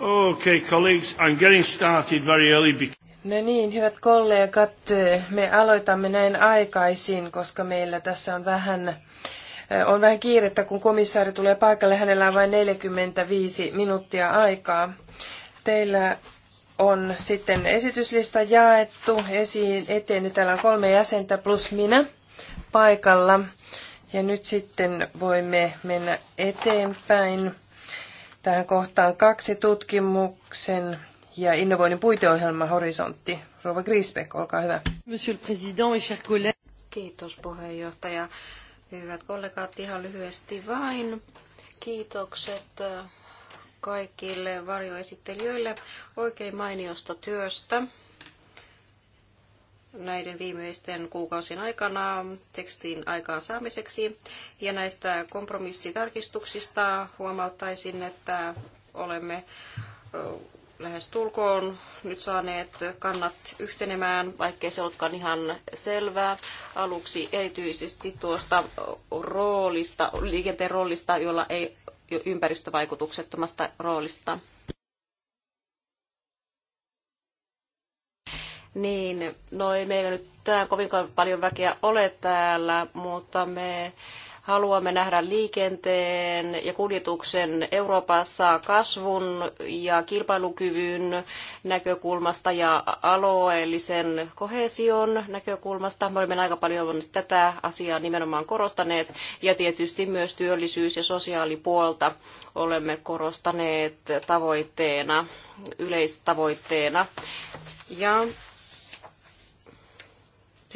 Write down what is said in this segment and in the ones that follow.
Okay, colleagues, I'm getting started very early No niin, hyvät kollegat, me aloitamme näin aikaisin, koska meillä tässä on vähän, eh, on vähän kiirettä, kun komissaari tulee paikalle. Hänellä on vain 45 minuuttia aikaa. Teillä on sitten esityslista jaettu esiin eteen. Niin täällä on kolme jäsentä plus minä paikalla. Ja nyt sitten voimme mennä eteenpäin tähän kohtaan kaksi tutkimuksen ja innovoinnin puiteohjelma Horisontti. Rova Griesbeck, olkaa hyvä. Monsieur le Président, mes chers collègues. Kiitos puheenjohtaja. Hyvät kollegat, ihan lyhyesti vain. Kiitokset äh, kaikille varjoesittelijöille oikein mainiosta työstä näiden viimeisten kuukausien aikana tekstin aikaansaamiseksi. Ja näistä kompromissitarkistuksista huomauttaisin, että olemme lähes tulkoon nyt saaneet kannat yhtenemään, vaikkei se ollutkaan ihan selvää. Aluksi erityisesti tuosta roolista, liikenteen roolista, jolla ei ympäristövaikutuksettomasta roolista Niin, no ei meillä nyt tänään kovin paljon väkeä ole täällä, mutta me haluamme nähdä liikenteen ja kuljetuksen Euroopassa kasvun ja kilpailukyvyn näkökulmasta ja alueellisen kohesion näkökulmasta. Me olemme aika paljon tätä asiaa nimenomaan korostaneet ja tietysti myös työllisyys- ja sosiaalipuolta olemme korostaneet tavoitteena, yleistavoitteena. Ja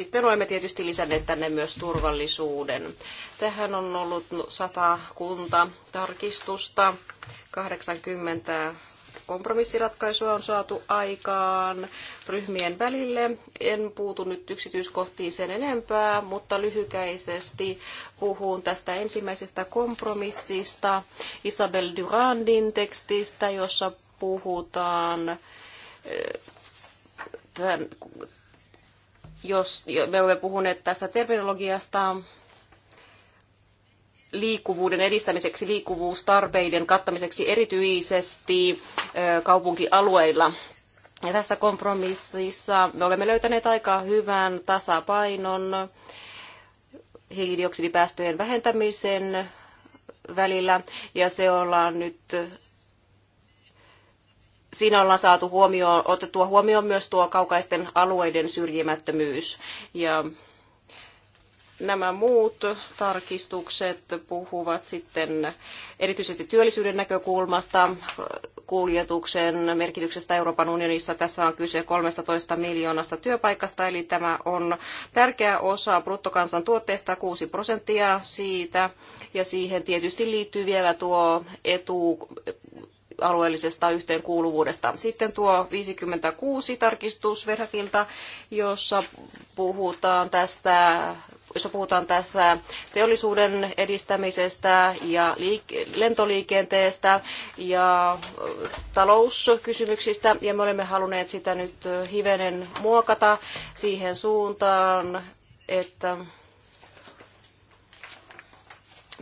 sitten olemme tietysti lisänneet tänne myös turvallisuuden. Tähän on ollut 100 kunta tarkistusta, 80 kompromissiratkaisua on saatu aikaan ryhmien välille. En puutu nyt yksityiskohtiin sen enempää, mutta lyhykäisesti puhun tästä ensimmäisestä kompromissista, Isabel Durandin tekstistä, jossa puhutaan eh, tämän jos me olemme puhuneet tästä terminologiasta liikkuvuuden edistämiseksi, liikkuvuustarpeiden kattamiseksi erityisesti kaupunkialueilla. Ja tässä kompromississa me olemme löytäneet aika hyvän tasapainon hiilidioksidipäästöjen vähentämisen välillä ja se ollaan nyt siinä ollaan saatu huomioon, otettua huomioon myös tuo kaukaisten alueiden syrjimättömyys. Ja nämä muut tarkistukset puhuvat sitten erityisesti työllisyyden näkökulmasta kuljetuksen merkityksestä Euroopan unionissa. Tässä on kyse 13 miljoonasta työpaikasta, eli tämä on tärkeä osa bruttokansantuotteesta, 6 prosenttia siitä, ja siihen tietysti liittyy vielä tuo etu alueellisesta yhteenkuuluvuudesta. Sitten tuo 56 tarkistus Verhakilta, jossa puhutaan tästä jossa puhutaan tästä teollisuuden edistämisestä ja lentoliikenteestä ja talouskysymyksistä. Ja me olemme halunneet sitä nyt hivenen muokata siihen suuntaan, että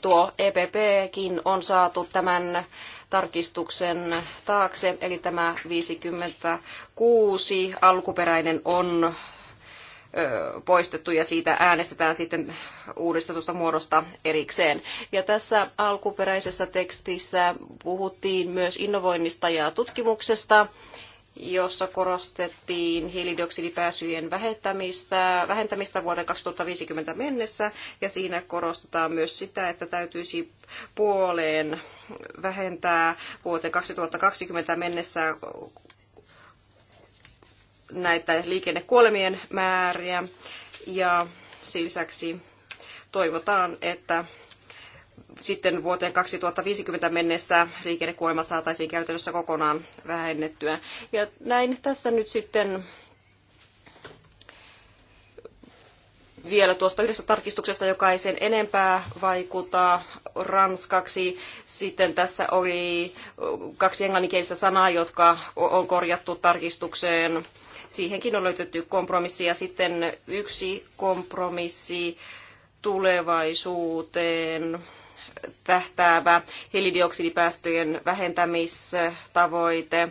tuo EPPkin on saatu tämän tarkistuksen taakse, eli tämä 56 alkuperäinen on poistettu ja siitä äänestetään sitten uudistetusta muodosta erikseen. Ja tässä alkuperäisessä tekstissä puhuttiin myös innovoinnista ja tutkimuksesta jossa korostettiin hiilidioksidipääsyjen vähentämistä, vähentämistä vuoden 2050 mennessä, ja siinä korostetaan myös sitä, että täytyisi puoleen vähentää vuoteen 2020 mennessä näitä liikennekuolemien määriä, ja lisäksi toivotaan, että sitten vuoteen 2050 mennessä liikennekuolemat saataisiin käytännössä kokonaan vähennettyä. Ja näin tässä nyt sitten vielä tuosta yhdestä tarkistuksesta, joka ei sen enempää vaikuta ranskaksi. Sitten tässä oli kaksi englanninkielistä sanaa, jotka on korjattu tarkistukseen. Siihenkin on löytetty kompromissi ja sitten yksi kompromissi tulevaisuuteen tähtäävä hiilidioksidipäästöjen vähentämistavoite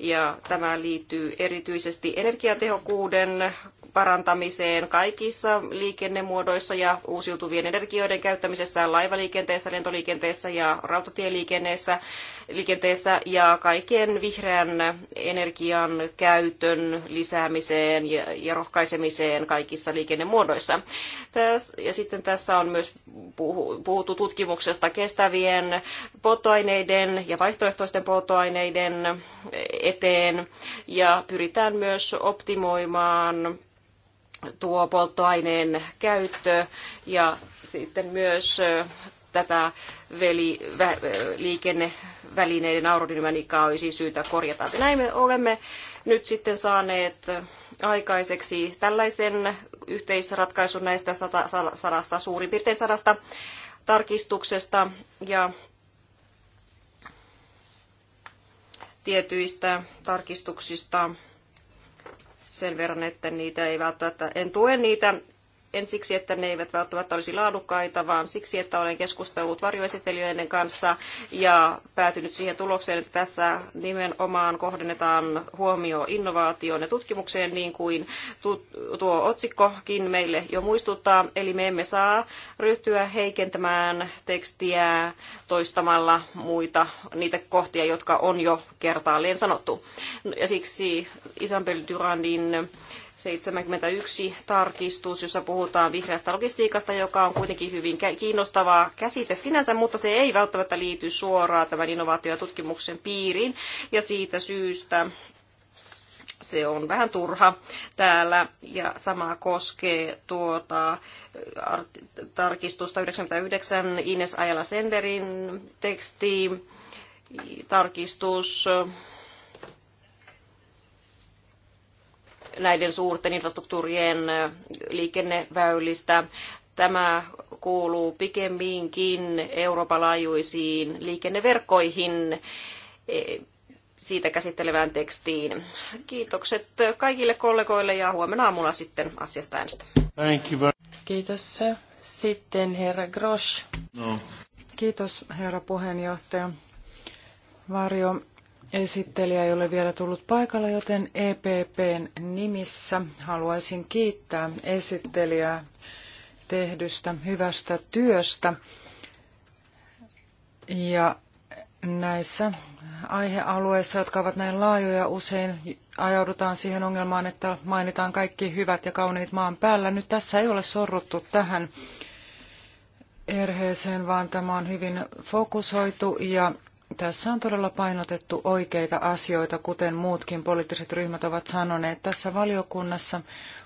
ja tämä liittyy erityisesti energiatehokkuuden parantamiseen kaikissa liikennemuodoissa ja uusiutuvien energioiden käyttämisessä laivaliikenteessä, lentoliikenteessä ja rautatieliikenteessä liikenteessä ja kaiken vihreän energian käytön lisäämiseen ja, ja rohkaisemiseen kaikissa liikennemuodoissa. Täs, ja sitten tässä on myös puhuttu tutkimuksesta kestävien polttoaineiden ja vaihtoehtoisten polttoaineiden eteen ja pyritään myös optimoimaan tuo polttoaineen käyttö ja sitten myös tätä veli, vä, liikennevälineiden aurodynamiikkaa olisi syytä korjata. Näin me olemme nyt sitten saaneet aikaiseksi tällaisen yhteisratkaisun näistä sadasta, suurin piirtein sadasta tarkistuksesta ja tietyistä tarkistuksista sen verran, että niitä ei välttämättä, en tue niitä en siksi, että ne eivät välttämättä olisi laadukkaita, vaan siksi, että olen keskustellut varjoesittelijöiden kanssa ja päätynyt siihen tulokseen, että tässä nimenomaan kohdennetaan huomio innovaatioon ja tutkimukseen, niin kuin tuo otsikkokin meille jo muistuttaa. Eli me emme saa ryhtyä heikentämään tekstiä toistamalla muita niitä kohtia, jotka on jo kertaalleen sanottu. Ja siksi Isabel Durandin 71 tarkistus, jossa puhutaan vihreästä logistiikasta, joka on kuitenkin hyvin kiinnostava käsite sinänsä, mutta se ei välttämättä liity suoraan tämän innovaatio- ja tutkimuksen piiriin. Ja siitä syystä se on vähän turha täällä. Ja sama koskee tuota äh, tarkistusta 99 Ines Ajala Senderin tekstiin. Tarkistus näiden suurten infrastruktuurien liikenneväylistä. Tämä kuuluu pikemminkin Euroopan laajuisiin liikenneverkkoihin e, siitä käsittelevään tekstiin. Kiitokset kaikille kollegoille ja huomenna aamulla sitten asiasta äänestämme. Kiitos. Sitten herra Grosch. No. Kiitos herra puheenjohtaja. Varjo Esittelijä ei ole vielä tullut paikalle, joten EPPn nimissä haluaisin kiittää esittelijää tehdystä hyvästä työstä. Ja näissä aihealueissa, jotka ovat näin laajoja, usein ajaudutaan siihen ongelmaan, että mainitaan kaikki hyvät ja kauniit maan päällä. Nyt tässä ei ole sorruttu tähän erheeseen, vaan tämä on hyvin fokusoitu ja tässä on todella painotettu oikeita asioita, kuten muutkin poliittiset ryhmät ovat sanoneet. Tässä valiokunnassa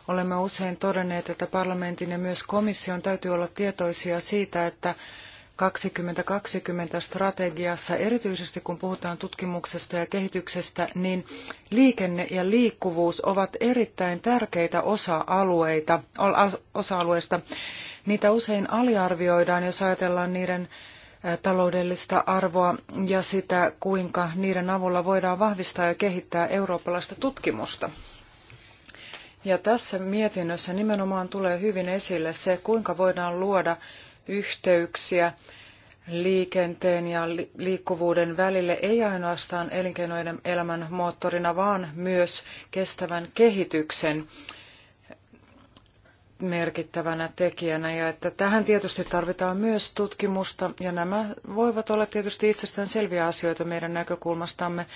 olemme usein todenneet, että parlamentin ja myös komission täytyy olla tietoisia siitä, että 2020 strategiassa, erityisesti kun puhutaan tutkimuksesta ja kehityksestä, niin liikenne ja liikkuvuus ovat erittäin tärkeitä osa-alueita, osa-alueista. Niitä usein aliarvioidaan, jos ajatellaan niiden taloudellista arvoa ja sitä, kuinka niiden avulla voidaan vahvistaa ja kehittää eurooppalaista tutkimusta. Ja tässä mietinnössä nimenomaan tulee hyvin esille se, kuinka voidaan luoda yhteyksiä liikenteen ja liikkuvuuden välille ei ainoastaan elinkeinoelämän moottorina, vaan myös kestävän kehityksen merkittävänä tekijänä ja että tähän tietysti tarvitaan myös tutkimusta ja nämä voivat olla tietysti itsestään selviä asioita meidän näkökulmastamme.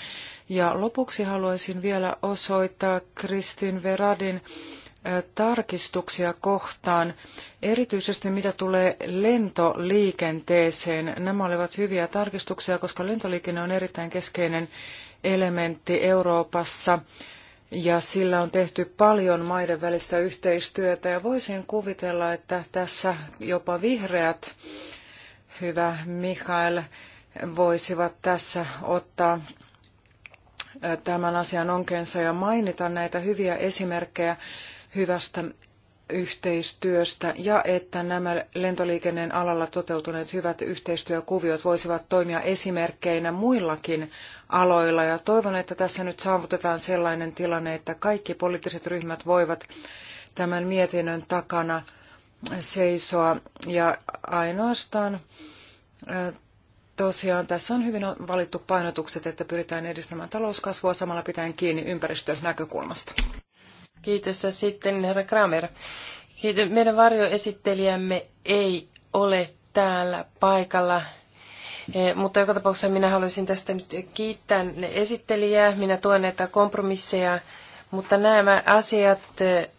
Ja lopuksi haluaisin vielä osoittaa Kristin Veradin tarkistuksia kohtaan, erityisesti mitä tulee lentoliikenteeseen. Nämä olivat hyviä tarkistuksia, koska lentoliikenne on erittäin keskeinen elementti Euroopassa ja sillä on tehty paljon maiden välistä yhteistyötä ja voisin kuvitella, että tässä jopa vihreät, hyvä Mikael, voisivat tässä ottaa tämän asian onkeensa ja mainita näitä hyviä esimerkkejä hyvästä yhteistyöstä ja että nämä lentoliikenteen alalla toteutuneet hyvät yhteistyökuviot voisivat toimia esimerkkeinä muillakin aloilla. Ja toivon, että tässä nyt saavutetaan sellainen tilanne, että kaikki poliittiset ryhmät voivat tämän mietinnön takana seisoa. Ja ainoastaan äh, tosiaan tässä on hyvin valittu painotukset, että pyritään edistämään talouskasvua samalla pitäen kiinni ympäristönäkökulmasta. Kiitos ja sitten herra Kramer. Kiitos. Meidän varjoesittelijämme ei ole täällä paikalla, e, mutta joka tapauksessa minä haluaisin tästä nyt kiittää esittelijää. Minä tuen näitä kompromisseja, mutta nämä asiat, e,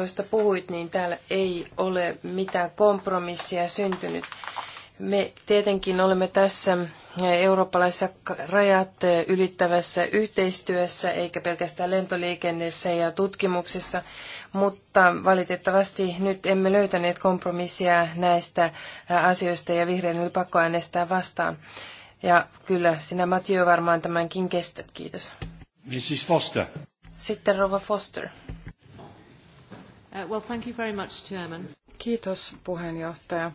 joista puhuit, niin täällä ei ole mitään kompromissia syntynyt. Me tietenkin olemme tässä eurooppalaisessa rajat ylittävässä yhteistyössä, eikä pelkästään lentoliikenteessä ja tutkimuksessa, mutta valitettavasti nyt emme löytäneet kompromissia näistä asioista ja vihreän oli pakko äänestää vastaan. Ja kyllä, sinä Mathieu varmaan tämänkin kestät, kiitos. Mrs. Foster. Sitten Rova Foster. Uh, well, thank you very much, Chairman. Kiitos puheenjohtaja.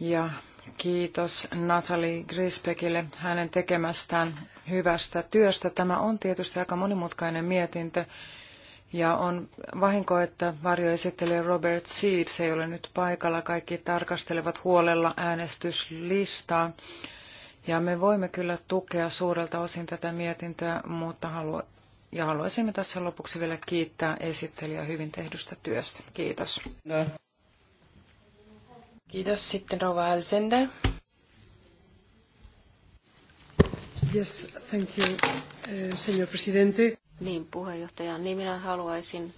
Ja kiitos Natalie Grisbeckille hänen tekemästään hyvästä työstä. Tämä on tietysti aika monimutkainen mietintö ja on vahinko, että varjoesittelijä Robert Seed, se ei ole nyt paikalla, kaikki tarkastelevat huolella äänestyslistaa. Ja me voimme kyllä tukea suurelta osin tätä mietintöä, mutta halu- ja haluaisimme tässä lopuksi vielä kiittää esittelijää hyvin tehdystä työstä. Kiitos. No. Kiitos. Sitten Rova Hälsender. Yes, thank you, eh, señor presidente. Niin, puheenjohtaja, niin minä haluaisin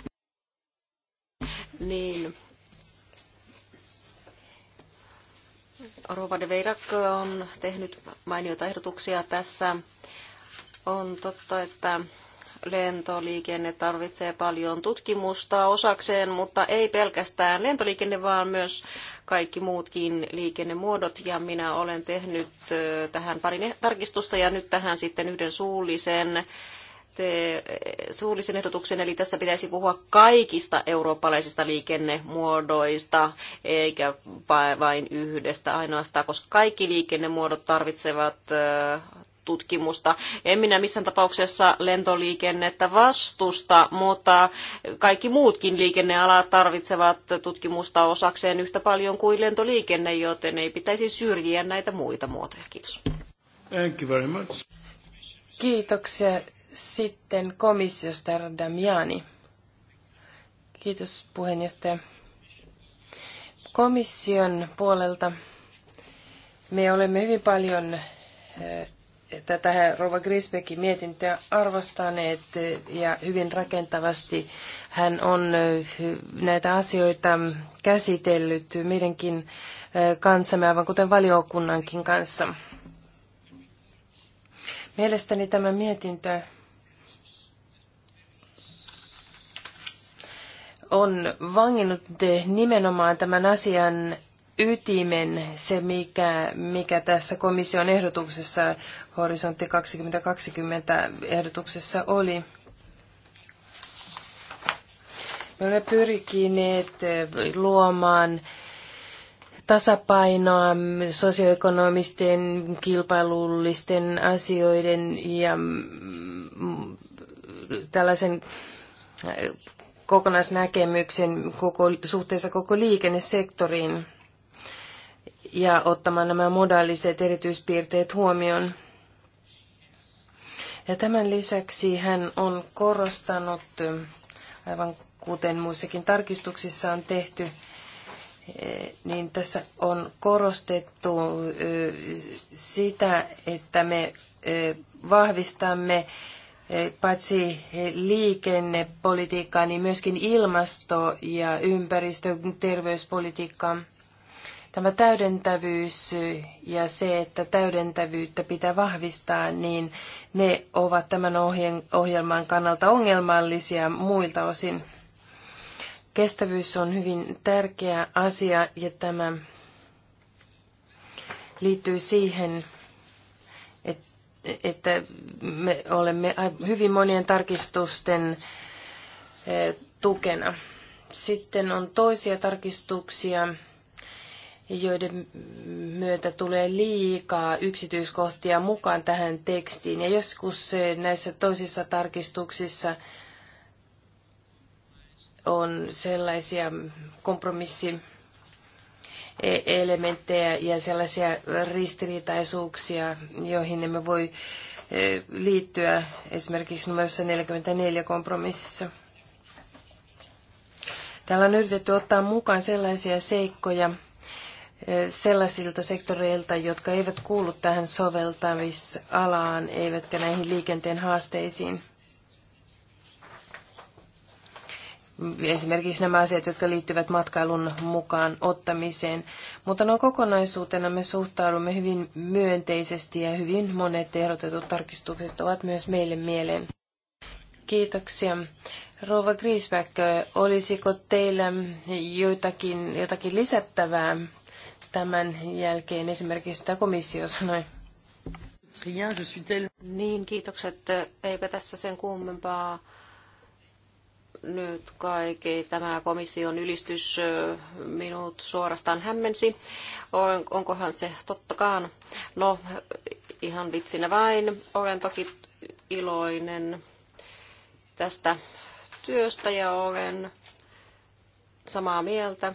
niin, Rova de Veirak on tehnyt mainioita ehdotuksia tässä. On totta, että Lentoliikenne tarvitsee paljon tutkimusta osakseen, mutta ei pelkästään lentoliikenne, vaan myös kaikki muutkin liikennemuodot. Ja minä olen tehnyt tähän pari tarkistusta ja nyt tähän sitten yhden suullisen te, suullisen ehdotuksen, eli tässä pitäisi puhua kaikista eurooppalaisista liikennemuodoista, eikä vain yhdestä ainoastaan, koska kaikki liikennemuodot tarvitsevat tutkimusta. En minä missään tapauksessa lentoliikennettä vastusta, mutta kaikki muutkin liikennealat tarvitsevat tutkimusta osakseen yhtä paljon kuin lentoliikenne, joten ei pitäisi syrjiä näitä muita muotoja. Kiitos. Thank you very much. Kiitoksia sitten komissiosta Damiani. Kiitos puheenjohtaja. Komission puolelta me olemme hyvin paljon eh, tätä Rova Grisbeckin mietintöä arvostaneet eh, ja hyvin rakentavasti hän on eh, näitä asioita käsitellyt meidänkin eh, kanssamme, aivan kuten valiokunnankin kanssa. Mielestäni tämä mietintö on vanginnut nimenomaan tämän asian ytimen, se mikä, mikä tässä komission ehdotuksessa, horisontti 2020 ehdotuksessa oli. Me olemme pyrkineet eh, luomaan tasapainoa sosioekonomisten, kilpailullisten asioiden ja mm, tällaisen eh, kokonaisnäkemyksen koko, suhteessa koko liikennesektoriin ja ottamaan nämä modaaliset erityispiirteet huomioon. Ja tämän lisäksi hän on korostanut, aivan kuten muissakin tarkistuksissa on tehty, niin tässä on korostettu sitä, että me vahvistamme paitsi liikennepolitiikkaa, niin myöskin ilmasto- ja ympäristö- ja terveyspolitiikkaa. Tämä täydentävyys ja se, että täydentävyyttä pitää vahvistaa, niin ne ovat tämän ohjelman kannalta ongelmallisia muilta osin. Kestävyys on hyvin tärkeä asia ja tämä liittyy siihen, että me olemme hyvin monien tarkistusten e, tukena. Sitten on toisia tarkistuksia, joiden myötä tulee liikaa yksityiskohtia mukaan tähän tekstiin. Ja joskus näissä toisissa tarkistuksissa on sellaisia kompromissielementtejä ja sellaisia ristiriitaisuuksia, joihin emme voi e, liittyä esimerkiksi numerossa 44 kompromississa. Täällä on yritetty ottaa mukaan sellaisia seikkoja, sellaisilta sektoreilta, jotka eivät kuulu tähän soveltamisalaan, eivätkä näihin liikenteen haasteisiin. Esimerkiksi nämä asiat, jotka liittyvät matkailun mukaan ottamiseen. Mutta no kokonaisuutena me suhtaudumme hyvin myönteisesti ja hyvin monet ehdotetut tarkistukset ovat myös meille mieleen. Kiitoksia. Rouva Griesbeck, olisiko teillä jotakin, jotakin lisättävää tämän jälkeen esimerkiksi tämä komissio sanoi. Niin, kiitokset. Eipä tässä sen kummempaa nyt kaikki tämä komission ylistys minut suorastaan hämmensi. On, onkohan se tottakaan? No, ihan vitsinä vain. Olen toki iloinen tästä työstä ja olen samaa mieltä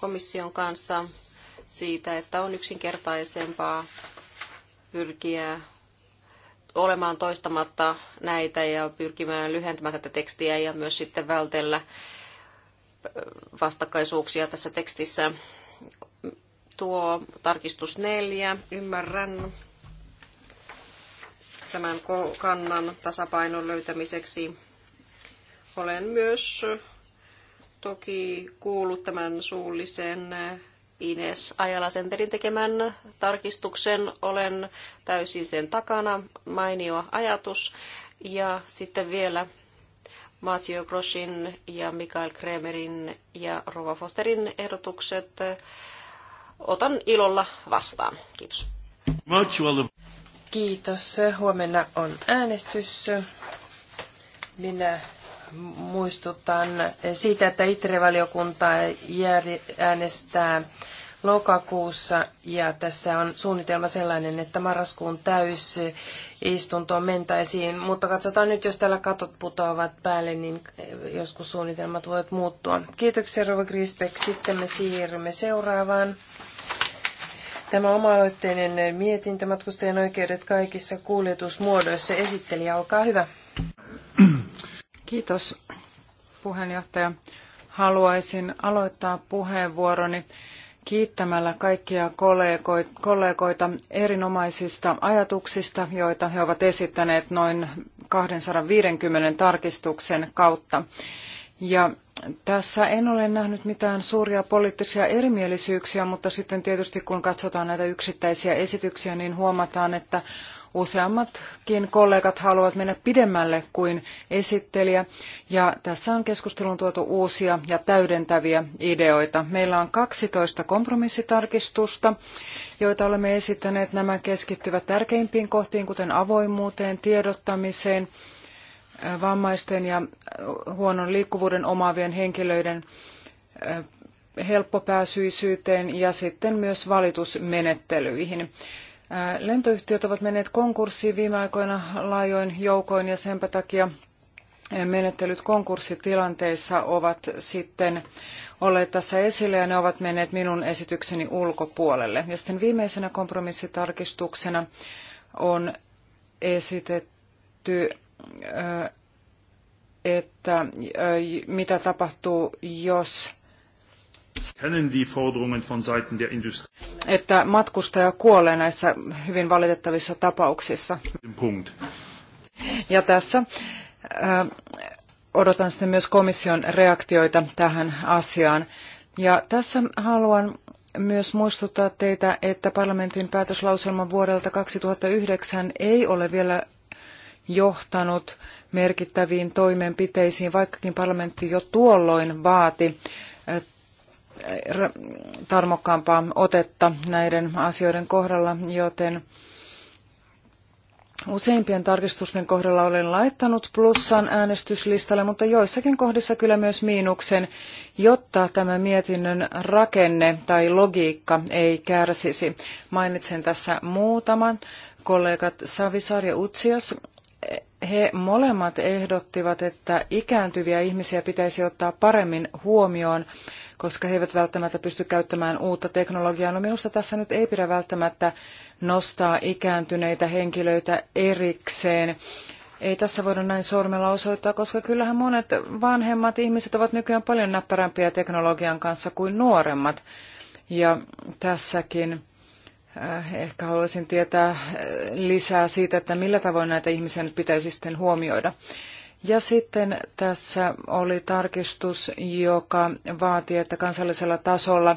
komission kanssa siitä, että on yksinkertaisempaa pyrkiä olemaan toistamatta näitä ja pyrkimään lyhentämään tätä tekstiä ja myös sitten vältellä vastakkaisuuksia tässä tekstissä. Tuo tarkistus neljä, ymmärrän tämän kannan tasapainon löytämiseksi. Olen myös toki kuullut tämän suullisen eh, Ines senterin tekemän tarkistuksen. Olen täysin sen takana. Mainio ajatus. Ja sitten vielä Matthew Groshin ja Mikael Kremerin ja Rova Fosterin ehdotukset otan ilolla vastaan. Kiitos. Kiitos. Huomenna on äänestys. Minä muistutan siitä, että ITRE-valiokunta äänestää lokakuussa ja tässä on suunnitelma sellainen, että marraskuun täysistuntoon mentäisiin, mutta katsotaan nyt, jos täällä katot putoavat päälle, niin joskus suunnitelmat voivat muuttua. Kiitoksia Rova Grisbeck. Sitten me siirrymme seuraavaan. Tämä oma-aloitteinen mietintö matkustajan oikeudet kaikissa kuljetusmuodoissa. Esitteli, olkaa hyvä. Kiitos puheenjohtaja. Haluaisin aloittaa puheenvuoroni kiittämällä kaikkia kollegoita erinomaisista ajatuksista, joita he ovat esittäneet noin 250 tarkistuksen kautta. Ja tässä en ole nähnyt mitään suuria poliittisia erimielisyyksiä, mutta sitten tietysti kun katsotaan näitä yksittäisiä esityksiä, niin huomataan, että Useammatkin kollegat haluavat mennä pidemmälle kuin esittelijä, ja tässä on keskusteluun tuotu uusia ja täydentäviä ideoita. Meillä on 12 kompromissitarkistusta, joita olemme esittäneet. Nämä keskittyvät tärkeimpiin kohtiin, kuten avoimuuteen, tiedottamiseen, vammaisten ja huonon liikkuvuuden omaavien henkilöiden eh, helppopääsyisyyteen ja sitten myös valitusmenettelyihin. Lentoyhtiöt ovat menneet konkurssiin viime aikoina laajoin joukoin ja senpä takia menettelyt konkurssitilanteissa ovat sitten olleet tässä esillä ja ne ovat menneet minun esitykseni ulkopuolelle. Ja sitten viimeisenä kompromissitarkistuksena on esitetty, että mitä tapahtuu, jos että matkustaja kuolee näissä hyvin valitettavissa tapauksissa. Ja tässä äh, odotan sitten myös komission reaktioita tähän asiaan. Ja tässä haluan myös muistuttaa teitä, että parlamentin päätöslauselma vuodelta 2009 ei ole vielä johtanut merkittäviin toimenpiteisiin, vaikkakin parlamentti jo tuolloin vaati tarmokkaampaa otetta näiden asioiden kohdalla, joten Useimpien tarkistusten kohdalla olen laittanut plussan äänestyslistalle, mutta joissakin kohdissa kyllä myös miinuksen, jotta tämä mietinnön rakenne tai logiikka ei kärsisi. Mainitsen tässä muutaman. Kollegat Savisaar ja Utsias, he molemmat ehdottivat, että ikääntyviä ihmisiä pitäisi ottaa paremmin huomioon koska he eivät välttämättä pysty käyttämään uutta teknologiaa. No minusta tässä nyt ei pidä välttämättä nostaa ikääntyneitä henkilöitä erikseen. Ei tässä voida näin sormella osoittaa, koska kyllähän monet vanhemmat ihmiset ovat nykyään paljon näppärämpiä teknologian kanssa kuin nuoremmat. Ja tässäkin äh, ehkä haluaisin tietää äh, lisää siitä, että millä tavoin näitä ihmisiä nyt pitäisi sitten huomioida. Ja sitten tässä oli tarkistus, joka vaati, että kansallisella tasolla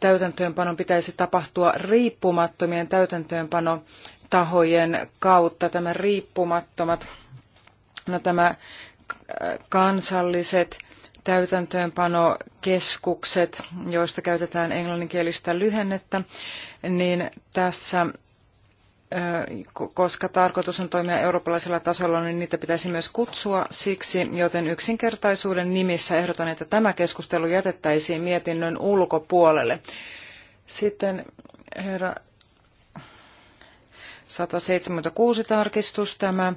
täytäntöönpanon pitäisi tapahtua riippumattomien täytäntöönpanotahojen kautta. Tämä riippumattomat, no tämä äh, kansalliset täytäntöönpanokeskukset, joista käytetään englanninkielistä lyhennettä, niin tässä koska tarkoitus on toimia eurooppalaisella tasolla, niin niitä pitäisi myös kutsua siksi, joten yksinkertaisuuden nimissä ehdotan, että tämä keskustelu jätettäisiin mietinnön ulkopuolelle. Sitten herra 176 tarkistus tämä,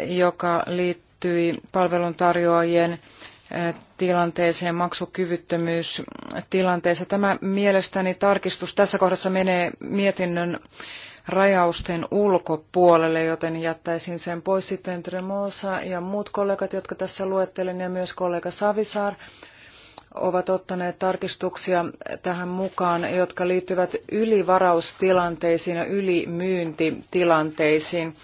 joka liittyi palveluntarjoajien tilanteeseen, maksukyvyttömyystilanteeseen. Tämä mielestäni tarkistus tässä kohdassa menee mietinnön rajausten ulkopuolelle, joten jättäisin sen pois sitten Tremosa ja muut kollegat, jotka tässä luettelin ja myös kollega Savisaar ovat ottaneet tarkistuksia tähän mukaan, jotka liittyvät ylivaraustilanteisiin ja ylimyyntitilanteisiin.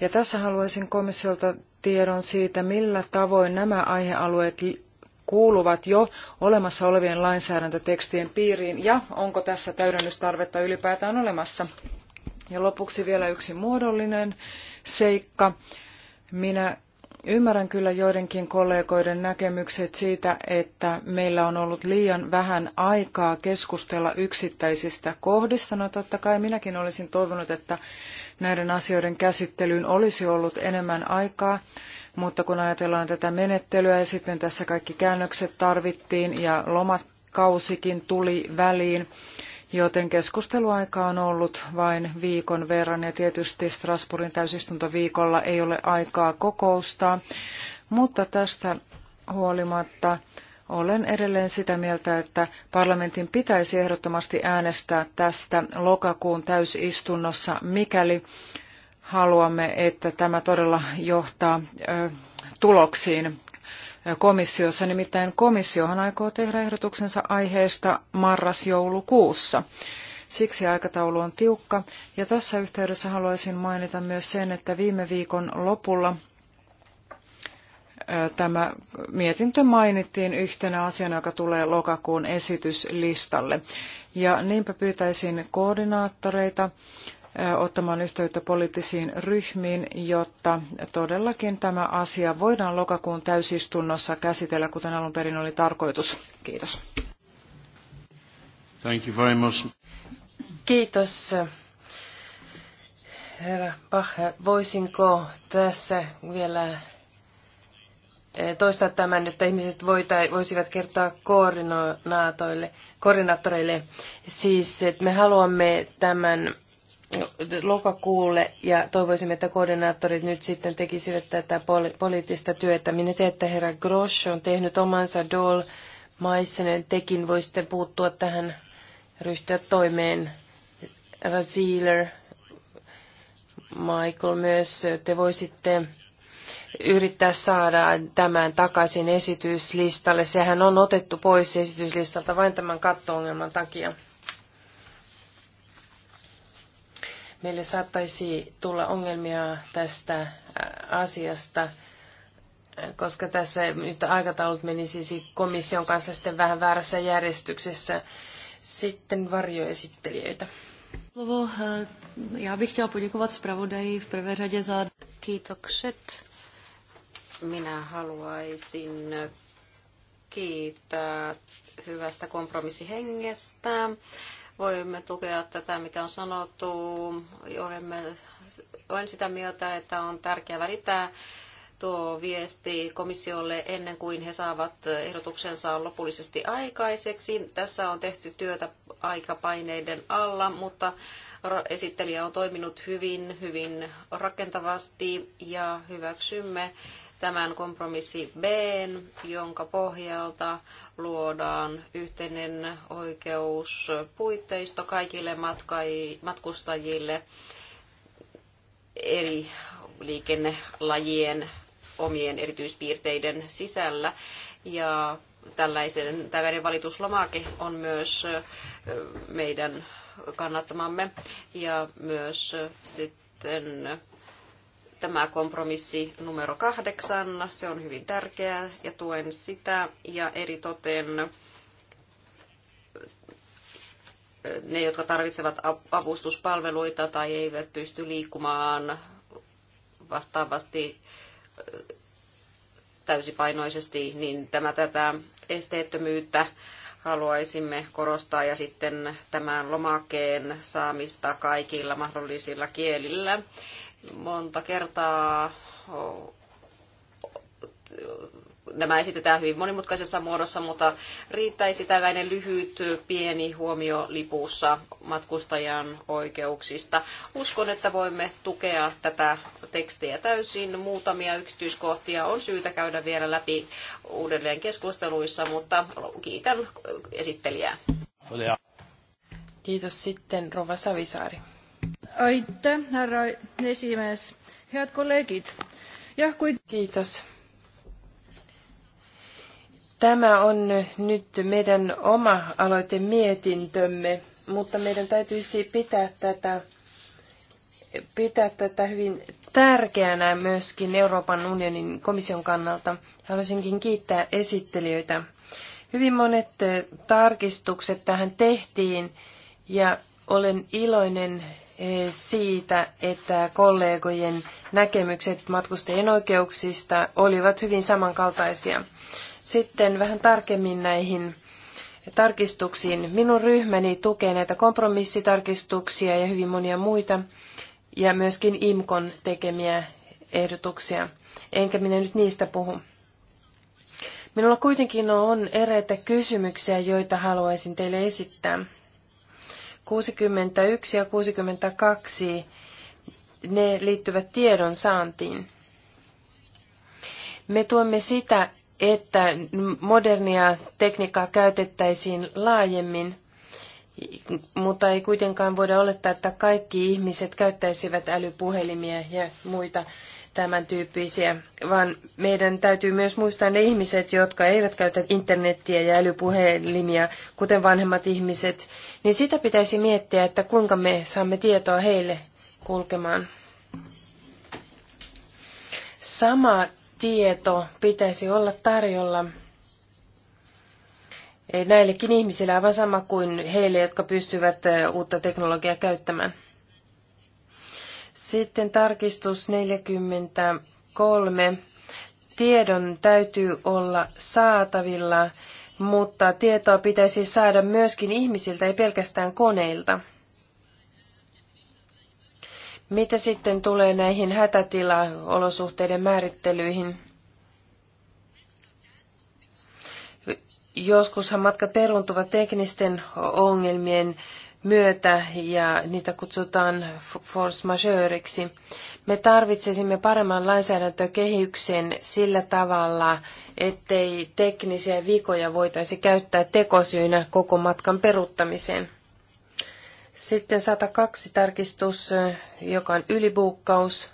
Ja tässä haluaisin komissiolta tiedon siitä, millä tavoin nämä aihealueet kuuluvat jo olemassa olevien lainsäädäntötekstien piiriin ja onko tässä täydennystarvetta ylipäätään olemassa. Ja lopuksi vielä yksi muodollinen seikka. Minä ymmärrän kyllä joidenkin kollegoiden näkemykset siitä, että meillä on ollut liian vähän aikaa keskustella yksittäisistä kohdista. No totta kai minäkin olisin toivonut, että näiden asioiden käsittelyyn olisi ollut enemmän aikaa, mutta kun ajatellaan tätä menettelyä ja sitten tässä kaikki käännökset tarvittiin ja lomakausikin tuli väliin, joten keskusteluaika on ollut vain viikon verran ja tietysti Strasbourgin täysistuntoviikolla ei ole aikaa kokoustaa, mutta tästä huolimatta olen edelleen sitä mieltä, että parlamentin pitäisi ehdottomasti äänestää tästä lokakuun täysistunnossa, mikäli haluamme, että tämä todella johtaa tuloksiin komissiossa. Nimittäin komissiohan aikoo tehdä ehdotuksensa aiheesta marras-joulukuussa. Siksi aikataulu on tiukka. Ja tässä yhteydessä haluaisin mainita myös sen, että viime viikon lopulla tämä mietintö mainittiin yhtenä asiana, joka tulee lokakuun esityslistalle. Ja niinpä pyytäisin koordinaattoreita ottamaan yhteyttä poliittisiin ryhmiin, jotta todellakin tämä asia voidaan lokakuun täysistunnossa käsitellä, kuten alun perin oli tarkoitus. Kiitos. Thank you very much. Kiitos. Herra Bach, voisinko tässä vielä e, toistaa tämän, että ihmiset voisivat kertoa koordinaattoreille, siis että me haluamme tämän lokakuulle ja toivoisimme, että koordinaattorit nyt sitten tekisivät tätä poliittista työtä. Minä tiedän, että herra Grosch on tehnyt omansa Dole Maissenen. Tekin voisitte puuttua tähän ryhtyä toimeen. Rasiler, Michael myös, te voisitte yrittää saada tämän takaisin esityslistalle. Sehän on otettu pois esityslistalta vain tämän katto-ongelman takia. Meille saattaisi tulla ongelmia tästä äh, asiasta, äh, koska tässä nyt aikataulut menisi komission kanssa sitten vähän väärässä järjestyksessä. Sitten varjoesittelijöitä. Eh, já bych v prvé řadě za... Kiitokset. Minä haluaisin kiittää hyvästä kompromissihengestä voimme tukea tätä, mitä on sanottu. Olemme, olen sitä mieltä, että on tärkeää välittää tuo viesti komissiolle ennen kuin he saavat ehdotuksensa lopullisesti aikaiseksi. Tässä on tehty työtä aikapaineiden alla, mutta esittelijä on toiminut hyvin, hyvin rakentavasti ja hyväksymme tämän kompromissi B, jonka pohjalta luodaan yhteinen oikeuspuitteisto kaikille matkustajille eri liikennelajien omien erityispiirteiden sisällä. Ja tällaisen, tällainen valituslomake on myös meidän kannattamamme ja myös sitten tämä kompromissi numero kahdeksan, se on hyvin tärkeää ja tuen sitä ja eritoten ne, jotka tarvitsevat avustuspalveluita tai eivät pysty liikkumaan vastaavasti täysipainoisesti, niin tämä tätä esteettömyyttä haluaisimme korostaa ja sitten tämän lomakkeen saamista kaikilla mahdollisilla kielillä monta kertaa nämä esitetään hyvin monimutkaisessa muodossa, mutta riittäisi tällainen lyhyt pieni huomio lipussa matkustajan oikeuksista. Uskon, että voimme tukea tätä tekstiä täysin. Muutamia yksityiskohtia on syytä käydä vielä läpi uudelleen keskusteluissa, mutta kiitän esittelijää. Kiitos sitten Rova Savisaari. Aitäh, härra esimees. Head kolleegid. kui... Kiitos. Tämä on nyt meidän oma aloite mietintömme, mutta meidän täytyisi pitää tätä, pitää tätä hyvin tärkeänä myöskin Euroopan unionin komission kannalta. Haluaisinkin kiittää esittelijöitä. Hyvin monet tarkistukset tähän tehtiin ja olen iloinen Eh, siitä, että kollegojen näkemykset matkustajien oikeuksista olivat hyvin samankaltaisia. Sitten vähän tarkemmin näihin tarkistuksiin. Minun ryhmäni tukee näitä kompromissitarkistuksia ja hyvin monia muita, ja myöskin IMKON tekemiä ehdotuksia. Enkä minä nyt niistä puhu. Minulla kuitenkin on eräitä kysymyksiä, joita haluaisin teille esittää. 61 ja 62, ne liittyvät tiedon saantiin. Me tuemme sitä, että modernia tekniikkaa käytettäisiin laajemmin, mutta ei kuitenkaan voida olettaa, että kaikki ihmiset käyttäisivät älypuhelimia ja muita tämän tyyppisiä, vaan meidän täytyy myös muistaa ne ihmiset, jotka eivät käytä internettiä ja älypuhelimia, kuten vanhemmat ihmiset, niin sitä pitäisi miettiä, että kuinka me saamme tietoa heille kulkemaan. Sama tieto pitäisi olla tarjolla näillekin ihmisille aivan sama kuin heille, jotka pystyvät uutta teknologiaa käyttämään. Sitten tarkistus 43. Tiedon täytyy olla saatavilla, mutta tietoa pitäisi saada myöskin ihmisiltä, ei pelkästään koneilta. Mitä sitten tulee näihin hätätilaolosuhteiden määrittelyihin? Joskushan matkat peruntuvat teknisten ongelmien myötä ja niitä kutsutaan force majeureiksi. Me tarvitsisimme paremman lainsäädäntökehyksen sillä tavalla, ettei teknisiä vikoja voitaisi käyttää tekosyynä koko matkan peruuttamiseen. Sitten 102 tarkistus, joka on ylibuukkaus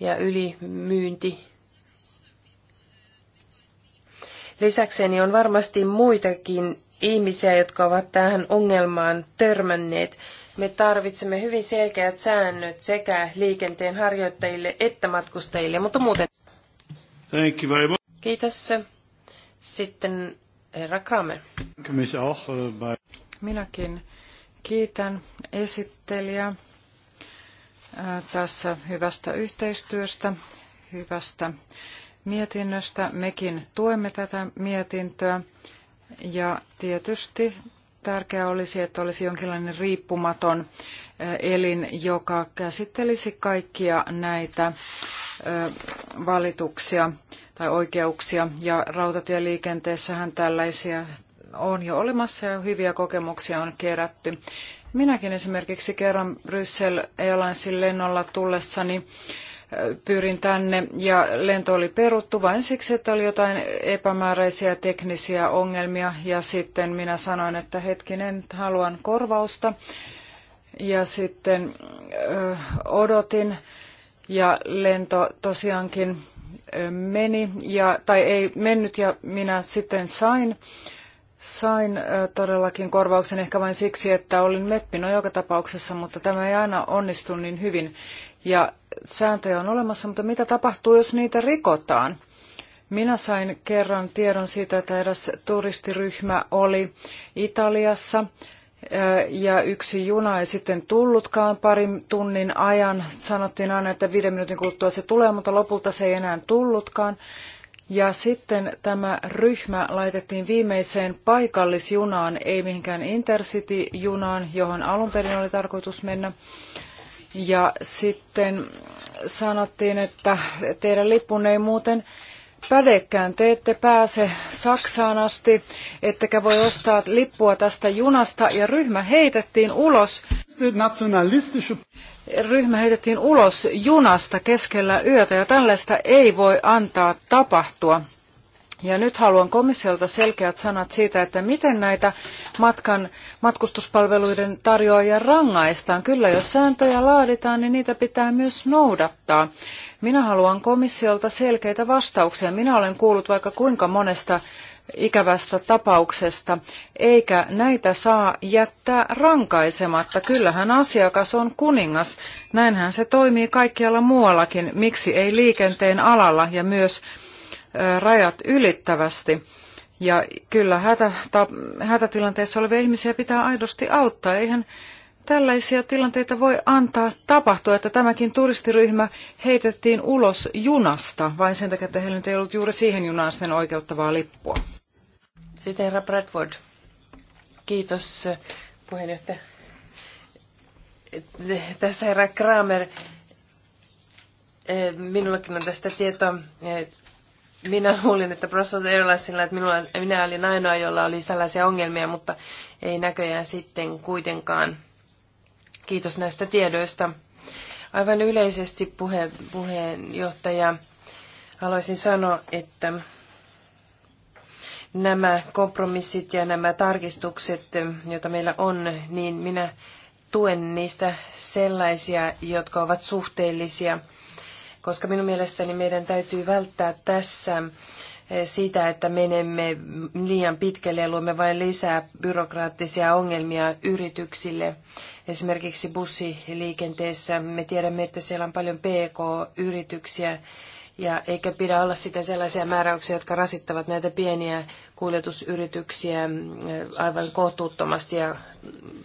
ja ylimyynti. Lisäkseni on varmasti muitakin ihmisiä, jotka ovat tähän ongelmaan törmänneet. Me tarvitsemme hyvin selkeät säännöt sekä liikenteen harjoittajille että matkustajille, mutta muuten. Thank you very much. Kiitos. Sitten herra Krame. Uh, Minäkin kiitän esittelijä uh, tässä hyvästä yhteistyöstä, hyvästä mietinnöstä. Mekin tuemme tätä mietintöä. Ja tietysti tärkeää olisi, että olisi jonkinlainen riippumaton elin, joka käsittelisi kaikkia näitä valituksia tai oikeuksia. Ja rautatieliikenteessähän tällaisia on jo olemassa ja hyviä kokemuksia on kerätty. Minäkin esimerkiksi kerran Bryssel Airlinesin lennolla tullessani pyrin tänne ja lento oli peruttu vain siksi, että oli jotain epämääräisiä teknisiä ongelmia ja sitten minä sanoin, että hetkinen, haluan korvausta ja sitten ö, odotin ja lento tosiaankin meni ja, tai ei mennyt ja minä sitten sain Sain todellakin korvauksen ehkä vain siksi, että olin meppino joka tapauksessa, mutta tämä ei aina onnistu niin hyvin ja sääntöjä on olemassa, mutta mitä tapahtuu, jos niitä rikotaan? Minä sain kerran tiedon siitä, että eräs turistiryhmä oli Italiassa ja yksi juna ei sitten tullutkaan parin tunnin ajan. Sanottiin aina, että viiden minuutin kuluttua se tulee, mutta lopulta se ei enää tullutkaan. Ja sitten tämä ryhmä laitettiin viimeiseen paikallisjunaan, ei mihinkään intercity-junaan, johon alun perin oli tarkoitus mennä, ja sitten sanottiin, että teidän lippun ei muuten pädekään. Te ette pääse Saksaan asti, ettekä voi ostaa lippua tästä junasta. Ja ryhmä heitettiin ulos. Ryhmä heitettiin ulos junasta keskellä yötä ja tällaista ei voi antaa tapahtua. Ja nyt haluan komissiolta selkeät sanat siitä, että miten näitä matkan, matkustuspalveluiden tarjoajia rangaistaan. Kyllä, jos sääntöjä laaditaan, niin niitä pitää myös noudattaa. Minä haluan komissiolta selkeitä vastauksia. Minä olen kuullut vaikka kuinka monesta ikävästä tapauksesta, eikä näitä saa jättää rankaisematta. Kyllähän asiakas on kuningas. Näinhän se toimii kaikkialla muuallakin. Miksi ei liikenteen alalla ja myös rajat ylittävästi. Ja kyllä hätä, ta, hätätilanteessa olevia ihmisiä pitää aidosti auttaa. Eihän tällaisia tilanteita voi antaa tapahtua, että tämäkin turistiryhmä heitettiin ulos junasta, vain sen takia, että heillä nyt ei ollut juuri siihen junaan sitten oikeuttavaa lippua. Sitten herra Bradford. Kiitos puheenjohtaja. Tässä herra Kramer. Eh, Minullakin on tästä tietoa eh, minä luulin, että Brussels erilaisilla, että minulla, minä olin ainoa, jolla oli sellaisia ongelmia, mutta ei näköjään sitten kuitenkaan. Kiitos näistä tiedoista. Aivan yleisesti puhe, puheenjohtaja, haluaisin sanoa, että nämä kompromissit ja nämä tarkistukset, joita meillä on, niin minä tuen niistä sellaisia, jotka ovat suhteellisia – koska minun mielestäni meidän täytyy välttää tässä eh, sitä, että menemme liian pitkälle ja luomme vain lisää byrokraattisia ongelmia yrityksille. Esimerkiksi bussiliikenteessä me tiedämme, että siellä on paljon PK-yrityksiä, ja eikä pidä olla sitä sellaisia määräyksiä, jotka rasittavat näitä pieniä kuljetusyrityksiä eh, aivan kohtuuttomasti ja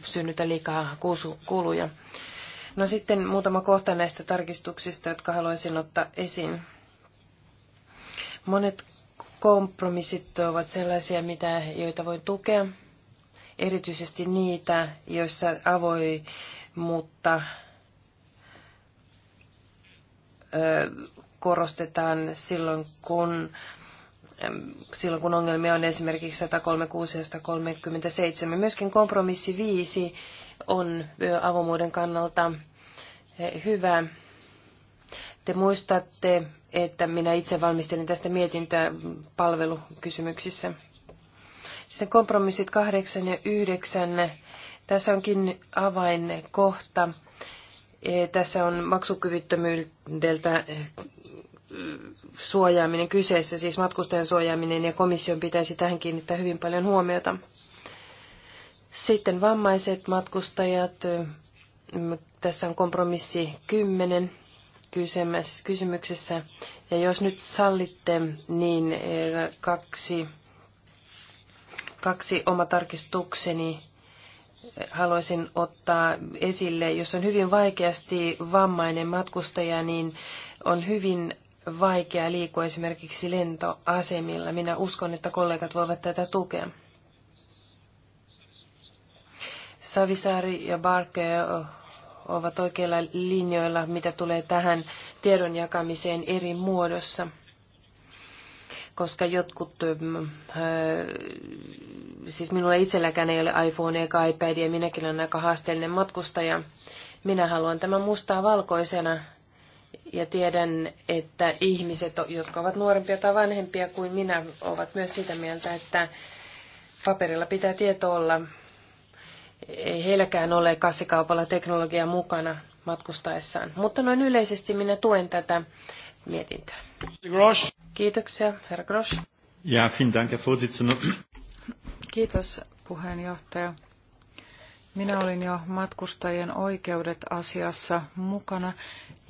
synnytä liikaa kuluja. No sitten muutama kohta näistä tarkistuksista, jotka haluaisin ottaa esiin. Monet kompromissit ovat sellaisia, mitä, joita voi tukea, erityisesti niitä, joissa ö, korostetaan silloin, kun silloin kun ongelmia on esimerkiksi 136 ja 137. Myöskin kompromissi 5 on avomuuden kannalta hyvä. Te muistatte, että minä itse valmistelin tästä mietintöä palvelukysymyksissä. Sitten kompromissit kahdeksan ja yhdeksän. Tässä onkin avainkohta. E, tässä on maksukyvyttömyydeltä e, suojaaminen kyseessä, siis matkustajan suojaaminen, ja komission pitäisi tähän kiinnittää hyvin paljon huomiota. Sitten vammaiset matkustajat. Mm, tässä on kompromissi 10 kysymyksessä. Ja jos nyt sallitte, niin eh, kaksi, kaksi oma tarkistukseni eh, haluaisin ottaa esille. Jos on hyvin vaikeasti vammainen matkustaja, niin on hyvin vaikea liikkua esimerkiksi lentoasemilla. Minä uskon, että kollegat voivat tätä tukea. Savisaari ja Barke eh, ovat oikeilla linjoilla, mitä tulee tähän tiedon jakamiseen eri muodossa, koska jotkut, eh, siis minulla itselläkään ei ole iPhone eikä iPadia, minäkin olen aika haasteellinen matkustaja. Minä haluan tämän mustaa valkoisena ja tiedän, että ihmiset, jotka ovat nuorempia tai vanhempia kuin minä, ovat myös sitä mieltä, että paperilla pitää tieto olla ei heilläkään ole kassikaupalla teknologiaa mukana matkustaessaan. Mutta noin yleisesti minä tuen tätä mietintöä. Kiitoksia, herra Grosch. Ja, vielen Dank, herr Vorsitzender. Kiitos, puheenjohtaja. Minä olin jo matkustajien oikeudet asiassa mukana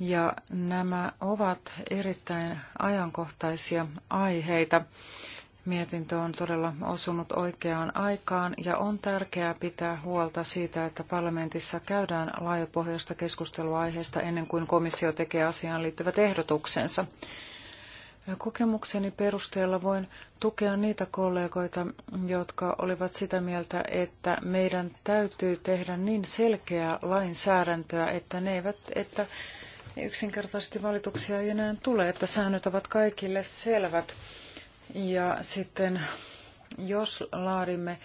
ja nämä ovat erittäin ajankohtaisia aiheita. Mietintö on todella osunut oikeaan aikaan ja on tärkeää pitää huolta siitä, että parlamentissa käydään laajapohjaista keskustelua aiheesta ennen kuin komissio tekee asiaan liittyvät ehdotuksensa. Kokemukseni perusteella voin tukea niitä kollegoita, jotka olivat sitä mieltä, että meidän täytyy tehdä niin selkeää lainsäädäntöä, että ne eivät, että yksinkertaisesti valituksia ei enää tule, että säännöt ovat kaikille selvät. Ja sitten jos laadimme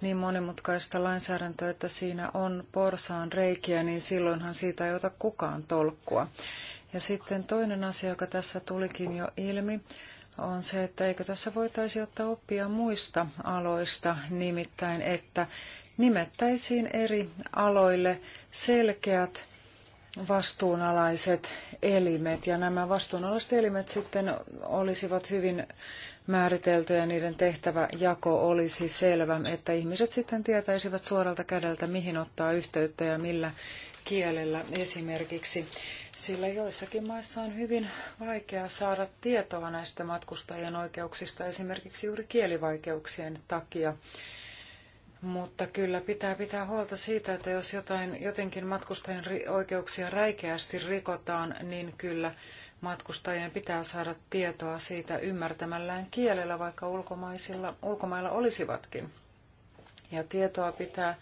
niin monimutkaista lainsäädäntöä, että siinä on porsaan reikiä, niin silloinhan siitä ei ota kukaan tolkkua. Ja sitten toinen asia, joka tässä tulikin jo ilmi, on se, että eikö tässä voitaisi ottaa oppia muista aloista, nimittäin että nimettäisiin eri aloille selkeät vastuunalaiset elimet, ja nämä vastuunalaiset elimet sitten olisivat hyvin määritelty ja niiden tehtäväjako olisi selvä, että ihmiset sitten tietäisivät suoralta kädeltä, mihin ottaa yhteyttä ja millä kielellä esimerkiksi. Sillä joissakin maissa on hyvin vaikea saada tietoa näistä matkustajien oikeuksista esimerkiksi juuri kielivaikeuksien takia. Mutta kyllä pitää pitää huolta siitä, että jos jotain, jotenkin matkustajien oikeuksia räikeästi rikotaan, niin kyllä matkustajien pitää saada tietoa siitä ymmärtämällään kielellä, vaikka ulkomaisilla, ulkomailla olisivatkin. Ja tietoa pitää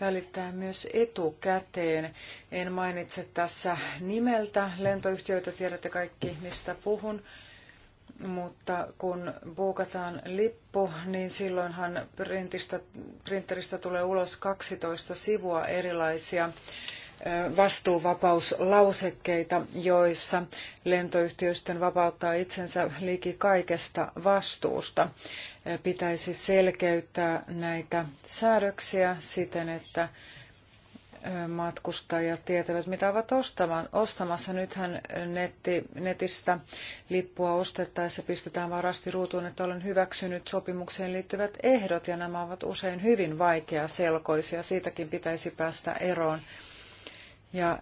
välittää myös etukäteen. En mainitse tässä nimeltä lentoyhtiöitä, tiedätte kaikki mistä puhun, mutta kun buukataan lippu, niin silloinhan printeristä tulee ulos 12 sivua erilaisia vastuuvapauslausekkeita, joissa lentoyhtiösten vapauttaa itsensä liki kaikesta vastuusta. Pitäisi selkeyttää näitä säädöksiä siten, että matkustajat tietävät, mitä ovat ostamassa. Nythän netti, netistä lippua ostettaessa pistetään varasti ruutuun, että olen hyväksynyt sopimukseen liittyvät ehdot, ja nämä ovat usein hyvin vaikeaselkoisia. Siitäkin pitäisi päästä eroon ja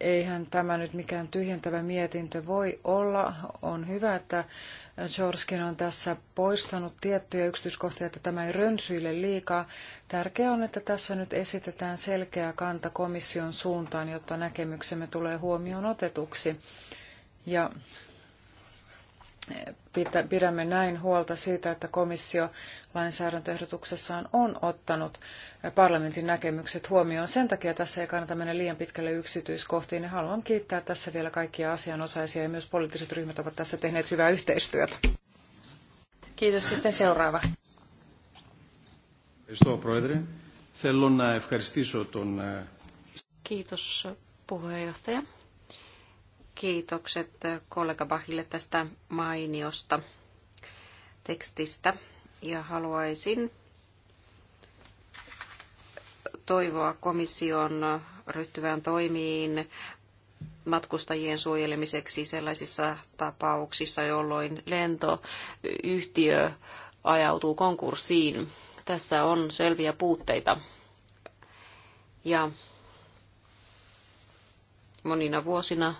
eihän tämä nyt mikään tyhjentävä mietintö voi olla. On hyvä, että Jorskin on tässä poistanut tiettyjä yksityiskohtia, että tämä ei rönsyile liikaa. Tärkeää on, että tässä nyt esitetään selkeä kanta komission suuntaan, jotta näkemyksemme tulee huomioon otetuksi. Ja pidämme näin huolta siitä, että komissio lainsäädäntöehdotuksessaan on ottanut parlamentin näkemykset huomioon. Sen takia tässä ei kannata mennä liian pitkälle yksityiskohtiin ja haluan kiittää tässä vielä kaikkia asianosaisia ja myös poliittiset ryhmät ovat tässä tehneet hyvää yhteistyötä. Kiitos. Sitten seuraava. Kiitos puheenjohtaja. Kiitokset äh, kollega Bahille tästä mainiosta tekstistä ja haluaisin toivoa komission ryhtyvään toimiin matkustajien suojelemiseksi sellaisissa tapauksissa, jolloin lentoyhtiö ajautuu konkurssiin. Tässä on selviä puutteita. Ja monina vuosina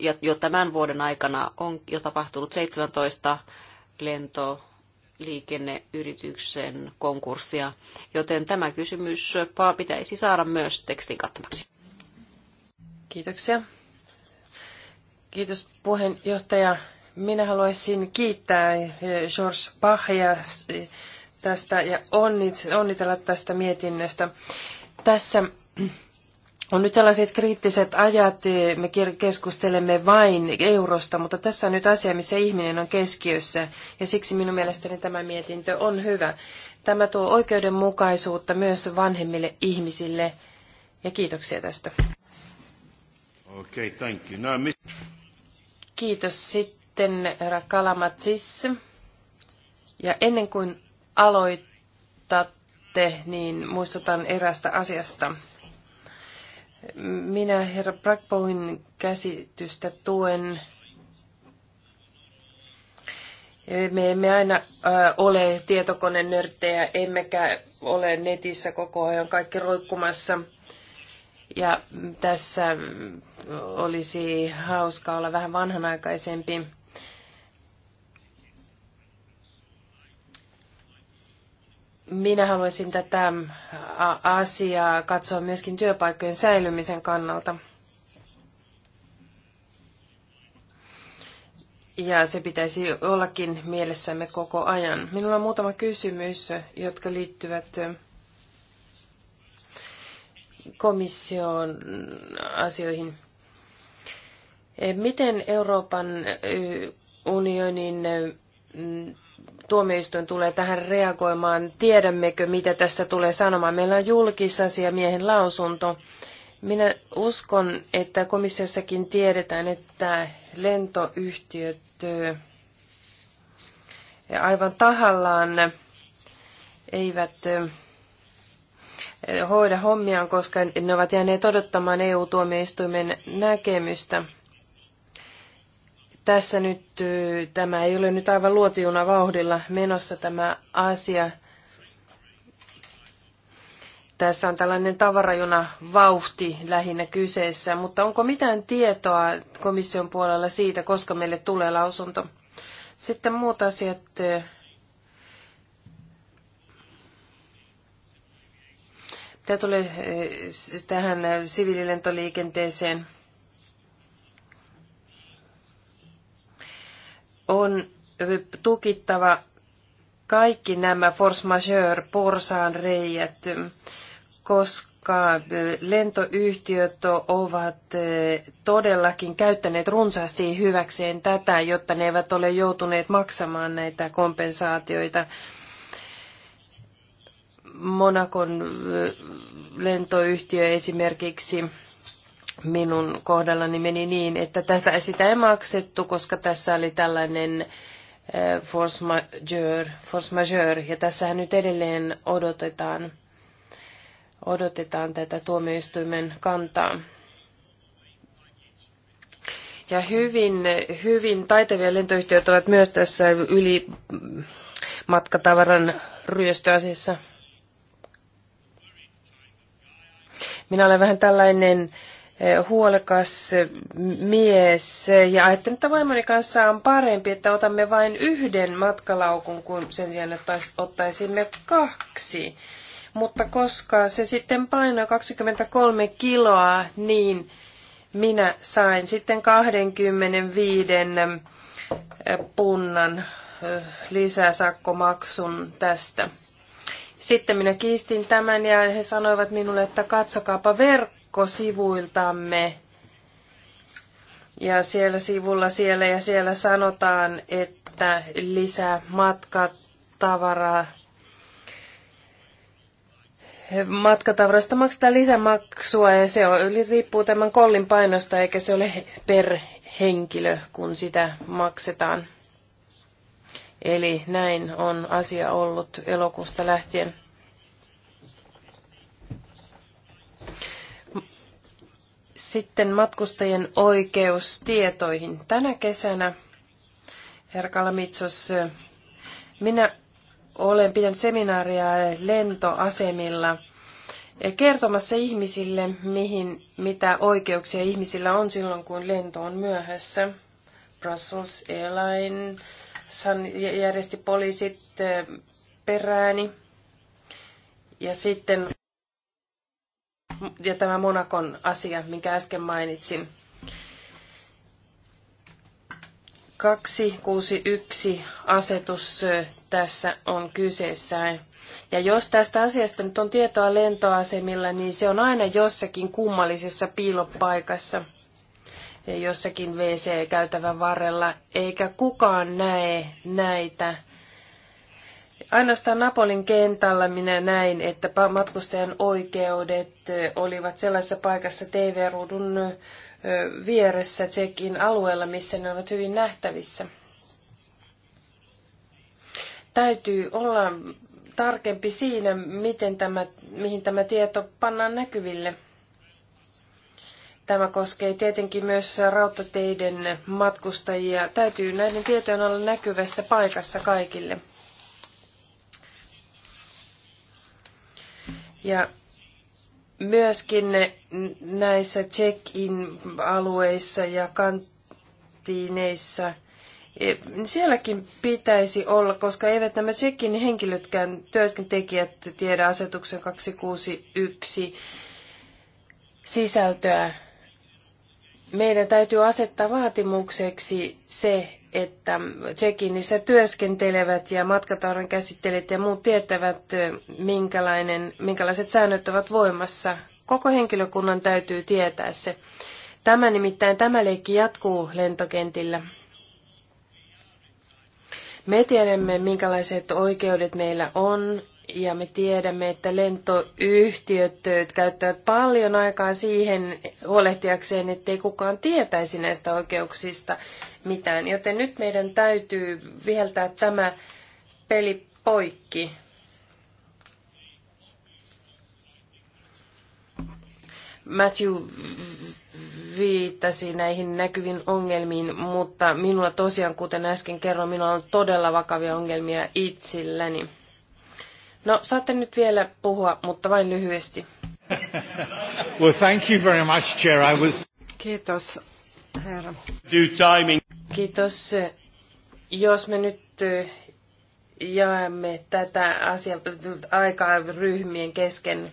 ja jo tämän vuoden aikana on jo tapahtunut 17 lentoliikenneyrityksen konkurssia, joten tämä kysymys pitäisi saada myös tekstin kattamaksi. Kiitoksia. Kiitos puheenjohtaja. Minä haluaisin kiittää eh, George Pahia tästä ja onnitella tästä mietinnöstä. Tässä on nyt sellaiset kriittiset ajat, e, me keskustelemme vain eurosta, mutta tässä on nyt asia, missä ihminen on keskiössä, ja siksi minun mielestäni tämä mietintö on hyvä. Tämä tuo oikeudenmukaisuutta myös vanhemmille ihmisille, ja kiitoksia tästä. Okay, thank you. Now, miss... Kiitos sitten Kalamatsis. Ja ennen kuin aloitatte, niin muistutan erästä asiasta. Minä herra Brackbowin käsitystä tuen. Me emme aina ole tietokonenörttejä, emmekä ole netissä koko ajan kaikki roikkumassa. Ja tässä olisi hauska olla vähän vanhanaikaisempi. Minä haluaisin tätä asiaa katsoa myöskin työpaikkojen säilymisen kannalta. Ja se pitäisi ollakin mielessämme koko ajan. Minulla on muutama kysymys, jotka liittyvät komission asioihin. Miten Euroopan unionin tuomioistuin tulee tähän reagoimaan. Tiedämmekö, mitä tässä tulee sanomaan? Meillä on julkisasiamiehen lausunto. Minä uskon, että komissiossakin tiedetään, että lentoyhtiöt aivan tahallaan eivät hoida hommiaan, koska ne ovat jääneet odottamaan EU-tuomioistuimen näkemystä tässä nyt, tämä ei ole nyt aivan luotiuna vauhdilla menossa tämä asia. Tässä on tällainen tavarajuna vauhti lähinnä kyseessä, mutta onko mitään tietoa komission puolella siitä, koska meille tulee lausunto? Sitten muut asiat. Mitä tulee tähän siviililentoliikenteeseen? on tukittava kaikki nämä force majeure porsaan reijät, koska lentoyhtiöt ovat eh, todellakin käyttäneet runsaasti hyväkseen tätä, jotta ne eivät ole joutuneet maksamaan näitä kompensaatioita. Monakon eh, lentoyhtiö esimerkiksi minun kohdallani meni niin, että tästä sitä ei maksettu, koska tässä oli tällainen eh, force majeure, force majeure ja tässähän nyt edelleen odotetaan, odotetaan tätä tuomioistuimen kantaa. Ja hyvin, hyvin taitavia lentoyhtiöt ovat myös tässä yli mm, matkatavaran ryöstöasiassa. Minä olen vähän tällainen äh, Eh, huolekas mies ja ajattelin, että vaimoni kanssa on parempi, että otamme vain yhden matkalaukun, kun sen sijaan että ottaisimme kaksi. Mutta koska se sitten painoi 23 kiloa, niin minä sain sitten 25 eh, punnan eh, lisäsakkomaksun tästä. Sitten minä kiistin tämän ja he sanoivat minulle, että katsokaapa verkkoa verkkosivuiltamme. Ja siellä sivulla siellä ja siellä sanotaan, että lisää matkatavaraa matkatavarasta maksetaan lisämaksua ja se on, riippuu tämän kollin painosta eikä se ole per henkilö, kun sitä maksetaan. Eli näin on asia ollut elokuusta lähtien. Sitten matkustajien oikeus tietoihin. Tänä kesänä, herra Kalamitsos, minä olen pitänyt seminaaria lentoasemilla eh, kertomassa ihmisille, mihin, mitä oikeuksia ihmisillä on silloin, kun lento on myöhässä. Brussels Airline järjesti poliisit eh, perääni. Ja sitten ja tämä Monakon asia, minkä äsken mainitsin. 261 asetus tässä on kyseessä. Ja jos tästä asiasta nyt on tietoa lentoasemilla, niin se on aina jossakin kummallisessa piilopaikassa, jossakin WC-käytävän varrella, eikä kukaan näe näitä Ainoastaan Napolin kentällä minä näin, että matkustajan oikeudet olivat sellaisessa paikassa TV-ruudun vieressä Tsekin alueella, missä ne ovat hyvin nähtävissä. Täytyy olla tarkempi siinä, miten tämä, mihin tämä tieto pannaan näkyville. Tämä koskee tietenkin myös rautateiden matkustajia. Täytyy näiden tietojen olla näkyvässä paikassa kaikille. Ja myöskin näissä check-in-alueissa ja kanttiineissa, e, niin sielläkin pitäisi olla, koska eivät nämä check-in henkilötkään työskentekijät tiedä asetuksen 261 sisältöä. Meidän täytyy asettaa vaatimukseksi se, että Tsekinissä työskentelevät ja matkatauran käsittelijät ja muut tietävät, minkälainen, minkälaiset säännöt ovat voimassa. Koko henkilökunnan täytyy tietää se. Tämä nimittäin, tämä leikki jatkuu lentokentillä. Me tiedämme, minkälaiset oikeudet meillä on, ja me tiedämme, että lentoyhtiöt käyttävät paljon aikaa siihen huolehtiakseen, ettei kukaan tietäisi näistä oikeuksista mitään. Joten nyt meidän täytyy viheltää tämä peli poikki. Matthew viittasi näihin näkyviin ongelmiin, mutta minulla tosiaan, kuten äsken kerroin, minulla on todella vakavia ongelmia itselläni. No, saatte nyt vielä puhua, mutta vain lyhyesti. well, thank you very much, Chair. I was... Kiitos, herra. Due timing. Kiitos. Jos me nyt eh, jaamme tätä asiaa aikaa ryhmien kesken.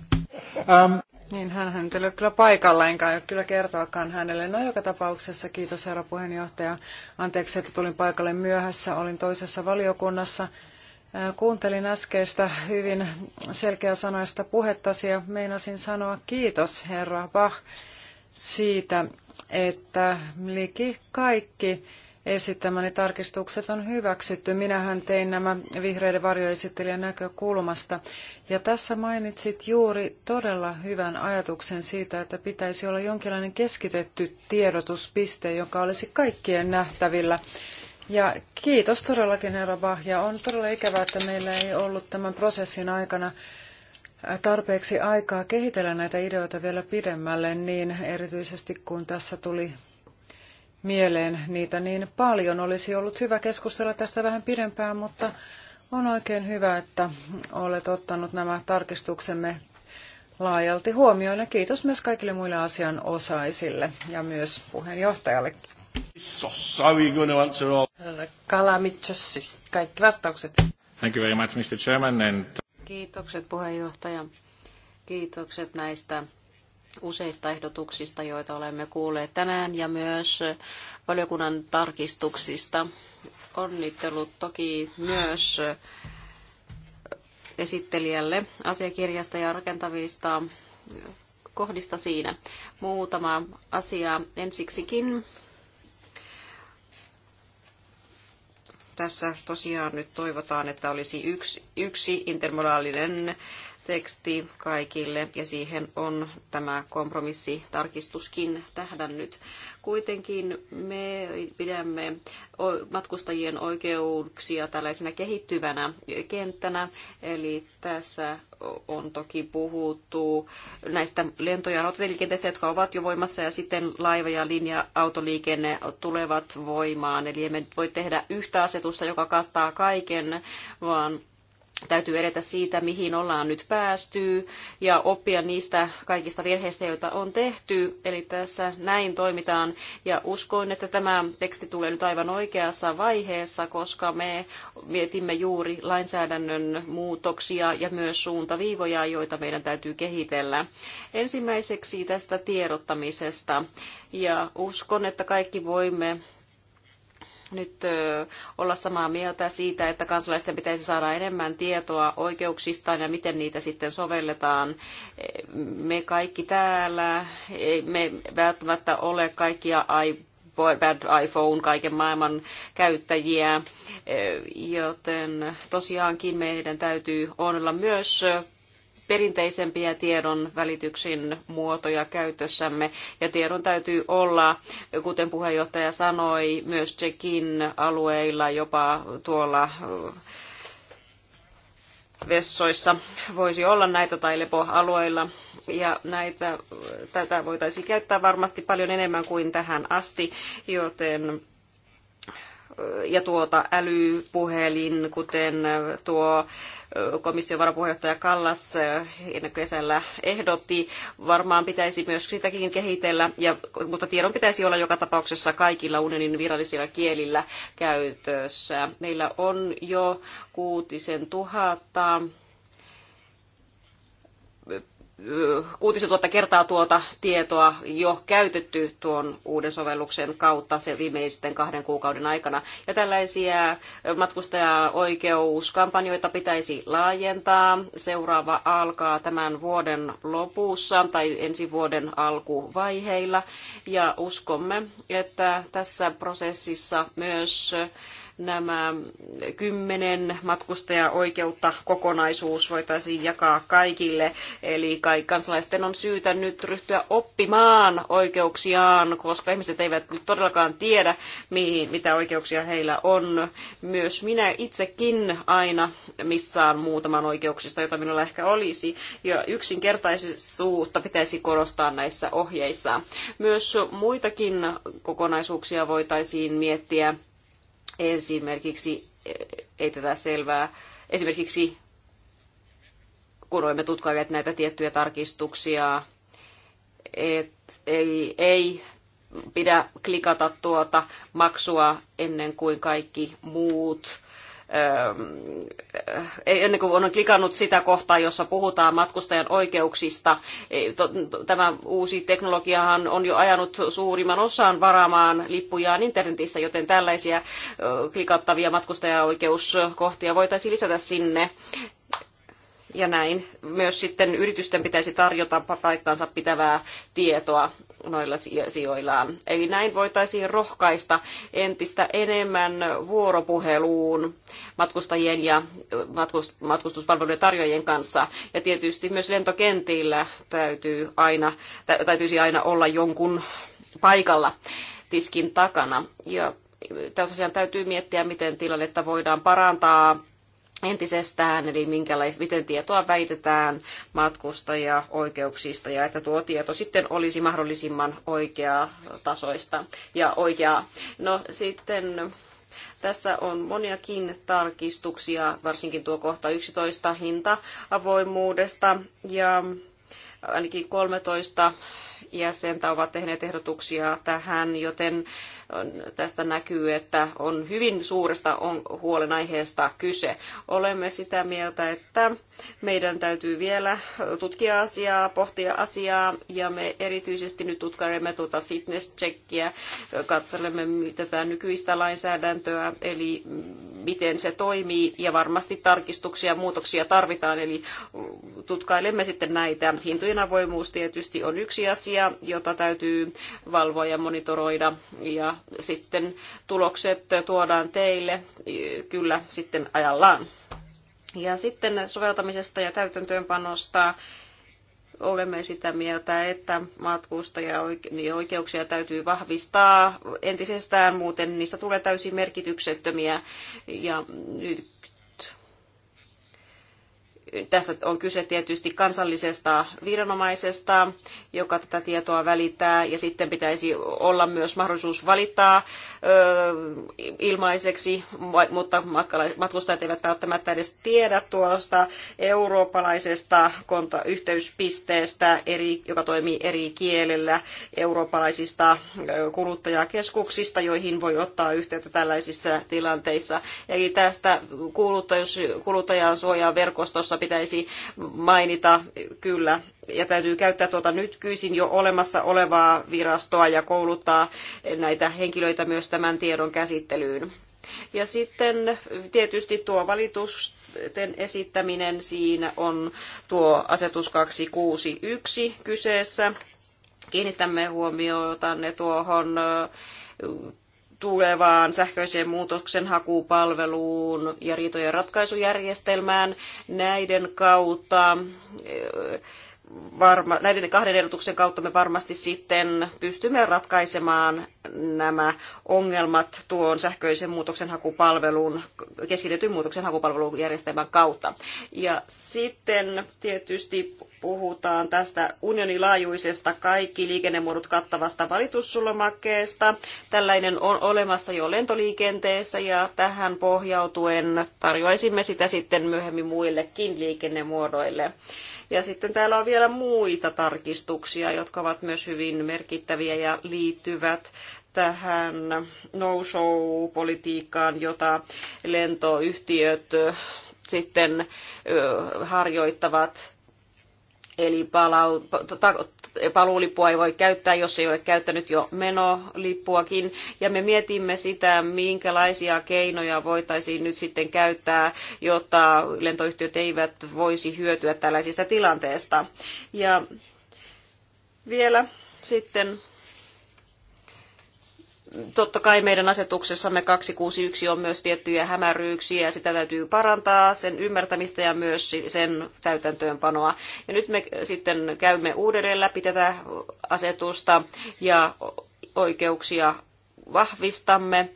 Um. Niin, hän ei ole kyllä paikalla, enkä ole kyllä kertoakaan hänelle. No joka tapauksessa, kiitos herra puheenjohtaja. Anteeksi, että tulin paikalle myöhässä, olin toisessa valiokunnassa. Äh, kuuntelin äskeistä hyvin sanoista puhettasi ja meinasin sanoa kiitos herra Bach siitä, että liki kaikki esittämäni tarkistukset on hyväksytty. Minähän tein nämä vihreiden varjoesittelijän näkökulmasta. Ja tässä mainitsit juuri todella hyvän ajatuksen siitä, että pitäisi olla jonkinlainen keskitetty tiedotuspiste, joka olisi kaikkien nähtävillä. Ja kiitos todellakin herra Vahja. On todella ikävää, että meillä ei ollut tämän prosessin aikana tarpeeksi aikaa kehitellä näitä ideoita vielä pidemmälle, niin erityisesti kun tässä tuli mieleen niitä niin paljon. Olisi ollut hyvä keskustella tästä vähän pidempään, mutta on oikein hyvä, että olet ottanut nämä tarkistuksemme laajalti huomioon. Ja kiitos myös kaikille muille asianosaisille ja myös puheenjohtajalle. Kalamitsosi, kaikki vastaukset. Thank you very much, Mr. Chairman. And... Kiitokset puheenjohtaja. Kiitokset näistä useista ehdotuksista, joita olemme kuulleet tänään ja myös valiokunnan tarkistuksista. Onnittelut toki myös esittelijälle asiakirjasta ja rakentavista kohdista siinä. Muutama asia ensiksikin. Tässä tosiaan nyt toivotaan, että olisi yksi, yksi intermodaalinen teksti kaikille ja siihen on tämä kompromissitarkistuskin tähdännyt. Kuitenkin me pidämme matkustajien oikeuksia tällaisena kehittyvänä kenttänä, eli tässä on toki puhuttu näistä lento- ja rautatieliikenteistä, jotka ovat jo voimassa, ja sitten laiva- ja linja-autoliikenne tulevat voimaan. Eli emme voi tehdä yhtä asetusta, joka kattaa kaiken, vaan täytyy edetä siitä, mihin ollaan nyt päästy ja oppia niistä kaikista virheistä, joita on tehty. Eli tässä näin toimitaan ja uskoin, että tämä teksti tulee nyt aivan oikeassa vaiheessa, koska me mietimme juuri lainsäädännön muutoksia ja myös suuntaviivoja, joita meidän täytyy kehitellä. Ensimmäiseksi tästä tiedottamisesta ja uskon, että kaikki voimme nyt olla samaa mieltä siitä, että kansalaisten pitäisi saada enemmän tietoa oikeuksistaan ja miten niitä sitten sovelletaan. Me kaikki täällä, me välttämättä ole kaikkia iPad, iPhone, kaiken maailman käyttäjiä, joten tosiaankin meidän täytyy olla myös perinteisempiä tiedon välityksen muotoja käytössämme. Ja tiedon täytyy olla, kuten puheenjohtaja sanoi, myös Tsekin alueilla, jopa tuolla vessoissa voisi olla näitä tai lepoalueilla. Ja näitä, tätä voitaisiin käyttää varmasti paljon enemmän kuin tähän asti, joten ja tuota älypuhelin, kuten tuo komission varapuheenjohtaja Kallas kesällä ehdotti. Varmaan pitäisi myös sitäkin kehitellä, ja, mutta tiedon pitäisi olla joka tapauksessa kaikilla unionin virallisilla kielillä käytössä. Meillä on jo kuutisen tuhatta kuutisen kertaa tuota tietoa jo käytetty tuon uuden sovelluksen kautta se viimeisten kahden kuukauden aikana. Ja tällaisia matkustajaoikeuskampanjoita pitäisi laajentaa. Seuraava alkaa tämän vuoden lopussa tai ensi vuoden alkuvaiheilla. Ja uskomme, että tässä prosessissa myös nämä kymmenen matkustajaoikeutta kokonaisuus voitaisiin jakaa kaikille. Eli kansalaisten on syytä nyt ryhtyä oppimaan oikeuksiaan, koska ihmiset eivät nyt todellakaan tiedä, mihin, mitä oikeuksia heillä on. Myös minä itsekin aina missään muutaman oikeuksista, jota minulla ehkä olisi. Ja yksinkertaisuutta pitäisi korostaa näissä ohjeissa. Myös muitakin kokonaisuuksia voitaisiin miettiä Esimerkiksi eh, ei tätä selvää. Esimerkiksi kun olemme tutkailleet näitä tiettyjä tarkistuksia, et ei, ei pidä klikata tuota maksua ennen kuin kaikki muut Eh, ennen kuin on klikannut sitä kohtaa, jossa puhutaan matkustajan oikeuksista. Eh, tämä uusi teknologiahan on jo ajanut suurimman osan varaamaan lippujaan internetissä, joten tällaisia klikattavia matkustajaoikeuskohtia voitaisiin lisätä sinne ja näin myös sitten yritysten pitäisi tarjota paikkansa pitävää tietoa noilla sijoillaan. Eli näin voitaisiin rohkaista entistä enemmän vuoropuheluun matkustajien ja matkustuspalvelujen tarjoajien kanssa. Ja tietysti myös lentokentillä täytyy aina, täytyisi aina olla jonkun paikalla tiskin takana. Ja tosiaan täytyy miettiä, miten tilannetta voidaan parantaa entisestään, eli minkälais, miten tietoa väitetään matkustajaoikeuksista ja että tuo tieto sitten olisi mahdollisimman oikeaa tasoista ja oikeaa. No sitten tässä on moniakin tarkistuksia, varsinkin tuo kohta 11 hinta avoimuudesta ja ainakin 13 jäsentä ovat tehneet ehdotuksia tähän, joten äh, tästä näkyy, että on hyvin suuresta on huolenaiheesta kyse. Olemme sitä mieltä, että meidän täytyy vielä tutkia asiaa, pohtia asiaa ja me erityisesti nyt tutkailemme tuota fitness-checkiä, katselemme tätä nykyistä lainsäädäntöä, eli miten se toimii ja varmasti tarkistuksia ja muutoksia tarvitaan, eli tutkailemme sitten näitä. Hintojen avoimuus tietysti on yksi asia, jota täytyy valvoa ja monitoroida ja sitten tulokset tuodaan teille kyllä sitten ajallaan. Ja sitten soveltamisesta ja täytäntöönpanosta olemme sitä mieltä, että niin oikeuksia täytyy vahvistaa entisestään, muuten niistä tulee täysin merkityksettömiä. Ja nyt tässä on kyse tietysti kansallisesta viranomaisesta, joka tätä tietoa välittää, ja sitten pitäisi olla myös mahdollisuus valittaa ilmaiseksi, mutta matkustajat eivät välttämättä edes tiedä tuosta eurooppalaisesta yhteyspisteestä, eri, joka toimii eri kielellä, eurooppalaisista kuluttajakeskuksista, joihin voi ottaa yhteyttä tällaisissa tilanteissa. Eli tästä kuluttajan pitäisi mainita kyllä. Ja täytyy käyttää tuota nykyisin jo olemassa olevaa virastoa ja kouluttaa näitä henkilöitä myös tämän tiedon käsittelyyn. Ja sitten tietysti tuo valitusten esittäminen, siinä on tuo asetus 261 kyseessä. Kiinnitämme huomiota ne tuohon tulevaan sähköiseen muutoksen hakupalveluun ja riitojen ratkaisujärjestelmään. Näiden kautta varma, näiden kahden ehdotuksen kautta me varmasti sitten pystymme ratkaisemaan nämä ongelmat tuon sähköisen muutoksenhakupalvelun, keskitetyn muutoksenhakupalvelun järjestelmän kautta. Ja sitten tietysti puhutaan tästä unionin laajuisesta kaikki liikennemuodot kattavasta valituslomakkeesta. Tällainen on olemassa jo lentoliikenteessä ja tähän pohjautuen tarjoaisimme sitä sitten myöhemmin muillekin liikennemuodoille. Ja sitten täällä on vielä muita tarkistuksia, jotka ovat myös hyvin merkittäviä ja liittyvät tähän no-show-politiikkaan, jota lentoyhtiöt sitten harjoittavat Eli palau, paluulippua ei voi käyttää, jos ei ole käyttänyt jo menolippuakin. Ja me mietimme sitä, minkälaisia keinoja voitaisiin nyt sitten käyttää, jotta lentoyhtiöt eivät voisi hyötyä tällaisista tilanteesta. Ja vielä sitten totta kai meidän asetuksessamme 261 on myös tiettyjä hämäryyksiä ja sitä täytyy parantaa, sen ymmärtämistä ja myös sen täytäntöönpanoa. Ja nyt me sitten käymme uudelleen läpi tätä asetusta ja oikeuksia vahvistamme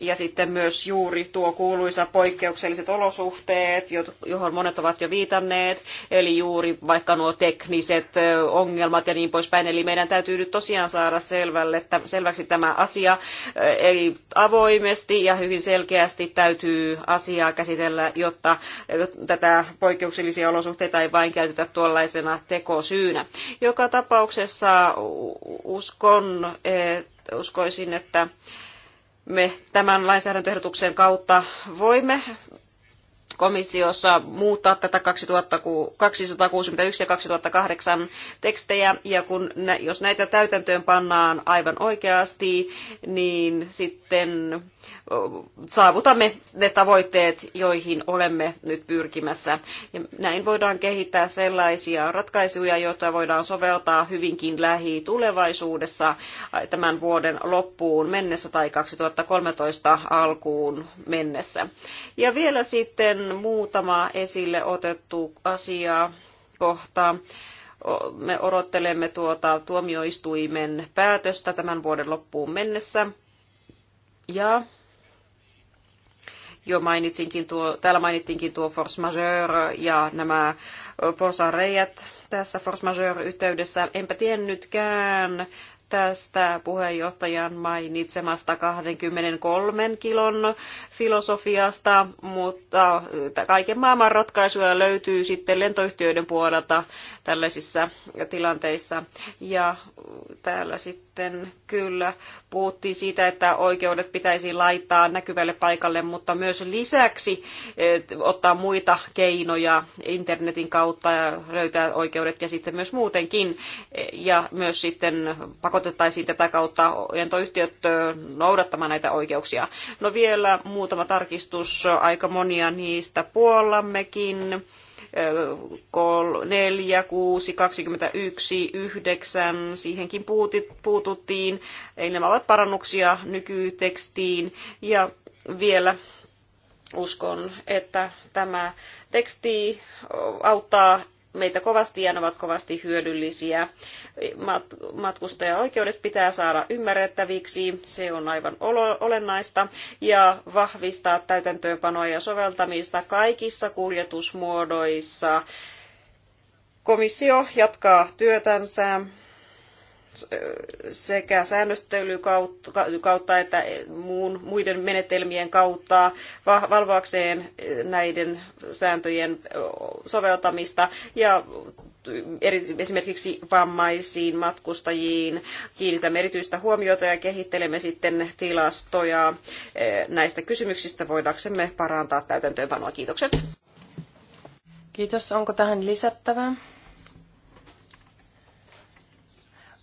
ja sitten myös juuri tuo kuuluisa poikkeukselliset olosuhteet, johon monet ovat jo viitanneet, eli juuri vaikka nuo tekniset ongelmat ja niin poispäin. Eli meidän täytyy nyt tosiaan saada selvälle, selväksi tämä asia, eli avoimesti ja hyvin selkeästi täytyy asiaa käsitellä, jotta tätä poikkeuksellisia olosuhteita ei vain käytetä tuollaisena tekosyynä. Joka tapauksessa uskon, uskoisin, että me tämän lainsäädäntöehdotuksen kautta voimme komissiossa muuttaa tätä 261 ja 2008 tekstejä, ja kun, jos näitä täytäntöön pannaan aivan oikeasti, niin sitten saavutamme ne tavoitteet, joihin olemme nyt pyrkimässä. Ja näin voidaan kehittää sellaisia ratkaisuja, joita voidaan soveltaa hyvinkin lähitulevaisuudessa tämän vuoden loppuun mennessä tai 2013 alkuun mennessä. Ja vielä sitten muutama esille otettu asia kohta me odottelemme tuota tuomioistuimen päätöstä tämän vuoden loppuun mennessä. Ja jo mainitsinkin tuo, täällä mainittiinkin tuo force majeure ja nämä porsareijät tässä force majeure-yhteydessä. Enpä tiennytkään tästä puheenjohtajan mainitsemasta 23 kilon filosofiasta, mutta kaiken maailman ratkaisuja löytyy sitten lentoyhtiöiden puolelta tällaisissa tilanteissa. Ja täällä sitten sitten kyllä puhuttiin siitä, että oikeudet pitäisi laittaa näkyvälle paikalle, mutta myös lisäksi eh, ottaa muita keinoja internetin kautta ja löytää oikeudet ja sitten myös muutenkin. Eh, ja myös sitten pakotettaisiin tätä kautta lentoyhtiöt eh, noudattamaan näitä oikeuksia. No vielä muutama tarkistus, aika monia niistä puollammekin 4, 6, 21, 9, siihenkin puututtiin. Eli nämä ovat parannuksia nykytekstiin ja vielä uskon, että tämä teksti auttaa meitä kovasti ja ne ovat kovasti hyödyllisiä. Matkustajaoikeudet pitää saada ymmärrettäviksi, se on aivan olennaista, ja vahvistaa täytäntöönpanoa ja soveltamista kaikissa kuljetusmuodoissa. Komissio jatkaa työtänsä sekä säännöstelyn kautta että muun, muiden menetelmien kautta valvoakseen näiden sääntöjen soveltamista ja esimerkiksi vammaisiin matkustajiin. Kiinnitämme erityistä huomiota ja kehittelemme sitten tilastoja näistä kysymyksistä. Voidaksemme parantaa täytäntöönpanoa. Kiitokset. Kiitos. Onko tähän lisättävää?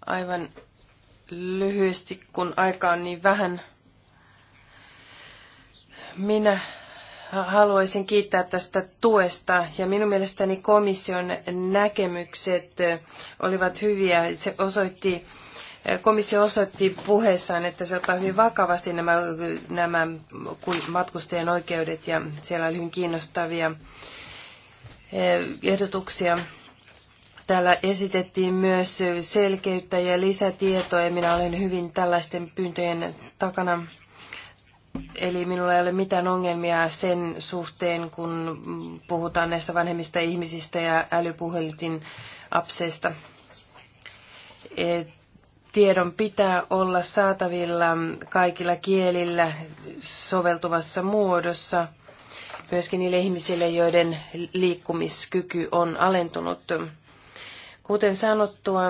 aivan lyhyesti, kun aika on niin vähän. Minä haluaisin kiittää tästä tuesta ja minun mielestäni komission näkemykset olivat hyviä. Se osoitti, komissio osoitti puheessaan, että se ottaa hyvin vakavasti nämä, nämä matkustajien oikeudet ja siellä oli hyvin kiinnostavia eh, ehdotuksia. Täällä esitettiin myös selkeyttä ja lisätietoa ja minä olen hyvin tällaisten pyyntöjen takana. Eli minulla ei ole mitään ongelmia sen suhteen, kun puhutaan näistä vanhemmista ihmisistä ja älypuhelitin apseista. Tiedon pitää olla saatavilla kaikilla kielillä soveltuvassa muodossa, myöskin niille ihmisille, joiden liikkumiskyky on alentunut. Kuten sanottua,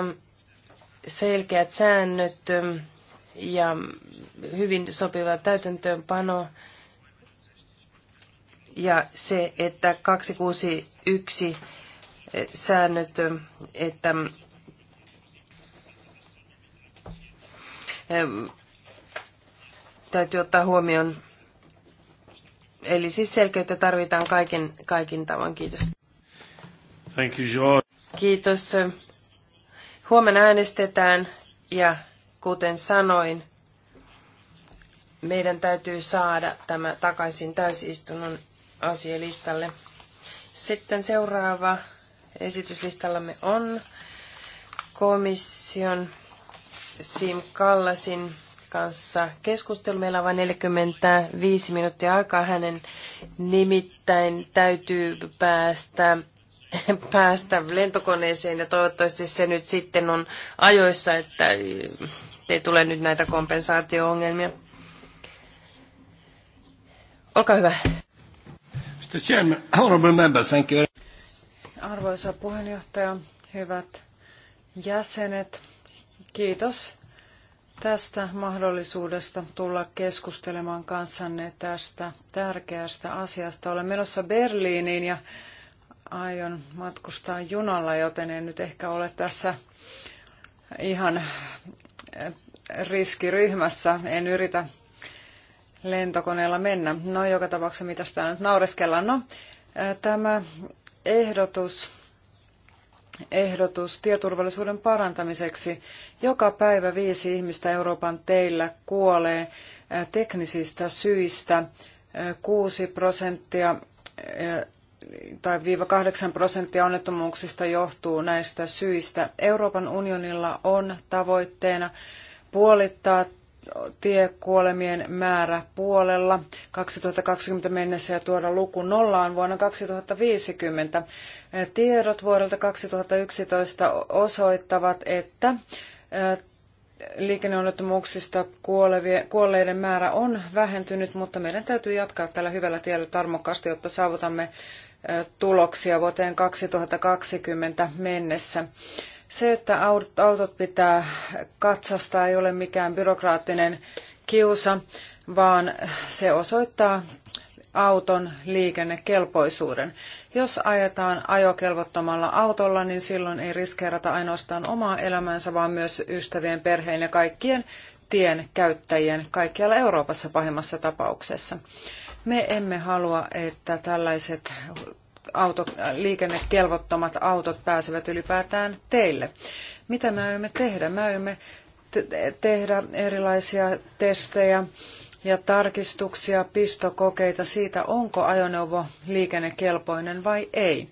selkeät säännöt ja hyvin sopiva täytäntöönpano ja se, että 261 säännöt, että täytyy ottaa huomioon. Eli siis selkeyttä tarvitaan kaiken, kaikin tavoin. Kiitos. Thank you, George. Kiitos. Huomenna äänestetään ja kuten sanoin, meidän täytyy saada tämä takaisin täysistunnon asialistalle. Sitten seuraava esityslistallamme on komission Sim Kallasin kanssa keskustelu. Meillä on vain 45 minuuttia aikaa. Hänen nimittäin täytyy päästä päästä lentokoneeseen ja toivottavasti se nyt sitten on ajoissa, että ei tule nyt näitä kompensaatio-ongelmia. Olkaa hyvä. Mr. Chairman, honorable members, thank you. Arvoisa puheenjohtaja, hyvät jäsenet, kiitos tästä mahdollisuudesta tulla keskustelemaan kanssanne tästä tärkeästä asiasta. Olen menossa Berliiniin ja aion matkustaa junalla, joten en nyt ehkä ole tässä ihan eh, riskiryhmässä. En yritä lentokoneella mennä. No joka tapauksessa mitä sitä nyt naureskellaan. No, eh, tämä ehdotus, ehdotus tieturvallisuuden parantamiseksi. Joka päivä viisi ihmistä Euroopan teillä kuolee eh, teknisistä syistä. kuusi prosenttia tai viiva 8 prosenttia onnettomuuksista johtuu näistä syistä. Euroopan unionilla on tavoitteena puolittaa tiekuolemien määrä puolella 2020 mennessä ja tuoda luku nollaan vuonna 2050. Tiedot vuodelta 2011 osoittavat, että eh, liikenneonnettomuuksista kuolleiden määrä on vähentynyt, mutta meidän täytyy jatkaa tällä hyvällä tiellä tarmokkaasti, jotta saavutamme tuloksia vuoteen 2020 mennessä. Se, että autot pitää katsastaa, ei ole mikään byrokraattinen kiusa, vaan se osoittaa auton liikennekelpoisuuden. Jos ajetaan ajokelvottomalla autolla, niin silloin ei riskeerata ainoastaan omaa elämäänsä, vaan myös ystävien, perheen ja kaikkien tien käyttäjien kaikkialla Euroopassa pahimmassa tapauksessa. Me emme halua, että tällaiset liikennekelvottomat autot pääsevät ylipäätään teille. Mitä me aiomme tehdä? Me aiomme te- tehdä erilaisia testejä ja tarkistuksia, pistokokeita siitä, onko ajoneuvo liikennekelpoinen vai ei.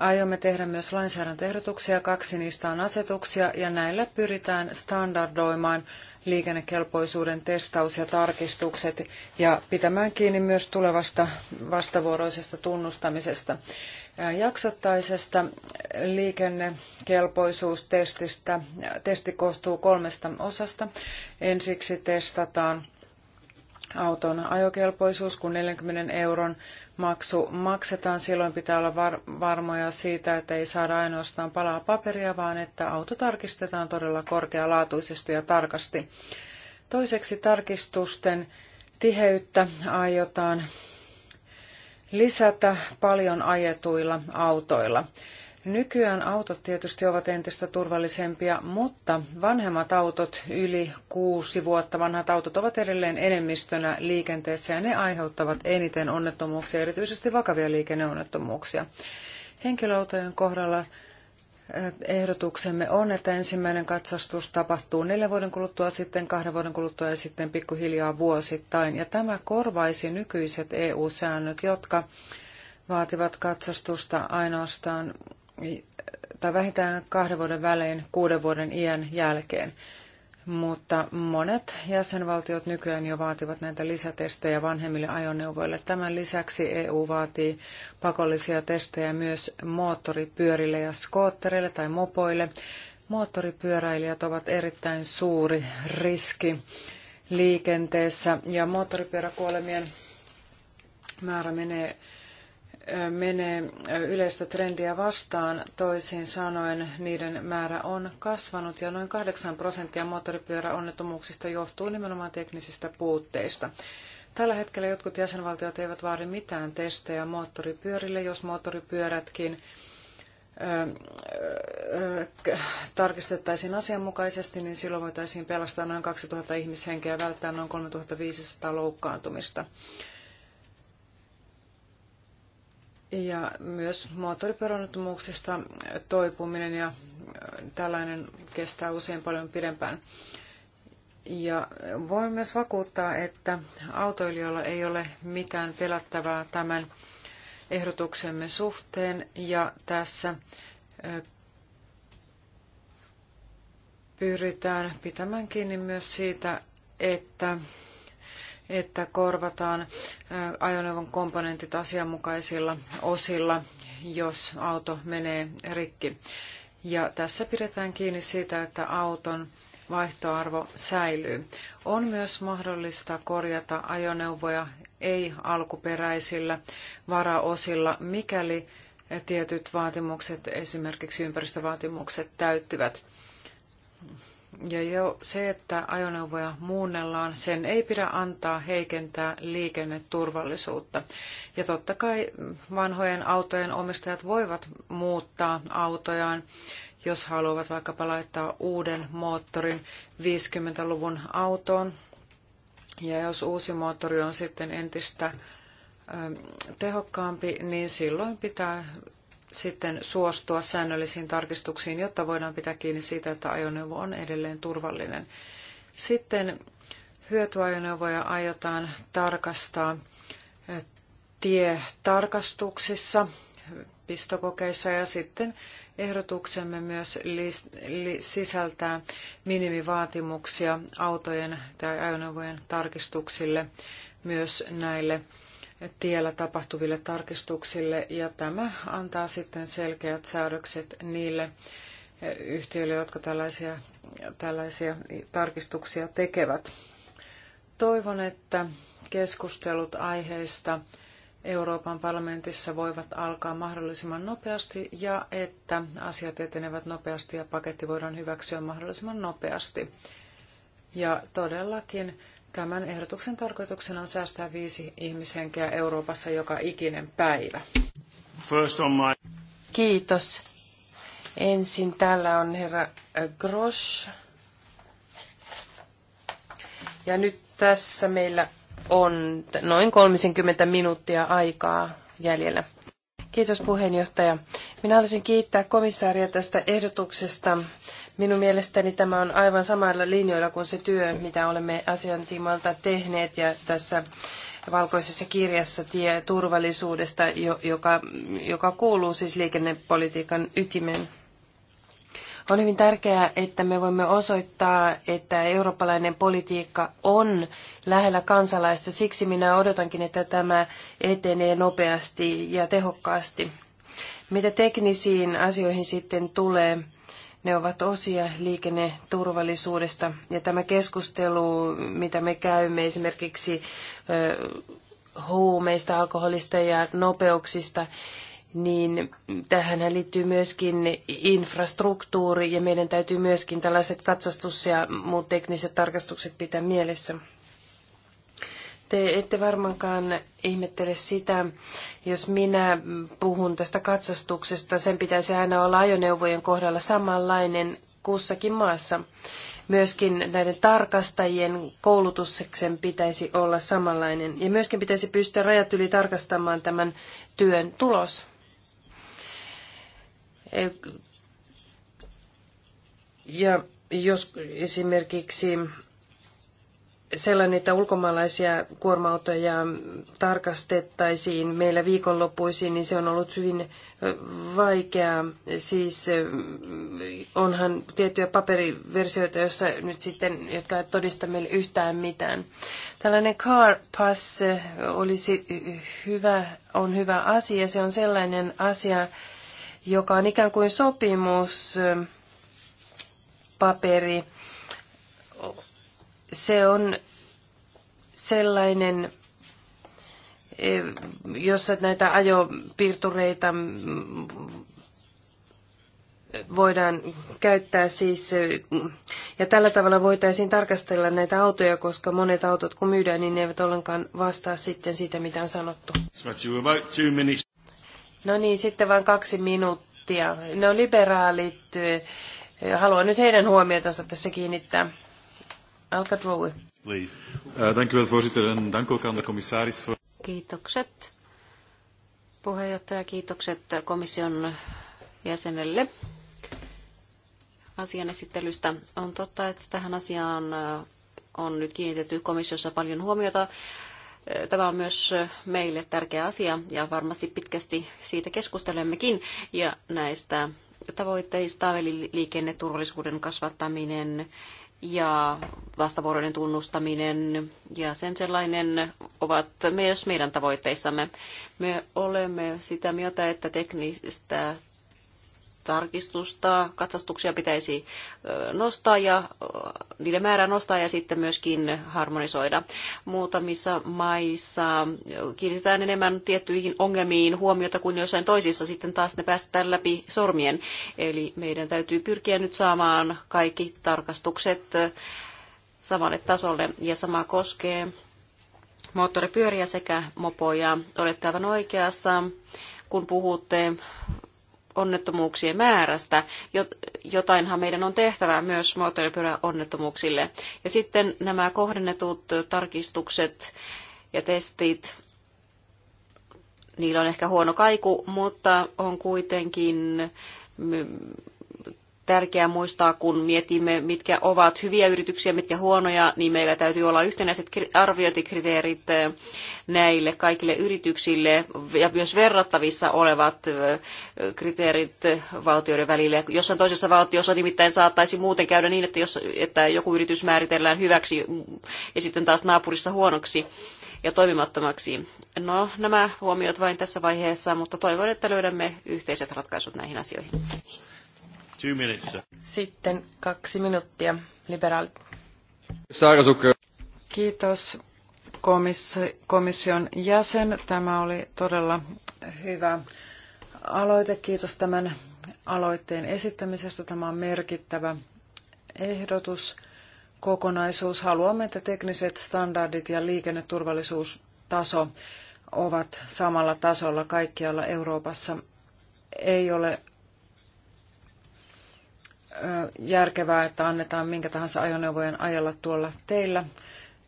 Aiomme tehdä myös lainsäädäntöehdotuksia, kaksi niistä on asetuksia, ja näillä pyritään standardoimaan liikennekelpoisuuden testaus ja tarkistukset ja pitämään kiinni myös tulevasta vastavuoroisesta tunnustamisesta. Jaksottaisesta liikennekelpoisuustestistä testi koostuu kolmesta osasta. Ensiksi testataan auton ajokelpoisuus, kun 40 euron maksu maksetaan. Silloin pitää olla var- varmoja siitä, että ei saada ainoastaan palaa paperia, vaan että auto tarkistetaan todella korkealaatuisesti ja tarkasti. Toiseksi tarkistusten tiheyttä aiotaan lisätä paljon ajetuilla autoilla. Nykyään autot tietysti ovat entistä turvallisempia, mutta vanhemmat autot, yli kuusi vuotta vanhat autot, ovat edelleen enemmistönä liikenteessä ja ne aiheuttavat eniten onnettomuuksia, erityisesti vakavia liikenneonnettomuuksia. Henkilöautojen kohdalla eh, ehdotuksemme on, että ensimmäinen katsastus tapahtuu neljän vuoden kuluttua, sitten kahden vuoden kuluttua ja sitten pikkuhiljaa vuosittain. Ja tämä korvaisi nykyiset EU-säännöt, jotka vaativat katsastusta ainoastaan tai vähintään kahden vuoden välein kuuden vuoden iän jälkeen. Mutta monet jäsenvaltiot nykyään jo vaativat näitä lisätestejä vanhemmille ajoneuvoille. Tämän lisäksi EU vaatii pakollisia testejä myös moottoripyörille ja skoottereille tai mopoille. Moottoripyöräilijät ovat erittäin suuri riski liikenteessä ja moottoripyöräkuolemien määrä menee menee yleistä trendiä vastaan. Toisin sanoen niiden määrä on kasvanut ja noin 8 prosenttia moottoripyöräonnettomuuksista johtuu nimenomaan teknisistä puutteista. Tällä hetkellä jotkut jäsenvaltiot eivät vaadi mitään testejä moottoripyörille, jos moottoripyörätkin tarkistettaisiin asianmukaisesti, niin silloin voitaisiin pelastaa noin 2000 ihmishenkeä ja välttää noin 3500 loukkaantumista. Ja myös moottoriperonnettomuuksista toipuminen ja äh, tällainen kestää usein paljon pidempään. Ja voin myös vakuuttaa, että autoilijoilla ei ole mitään pelättävää tämän ehdotuksemme suhteen ja tässä äh, pyritään pitämään kiinni myös siitä, että että korvataan ajoneuvon komponentit asianmukaisilla osilla, jos auto menee rikki. Ja tässä pidetään kiinni siitä, että auton vaihtoarvo säilyy. On myös mahdollista korjata ajoneuvoja ei-alkuperäisillä varaosilla, mikäli tietyt vaatimukset, esimerkiksi ympäristövaatimukset, täyttyvät. Ja jo se, että ajoneuvoja muunnellaan, sen ei pidä antaa heikentää liikenneturvallisuutta. Ja totta kai vanhojen autojen omistajat voivat muuttaa autojaan, jos haluavat vaikkapa laittaa uuden moottorin 50-luvun autoon. Ja jos uusi moottori on sitten entistä tehokkaampi, niin silloin pitää sitten suostua säännöllisiin tarkistuksiin, jotta voidaan pitää kiinni siitä, että ajoneuvo on edelleen turvallinen. Sitten hyötyajoneuvoja aiotaan tarkastaa eh, tietarkastuksissa, pistokokeissa ja sitten ehdotuksemme myös sisältää minimivaatimuksia autojen tai ajoneuvojen tarkistuksille myös näille tiellä tapahtuville tarkistuksille ja tämä antaa sitten selkeät säädökset niille eh, yhtiöille, jotka tällaisia, tällaisia tarkistuksia tekevät. Toivon, että keskustelut aiheista Euroopan parlamentissa voivat alkaa mahdollisimman nopeasti ja että asiat etenevät nopeasti ja paketti voidaan hyväksyä mahdollisimman nopeasti. Ja todellakin Tämän ehdotuksen tarkoituksena on säästää viisi ihmishenkeä Euroopassa joka ikinen päivä. First on my... Kiitos. Ensin täällä on herra Grosch. Ja nyt tässä meillä on noin 30 minuuttia aikaa jäljellä. Kiitos puheenjohtaja. Minä haluaisin kiittää komissaaria tästä ehdotuksesta Minun mielestäni tämä on aivan samalla linjoilla kuin se työ, mitä olemme asiantiimalta tehneet ja tässä valkoisessa kirjassa tie turvallisuudesta, joka, joka kuuluu siis liikennepolitiikan ytimeen. On hyvin tärkeää, että me voimme osoittaa, että eurooppalainen politiikka on lähellä kansalaista. Siksi minä odotankin, että tämä etenee nopeasti ja tehokkaasti. Mitä teknisiin asioihin sitten tulee, ne ovat osia liikenneturvallisuudesta ja tämä keskustelu, mitä me käymme esimerkiksi huumeista, alkoholista ja nopeuksista, niin tähän liittyy myöskin infrastruktuuri ja meidän täytyy myöskin tällaiset katsastus- ja muut tekniset tarkastukset pitää mielessä. Te ette varmaankaan ihmettele sitä, jos minä puhun tästä katsastuksesta. Sen pitäisi aina olla ajoneuvojen kohdalla samanlainen kussakin maassa. Myöskin näiden tarkastajien koulutukseksen pitäisi olla samanlainen. Ja myöskin pitäisi pystyä rajat yli tarkastamaan tämän työn tulos. Ja jos esimerkiksi sellainen, että ulkomaalaisia kuorma-autoja tarkastettaisiin meillä viikonloppuisiin, niin se on ollut hyvin vaikeaa. Siis onhan tiettyjä paperiversioita, jossa nyt sitten, jotka eivät todista meille yhtään mitään. Tällainen car pass olisi hyvä, on hyvä asia. Se on sellainen asia, joka on ikään kuin sopimus paperi se on sellainen, eh, jossa näitä ajopiirtureita voidaan käyttää siis, eh, ja tällä tavalla voitaisiin tarkastella näitä autoja, koska monet autot kun myydään, niin ne eivät ollenkaan vastaa sitten siitä, mitä on sanottu. No niin, sitten vain kaksi minuuttia. No liberaalit, eh, haluan nyt heidän huomiotansa tässä kiinnittää. Alka Drowe. Eh, dank u wel, voorzitter. En dank ook aan de commissaris voor... Kiitokset. Puheenjohtaja, kiitokset komission jäsenelle asian esittelystä. On totta, että tähän asiaan eh, on nyt kiinnitetty komissiossa paljon huomiota. Eh, tämä on myös meille tärkeä asia ja varmasti pitkästi siitä keskustelemmekin ja näistä tavoitteista, eli liikenneturvallisuuden kasvattaminen, ja vastavuoroinen tunnustaminen ja sen sellainen ovat myös meidän tavoitteissamme. Me olemme sitä mieltä, että teknistä tarkistusta. Katsastuksia pitäisi nostaa ja niiden määrää nostaa ja sitten myöskin harmonisoida. Muutamissa maissa kiinnitetään enemmän tiettyihin ongelmiin huomiota kuin jossain toisissa. Sitten taas ne päästetään läpi sormien. Eli meidän täytyy pyrkiä nyt saamaan kaikki tarkastukset samalle tasolle ja sama koskee moottoripyöriä sekä mopoja. Olette aivan oikeassa, kun puhutte onnettomuuksien määrästä. Jotainhan meidän on tehtävä myös moottoripyöräonnettomuuksille. Ja sitten nämä kohdennetut tarkistukset ja testit, niillä on ehkä huono kaiku, mutta on kuitenkin tärkeää muistaa, kun mietimme, mitkä ovat hyviä yrityksiä, mitkä huonoja, niin meillä täytyy olla yhtenäiset arviointikriteerit eh, näille kaikille yrityksille ja myös verrattavissa olevat eh, kriteerit eh, valtioiden välillä. Jossain toisessa valtiossa nimittäin saattaisi muuten käydä niin, että, jos, että joku yritys määritellään hyväksi mm, ja sitten taas naapurissa huonoksi ja toimimattomaksi. No, nämä huomiot vain tässä vaiheessa, mutta toivon, että löydämme yhteiset ratkaisut näihin asioihin. Two minutes. Sitten kaksi minuuttia, liberaalit. Kiitos komission jäsen. Tämä oli todella hyvä aloite. Kiitos tämän aloitteen esittämisestä. Tämä on merkittävä ehdotus, kokonaisuus. Haluamme, että tekniset standardit ja liikenneturvallisuustaso ovat samalla tasolla kaikkialla Euroopassa. Ei ole järkevää, että annetaan minkä tahansa ajoneuvojen ajella tuolla teillä.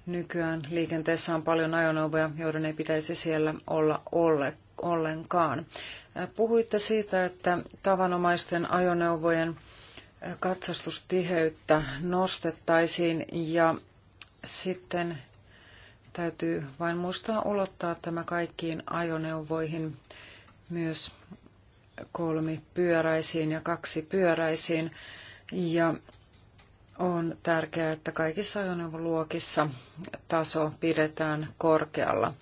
Nykyään liikenteessä on paljon ajoneuvoja, joiden ei pitäisi siellä olla ollenkaan. Puhuitte siitä, että tavanomaisten ajoneuvojen katsastustiheyttä nostettaisiin ja sitten täytyy vain muistaa ulottaa tämä kaikkiin ajoneuvoihin myös kolmipyöräisiin ja kaksipyöräisiin. Ja on tärkeää, että kaikissa ajoneuvoluokissa taso pidetään korkealla.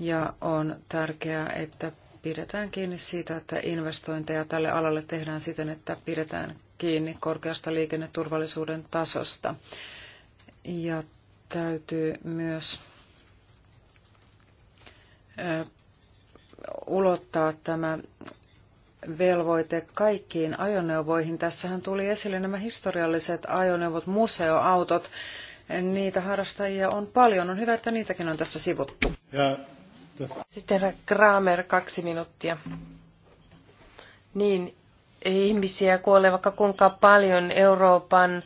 Ja on tärkeää, että pidetään kiinni siitä, että investointeja tälle alalle tehdään siten, että pidetään kiinni korkeasta liikenneturvallisuuden tasosta. Ja täytyy myös ulottaa tämä velvoite kaikkiin ajoneuvoihin. Tässähän tuli esille nämä historialliset ajoneuvot, museoautot. Niitä harrastajia on paljon. On hyvä, että niitäkin on tässä sivuttu. Ja, tässä. Sitten Kramer, kaksi minuuttia. Niin, ihmisiä kuolee vaikka kuinka paljon Euroopan,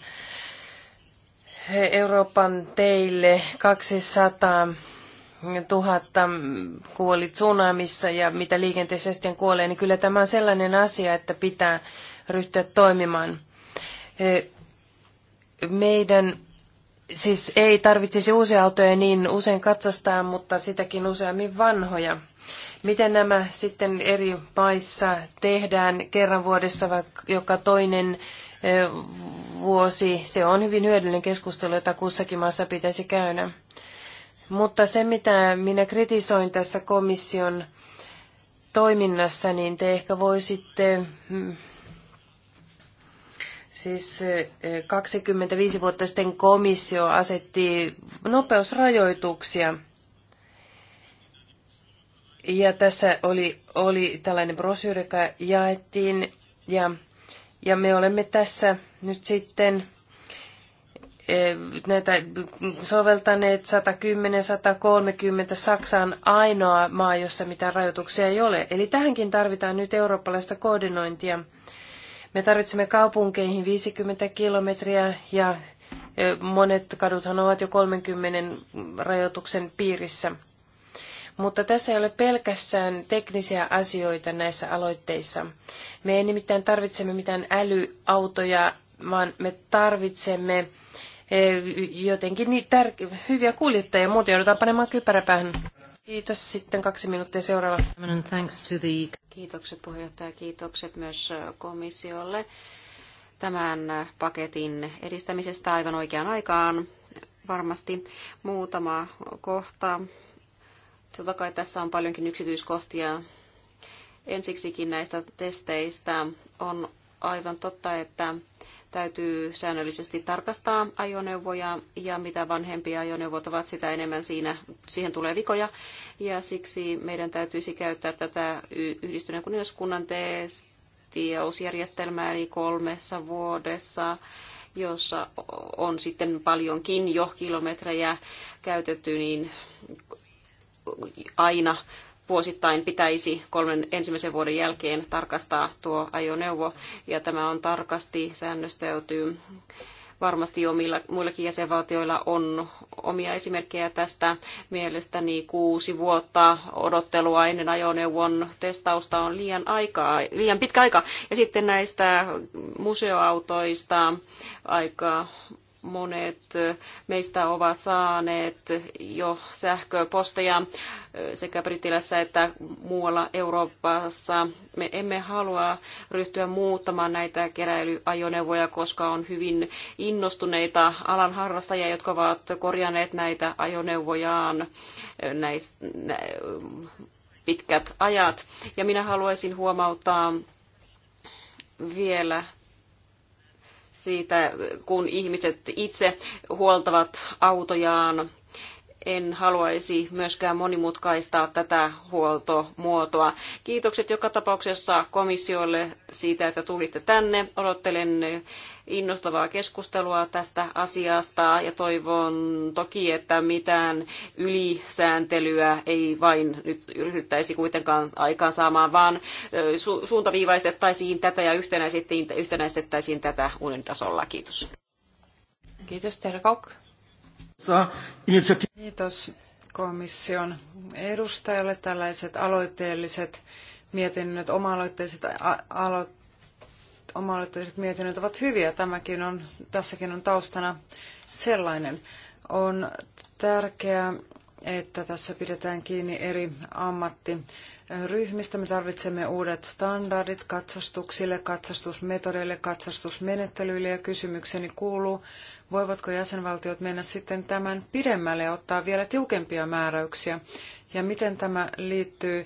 Euroopan teille 200 tuhatta ähm, kuoli tsunamissa ja mitä liikenteessä sitten kuolee, niin kyllä tämä on sellainen asia, että pitää ryhtyä toimimaan. Meidän siis ei tarvitsisi uusia autoja niin usein katsastaa, mutta sitäkin useammin vanhoja. Miten nämä sitten eri paissa tehdään kerran vuodessa vai joka toinen vuosi? Se on hyvin hyödyllinen keskustelu, jota kussakin maassa pitäisi käydä. Mutta se, mitä minä kritisoin tässä komission toiminnassa, niin te ehkä voisitte mm, Siis 25 eh, vuotta sitten komissio asetti nopeusrajoituksia. Ja tässä oli, oli tällainen brosyyri, joka jaettiin. Ja, ja me olemme tässä nyt sitten Eh, näitä soveltaneet 110, 130. Saksa on ainoa maa, jossa mitään rajoituksia ei ole. Eli tähänkin tarvitaan nyt eurooppalaista koordinointia. Me tarvitsemme kaupunkeihin 50 kilometriä ja eh, monet kaduthan ovat jo 30 rajoituksen piirissä. Mutta tässä ei ole pelkästään teknisiä asioita näissä aloitteissa. Me ei nimittäin tarvitsemme mitään älyautoja, vaan me tarvitsemme Eh, jotenkin niin tär- hyviä kuljettajia, muuten joudutaan panemaan kypäräpäähän. Kiitos. Sitten kaksi minuuttia seuraava. Kiitokset puheenjohtaja, kiitokset myös komissiolle tämän paketin edistämisestä aivan oikeaan aikaan. Varmasti muutama kohta. Totta kai tässä on paljonkin yksityiskohtia. Ensiksikin näistä testeistä on aivan totta, että täytyy säännöllisesti tarkastaa ajoneuvoja ja mitä vanhempia ajoneuvot ovat, sitä enemmän siinä, siihen tulee vikoja. Ja siksi meidän täytyisi käyttää tätä yhdistyneen kuningaskunnan testiausjärjestelmää eli kolmessa vuodessa jossa on sitten paljonkin jo kilometrejä käytetty, niin aina vuosittain pitäisi kolmen ensimmäisen vuoden jälkeen tarkastaa tuo ajoneuvo, ja tämä on tarkasti säännöstäytyy. Varmasti jo millä, muillakin jäsenvaltioilla on omia esimerkkejä tästä. Mielestäni kuusi vuotta odottelua ennen ajoneuvon testausta on liian, aikaa, liian pitkä aika. Ja sitten näistä museoautoista aika Monet meistä ovat saaneet jo sähköposteja sekä Britilässä että muualla Euroopassa. Me emme halua ryhtyä muuttamaan näitä keräilyajoneuvoja, koska on hyvin innostuneita alan harrastajia, jotka ovat korjanneet näitä ajoneuvojaan näis, nä, pitkät ajat. Ja minä haluaisin huomauttaa vielä siitä, kun ihmiset itse huoltavat autojaan. En haluaisi myöskään monimutkaistaa tätä huoltomuotoa. Kiitokset joka tapauksessa komissiolle siitä, että tulitte tänne. Odottelen innostavaa keskustelua tästä asiasta ja toivon toki, että mitään ylisääntelyä ei vain nyt ryhdyttäisi kuitenkaan aikaan saamaan, vaan su- suuntaviivaistettaisiin tätä ja yhtenäistettäisiin tätä unionin tasolla. Kiitos. Kiitos, Terra Kauk. Kiitos komission edustajalle tällaiset aloitteelliset mietinnöt, oma-aloitteiset oma mietinnöt ovat hyviä. Tämäkin on, tässäkin on taustana sellainen. On tärkeää, että tässä pidetään kiinni eri ammattiryhmistä. Me tarvitsemme uudet standardit katsastuksille, katsastusmetodeille, katsastusmenettelyille ja kysymykseni kuuluu, voivatko jäsenvaltiot mennä sitten tämän pidemmälle ja ottaa vielä tiukempia määräyksiä ja miten tämä liittyy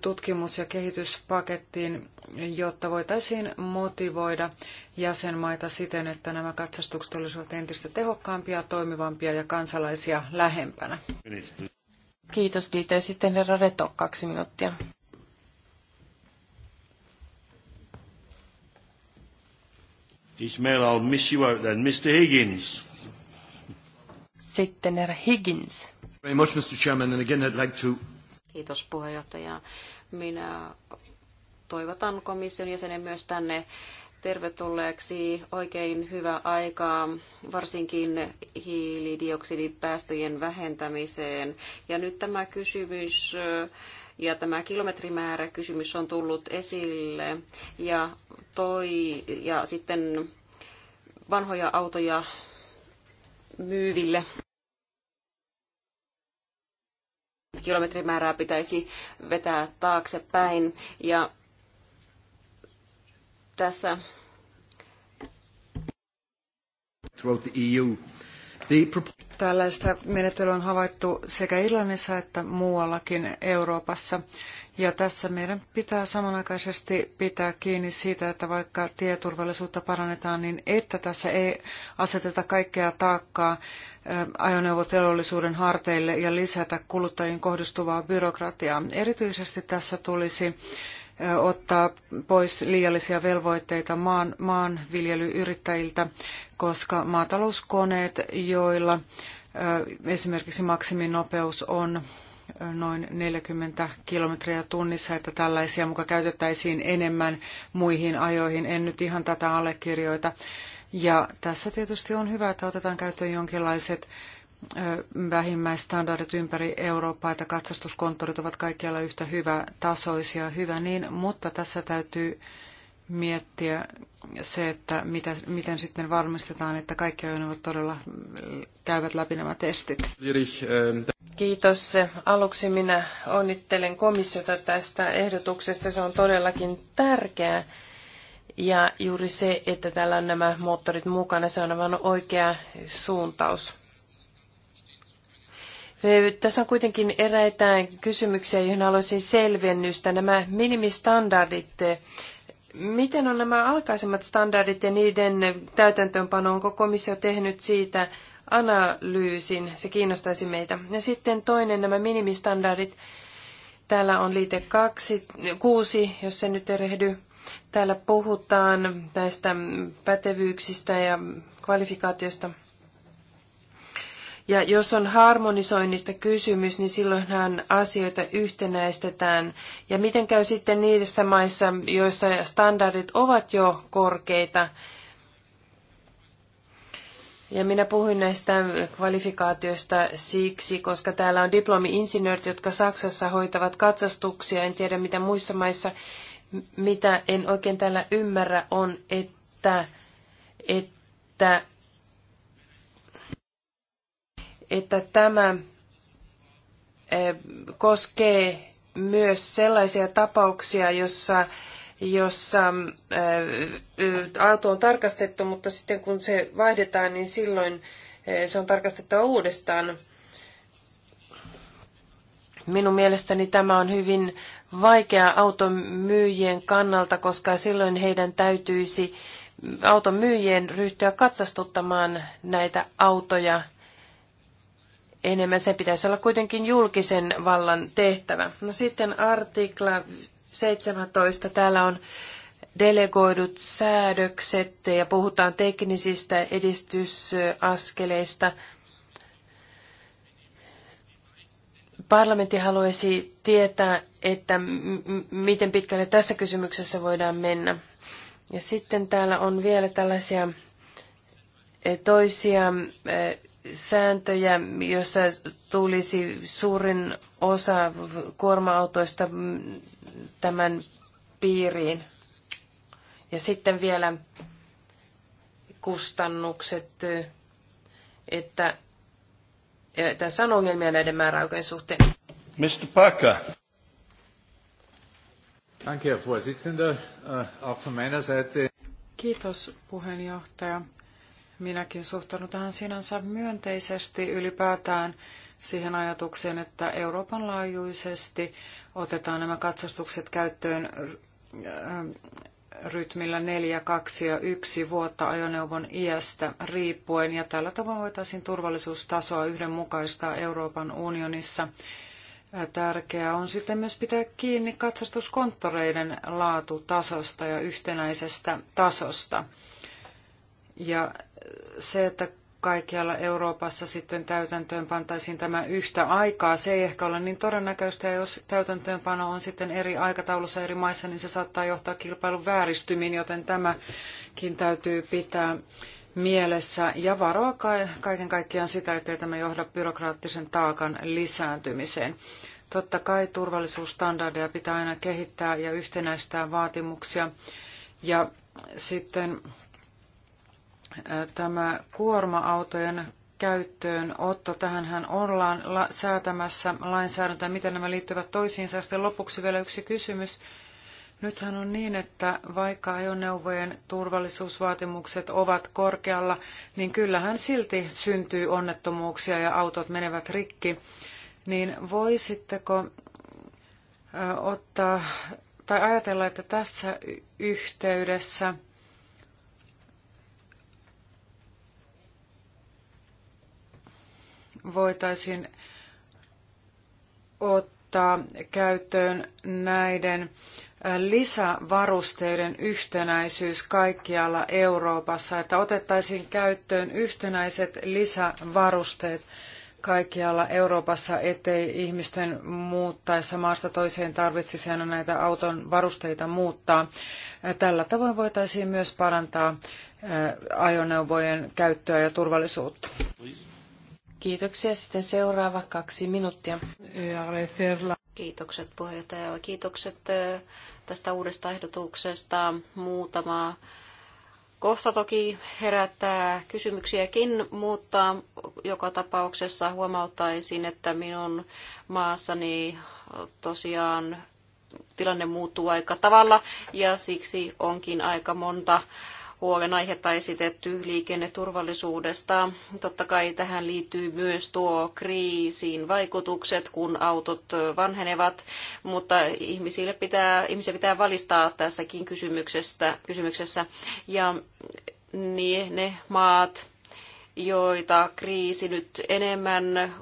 tutkimus- ja kehityspakettiin, jotta voitaisiin motivoida jäsenmaita siten, että nämä katsastukset olisivat entistä tehokkaampia, toimivampia ja kansalaisia lähempänä. Kiitos Dieter. Sitten herra Reto, kaksi minuuttia. Ismail, I'll miss you out then. Mr. Higgins. Sitten herra Higgins. Very much, Mr. Chairman, and again I'd like to Kiitos puheenjohtaja. Minä toivotan komission jäsenen myös tänne tervetulleeksi. Oikein hyvä aika varsinkin hiilidioksidipäästöjen vähentämiseen. Ja nyt tämä kysymys äh, ja tämä kilometrimäärä kysymys on tullut esille ja, toi, ja sitten vanhoja autoja myyville kilometrimäärää pitäisi vetää taaksepäin. Ja tässä throughout the EU. The Tällaista menettelyä on havaittu sekä Irlannissa että muuallakin Euroopassa. Ja tässä meidän pitää samanaikaisesti pitää kiinni siitä, että vaikka tieturvallisuutta parannetaan, niin että tässä ei aseteta kaikkea taakkaa ajoneuvoteollisuuden harteille ja lisätä kuluttajiin kohdistuvaa byrokratiaa. Erityisesti tässä tulisi ottaa pois liiallisia velvoitteita maan, maanviljelyyrittäjiltä, koska maatalouskoneet, joilla esimerkiksi maksiminopeus on noin 40 kilometriä tunnissa, että tällaisia muka käytettäisiin enemmän muihin ajoihin. En nyt ihan tätä allekirjoita. Ja tässä tietysti on hyvä, että otetaan käyttöön jonkinlaiset vähimmäistandardit ympäri Eurooppaa, että katsastuskonttorit ovat kaikkialla yhtä hyvä tasoisia, hyvä niin, mutta tässä täytyy miettiä se, että mitä, miten sitten varmistetaan, että kaikki ajoneuvot todella käyvät läpi nämä testit. Kiitos. Aluksi minä onnittelen komissiota tästä ehdotuksesta. Se on todellakin tärkeää. Ja juuri se, että täällä on nämä moottorit mukana, se on aivan oikea suuntaus. Tässä on kuitenkin eräitä kysymyksiä, joihin haluaisin selvennystä. Nämä minimistandardit, miten on nämä alkaisemmat standardit ja niiden täytäntöönpano? Onko komissio tehnyt siitä analyysin? Se kiinnostaisi meitä. Ja sitten toinen nämä minimistandardit. Täällä on liite kaksi kuusi, jos se nyt erehdy. Täällä puhutaan näistä pätevyyksistä ja kvalifikaatiosta – ja jos on harmonisoinnista kysymys, niin silloinhan asioita yhtenäistetään. Ja miten käy sitten niissä maissa, joissa standardit ovat jo korkeita? Ja minä puhuin näistä kvalifikaatioista siksi, koska täällä on diplomi-insinöörit, jotka Saksassa hoitavat katsastuksia. En tiedä, mitä muissa maissa, mitä en oikein täällä ymmärrä, on, että, että että tämä eh, koskee myös sellaisia tapauksia, jossa, jossa eh, auto on tarkastettu, mutta sitten kun se vaihdetaan, niin silloin eh, se on tarkastettava uudestaan. Minun mielestäni tämä on hyvin vaikea auton myyjien kannalta, koska silloin heidän täytyisi auton myyjien ryhtyä katsastuttamaan näitä autoja enemmän. Se pitäisi olla kuitenkin julkisen vallan tehtävä. No sitten artikla 17. Täällä on delegoidut säädökset ja puhutaan teknisistä edistysaskeleista. Parlamentti haluaisi tietää, että miten pitkälle tässä kysymyksessä voidaan mennä. Ja sitten täällä on vielä tällaisia eh, toisia eh, sääntöjä, jossa tulisi suurin osa kuorma-autoista tämän piiriin. Ja sitten vielä kustannukset, että tässä on ongelmia näiden määräaikojen suhteen. Mr. Parker. Danke, Herr Vorsitzender. Äh, auch von meiner Seite. Kiitos, puheenjohtaja. Minäkin suhtaudun tähän sinänsä myönteisesti ylipäätään siihen ajatukseen, että Euroopan laajuisesti otetaan nämä katsastukset käyttöön äh, rytmillä 4, 2 ja 1 vuotta ajoneuvon iästä riippuen, ja tällä tavoin voitaisiin turvallisuustasoa yhdenmukaistaa Euroopan unionissa. Äh, tärkeää on sitten myös pitää kiinni katsastuskonttoreiden laatutasosta ja yhtenäisestä tasosta. Ja se, että kaikkialla Euroopassa sitten täytäntöön pantaisiin tämä yhtä aikaa. Se ei ehkä ole niin todennäköistä, ja jos täytäntöönpano on sitten eri aikataulussa eri maissa, niin se saattaa johtaa kilpailun vääristymiin, joten tämäkin täytyy pitää mielessä ja varoa kaiken kaikkiaan sitä, ettei tämä johda byrokraattisen taakan lisääntymiseen. Totta kai turvallisuusstandardeja pitää aina kehittää ja yhtenäistää vaatimuksia. Ja sitten tämä kuorma-autojen käyttöönotto. Tähänhän ollaan la- säätämässä lainsäädäntöä, miten nämä liittyvät toisiinsa. Sitten lopuksi vielä yksi kysymys. Nythän on niin, että vaikka ajoneuvojen turvallisuusvaatimukset ovat korkealla, niin kyllähän silti syntyy onnettomuuksia ja autot menevät rikki. Niin voisitteko ottaa tai ajatella, että tässä yhteydessä – voitaisiin ottaa käyttöön näiden lisävarusteiden yhtenäisyys kaikkialla Euroopassa, että otettaisiin käyttöön yhtenäiset lisävarusteet kaikkialla Euroopassa, ettei ihmisten muuttaessa maasta toiseen tarvitsisi aina näitä auton varusteita muuttaa. Tällä tavoin voitaisiin myös parantaa ajoneuvojen käyttöä ja turvallisuutta. Please. Kiitoksia. Sitten seuraava kaksi minuuttia. Kiitokset puheenjohtaja. Kiitokset tästä uudesta ehdotuksesta. Muutama kohta toki herättää kysymyksiäkin, mutta joka tapauksessa huomauttaisin, että minun maassani tosiaan tilanne muuttuu aika tavalla ja siksi onkin aika monta huolenaihetta esitetty liikenneturvallisuudesta. Totta kai tähän liittyy myös tuo kriisin vaikutukset, kun autot vanhenevat, mutta ihmisille pitää, ihmisiä pitää valistaa tässäkin kysymyksestä, kysymyksessä. Ja niin ne maat, joita kriisi nyt enemmän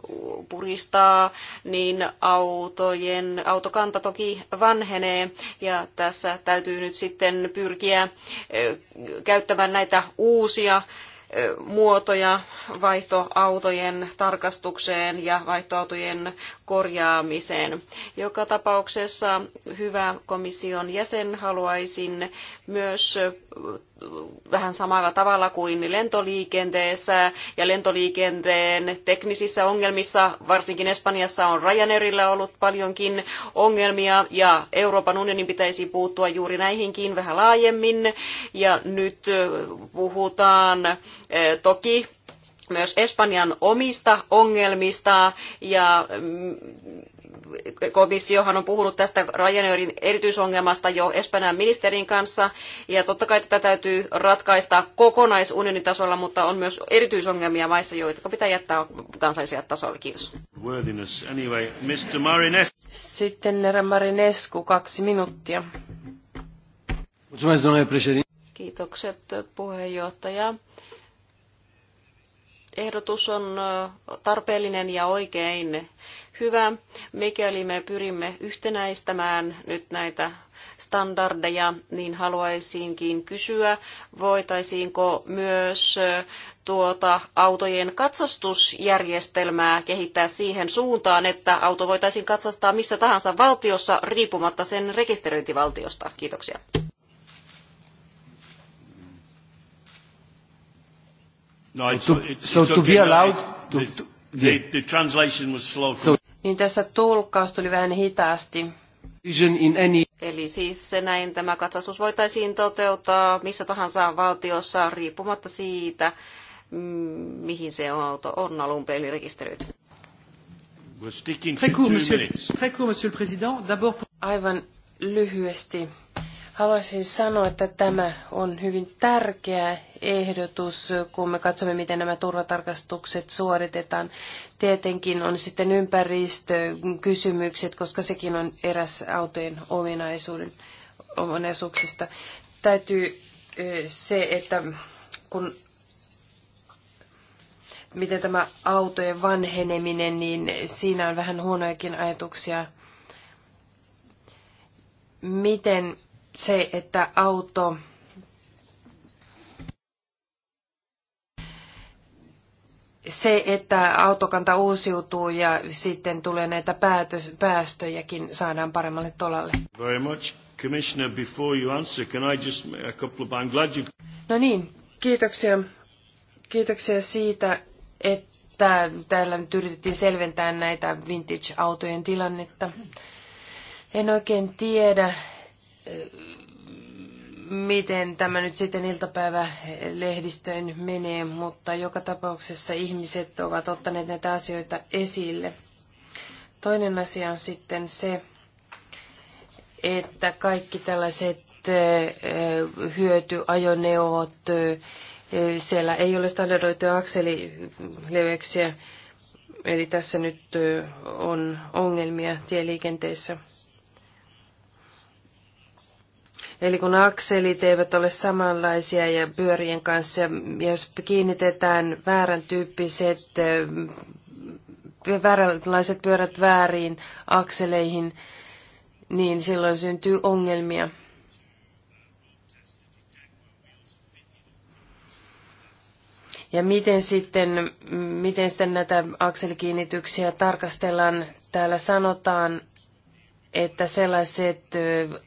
puristaa, niin autojen, autokanta toki vanhenee ja tässä täytyy nyt sitten pyrkiä käyttämään näitä uusia muotoja vaihtoautojen tarkastukseen ja vaihtoautojen korjaamiseen. Joka tapauksessa hyvä komission jäsen haluaisin myös vähän samalla tavalla kuin lentoliikenteessä ja lentoliikenteen teknisissä ongelmissa, varsinkin Espanjassa on Ryanairilla ollut paljonkin ongelmia ja Euroopan unionin pitäisi puuttua juuri näihinkin vähän laajemmin ja nyt puhutaan toki myös Espanjan omista ongelmista ja mm, komissiohan on puhunut tästä Ryanairin erityisongelmasta jo Espanjan ministerin kanssa, ja totta kai tätä täytyy ratkaista kokonaisunionin tasolla, mutta on myös erityisongelmia maissa, joita pitää jättää kansallisia tasolla Kiitos. Anyway. Mr. Sitten herra Marinescu, kaksi minuuttia. Kiitokset puheenjohtaja ehdotus on tarpeellinen ja oikein hyvä, mikäli me pyrimme yhtenäistämään nyt näitä standardeja, niin haluaisinkin kysyä, voitaisiinko myös tuota autojen katsastusjärjestelmää kehittää siihen suuntaan, että auto voitaisiin katsastaa missä tahansa valtiossa riippumatta sen rekisteröintivaltiosta. Kiitoksia. No, it's, it's, it's okay. to, be allowed to, to, the, the, the translation was slow. Niin tässä tulkkaus tuli vähän hitaasti. Eli siis se näin tämä katsastus voitaisiin toteuttaa missä tahansa valtiossa riippumatta siitä, mihin se auto on alun perin rekisteröity. Aivan lyhyesti Haluaisin sanoa, että tämä on hyvin tärkeä ehdotus, kun me katsomme, miten nämä turvatarkastukset suoritetaan. Tietenkin on sitten ympäristökysymykset, koska sekin on eräs autojen ominaisuuden, ominaisuuksista. Täytyy se, että kun miten tämä autojen vanheneminen, niin siinä on vähän huonojakin ajatuksia. Miten se, että auto se, että autokanta uusiutuu ja sitten tulee näitä päätös, päästöjäkin saadaan paremmalle tolalle. Very much. Commissioner, before you answer, can I just make a couple of... I'm glad you... No niin, kiitoksia. Kiitoksia siitä, että täällä nyt yritettiin selventää näitä vintage-autojen tilannetta. En oikein tiedä, miten tämä nyt sitten iltapäivälehdistöön menee, mutta joka tapauksessa ihmiset ovat ottaneet näitä asioita esille. Toinen asia on sitten se, että kaikki tällaiset hyötyajoneuvot, siellä ei ole standardoituja akselileveksiä, eli tässä nyt on ongelmia tieliikenteessä. Eli kun akselit eivät ole samanlaisia ja pyörien kanssa, ja jos kiinnitetään väärän tyyppiset, eh, vääränlaiset pyörät väärin akseleihin, niin silloin syntyy ongelmia. Ja miten sitten, miten sitten näitä akselikiinnityksiä tarkastellaan? Täällä sanotaan, että sellaiset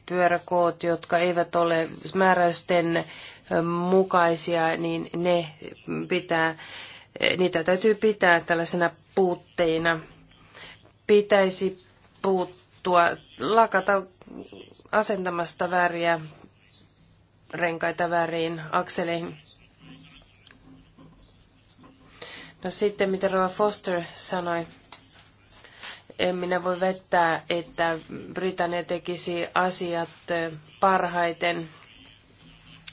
pyöräkoot, jotka eivät ole määräysten mukaisia, niin ne pitää, niitä täytyy pitää tällaisena puutteina. Pitäisi puuttua, lakata asentamasta väriä, renkaita väriin, akseleihin. No sitten, mitä Rova Foster sanoi, en minä voi vettää, että Britannia tekisi asiat parhaiten.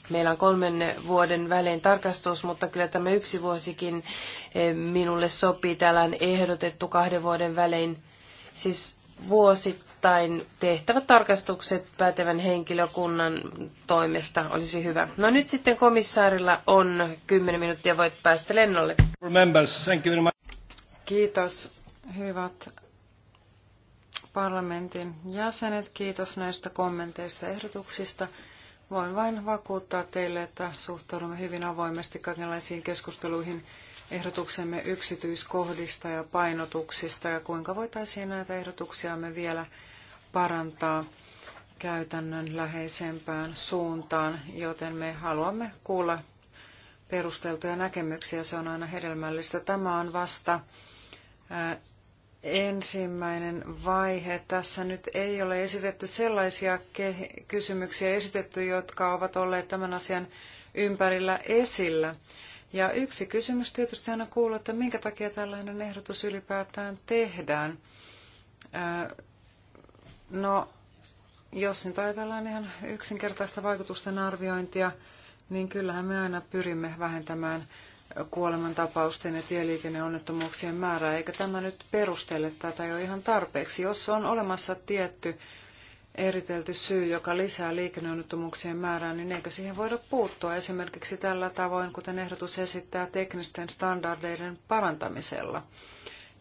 Meillä on kolmen vuoden välein tarkastus, mutta kyllä tämä yksi vuosikin minulle sopii. tällään ehdotettu kahden vuoden välein, siis vuosittain tehtävät tarkastukset päätevän henkilökunnan toimesta olisi hyvä. No nyt sitten komissaarilla on 10 minuuttia, voit päästä lennolle. Kiitos hyvät parlamentin jäsenet, kiitos näistä kommenteista ja ehdotuksista. Voin vain vakuuttaa teille, että suhtaudumme hyvin avoimesti kaikenlaisiin keskusteluihin ehdotuksemme yksityiskohdista ja painotuksista ja kuinka voitaisiin näitä ehdotuksiamme vielä parantaa käytännön läheisempään suuntaan, joten me haluamme kuulla perusteltuja näkemyksiä. Se on aina hedelmällistä. Tämä on vasta ensimmäinen vaihe. Tässä nyt ei ole esitetty sellaisia kysymyksiä esitetty, jotka ovat olleet tämän asian ympärillä esillä. Ja yksi kysymys tietysti aina kuuluu, että minkä takia tällainen ehdotus ylipäätään tehdään. No, jos nyt ajatellaan ihan yksinkertaista vaikutusten arviointia, niin kyllähän me aina pyrimme vähentämään kuolemantapausten ja tieliikenneonnettomuuksien määrää, eikä tämä nyt perustele tätä jo ihan tarpeeksi. Jos on olemassa tietty eritelty syy, joka lisää liikenneonnettomuuksien määrää, niin eikö siihen voida puuttua esimerkiksi tällä tavoin, kuten ehdotus esittää teknisten standardeiden parantamisella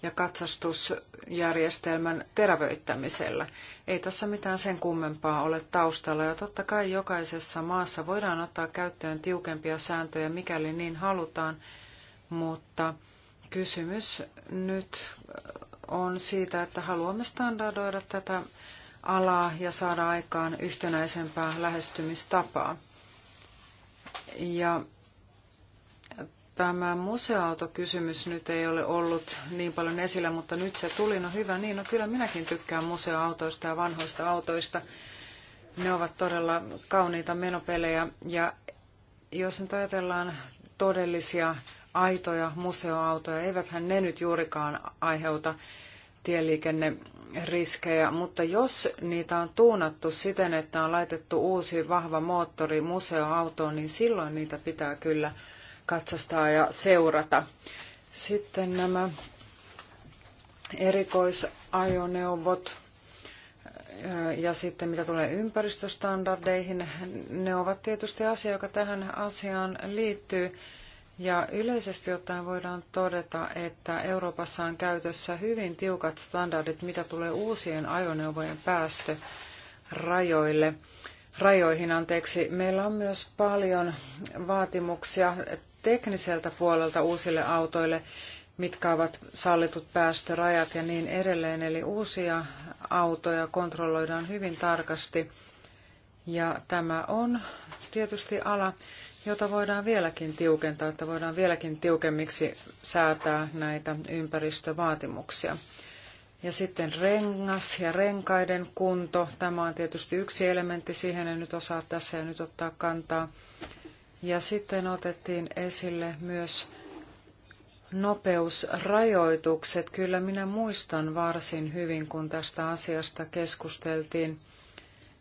ja katsastusjärjestelmän terävöittämisellä. Ei tässä mitään sen kummempaa ole taustalla ja totta kai jokaisessa maassa voidaan ottaa käyttöön tiukempia sääntöjä, mikäli niin halutaan, mutta kysymys nyt on siitä, että haluamme standardoida tätä alaa ja saada aikaan yhtenäisempää lähestymistapaa. Ja Tämä museoautokysymys nyt ei ole ollut niin paljon esillä, mutta nyt se tuli. No hyvä, niin no kyllä minäkin tykkään museoautoista ja vanhoista autoista. Ne ovat todella kauniita menopelejä ja jos nyt ajatellaan todellisia aitoja museoautoja, eiväthän ne nyt juurikaan aiheuta riskejä, mutta jos niitä on tuunattu siten, että on laitettu uusi vahva moottori museoautoon, niin silloin niitä pitää kyllä katsastaa ja seurata. Sitten nämä erikoisajoneuvot äh, ja sitten mitä tulee ympäristöstandardeihin, ne ovat tietysti asia, joka tähän asiaan liittyy. Ja yleisesti ottaen voidaan todeta, että Euroopassa on käytössä hyvin tiukat standardit, mitä tulee uusien ajoneuvojen päästörajoille. Rajoihin, anteeksi. Meillä on myös paljon vaatimuksia tekniseltä puolelta uusille autoille, mitkä ovat sallitut päästörajat ja niin edelleen. Eli uusia autoja kontrolloidaan hyvin tarkasti. Ja tämä on tietysti ala, jota voidaan vieläkin tiukentaa, että voidaan vieläkin tiukemmiksi säätää näitä ympäristövaatimuksia. Ja sitten rengas ja renkaiden kunto. Tämä on tietysti yksi elementti siihen, en nyt osaa tässä ja nyt ottaa kantaa. Ja sitten otettiin esille myös nopeusrajoitukset. Kyllä minä muistan varsin hyvin, kun tästä asiasta keskusteltiin.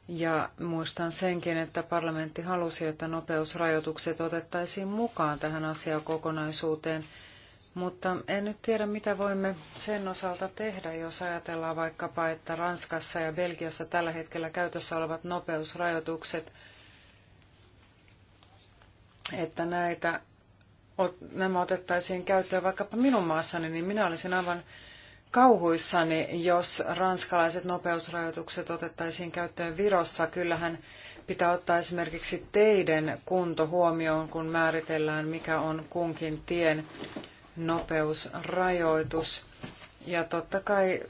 Ja muistan senkin, että parlamentti halusi, että nopeusrajoitukset otettaisiin mukaan tähän asiakokonaisuuteen. Mutta en nyt tiedä, mitä voimme sen osalta tehdä, jos ajatellaan vaikkapa, että Ranskassa ja Belgiassa tällä hetkellä käytössä olevat nopeusrajoitukset – että näitä, nämä otettaisiin käyttöön vaikkapa minun maassani, niin minä olisin aivan kauhuissani, jos ranskalaiset nopeusrajoitukset otettaisiin käyttöön Virossa. Kyllähän pitää ottaa esimerkiksi teiden kunto huomioon, kun määritellään, mikä on kunkin tien nopeusrajoitus. Ja totta kai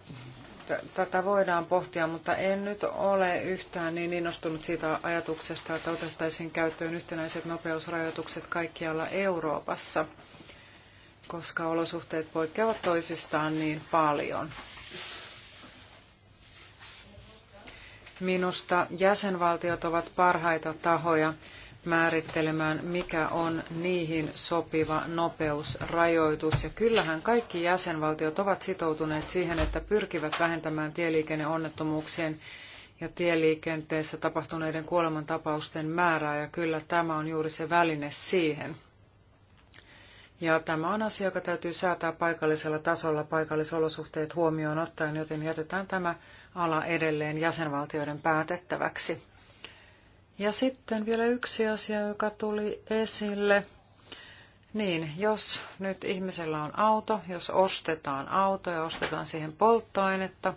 tätä voidaan pohtia, mutta en nyt ole yhtään niin innostunut siitä ajatuksesta, että otettaisiin käyttöön yhtenäiset nopeusrajoitukset kaikkialla Euroopassa, koska olosuhteet poikkeavat toisistaan niin paljon. Minusta jäsenvaltiot ovat parhaita tahoja määrittelemään, mikä on niihin sopiva nopeusrajoitus. Ja kyllähän kaikki jäsenvaltiot ovat sitoutuneet siihen, että pyrkivät vähentämään tieliikenneonnettomuuksien ja tieliikenteessä tapahtuneiden kuolemantapausten määrää, ja kyllä tämä on juuri se väline siihen. Ja tämä on asia, joka täytyy säätää paikallisella tasolla paikallisolosuhteet huomioon ottaen, joten jätetään tämä ala edelleen jäsenvaltioiden päätettäväksi. Ja sitten vielä yksi asia, joka tuli esille. Niin, jos nyt ihmisellä on auto, jos ostetaan auto ja ostetaan siihen polttoainetta,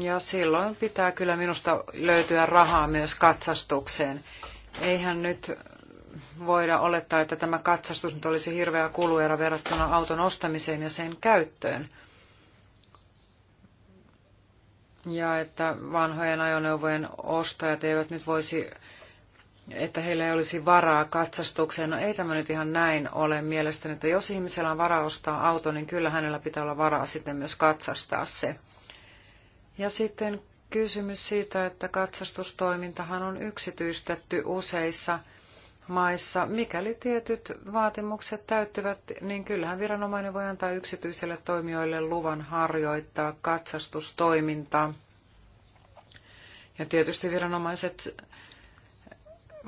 ja silloin pitää kyllä minusta löytyä rahaa myös katsastukseen. Eihän nyt voida olettaa, että tämä katsastus nyt olisi hirveä kuluera verrattuna auton ostamiseen ja sen käyttöön ja että vanhojen ajoneuvojen ostajat eivät nyt voisi, että heillä ei olisi varaa katsastukseen. No ei tämä nyt ihan näin ole mielestäni, että jos ihmisellä on varaa ostaa auto, niin kyllä hänellä pitää olla varaa sitten myös katsastaa se. Ja sitten kysymys siitä, että katsastustoimintahan on yksityistetty useissa – maissa, mikäli tietyt vaatimukset täyttyvät, niin kyllähän viranomainen voi antaa yksityiselle toimijoille luvan harjoittaa katsastustoimintaa. Ja tietysti viranomaiset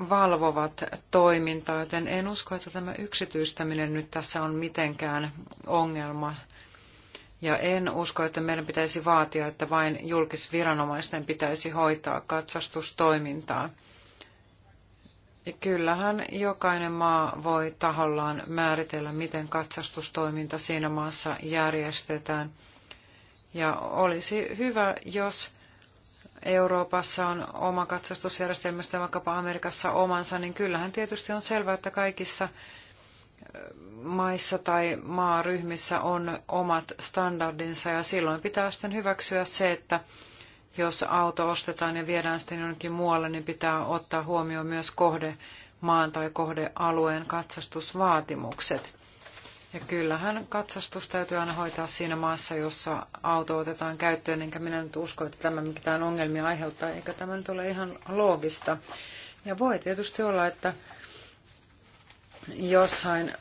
valvovat toimintaa, joten en usko, että tämä yksityistäminen nyt tässä on mitenkään ongelma. Ja en usko, että meidän pitäisi vaatia, että vain julkisviranomaisten pitäisi hoitaa katsastustoimintaa. Kyllähän jokainen maa voi tahollaan määritellä, miten katsastustoiminta siinä maassa järjestetään. Ja olisi hyvä, jos Euroopassa on oma katsastusjärjestelmästä ja vaikkapa Amerikassa omansa, niin kyllähän tietysti on selvää, että kaikissa maissa tai maaryhmissä on omat standardinsa ja silloin pitää sitten hyväksyä se, että jos auto ostetaan ja viedään sitten jonnekin muualle, niin pitää ottaa huomioon myös kohdemaan tai kohdealueen katsastusvaatimukset. Ja kyllähän katsastus täytyy aina hoitaa siinä maassa, jossa auto otetaan käyttöön, enkä minä nyt usko, että tämä mitään ongelmia aiheuttaa, eikä tämä nyt ole ihan loogista. Ja voi tietysti olla, että jossain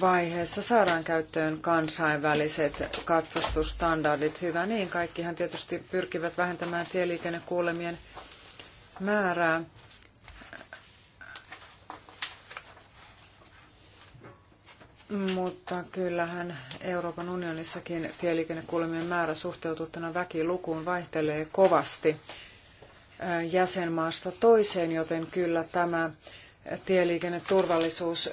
vaiheessa saadaan käyttöön kansainväliset katsastustandardit. Hyvä niin, kaikkihan tietysti pyrkivät vähentämään tieliikennekuulemien määrää. Mutta kyllähän Euroopan unionissakin tieliikennekuulemien määrä suhteutettuna väkilukuun vaihtelee kovasti jäsenmaasta toiseen, joten kyllä tämä tieliikenneturvallisuus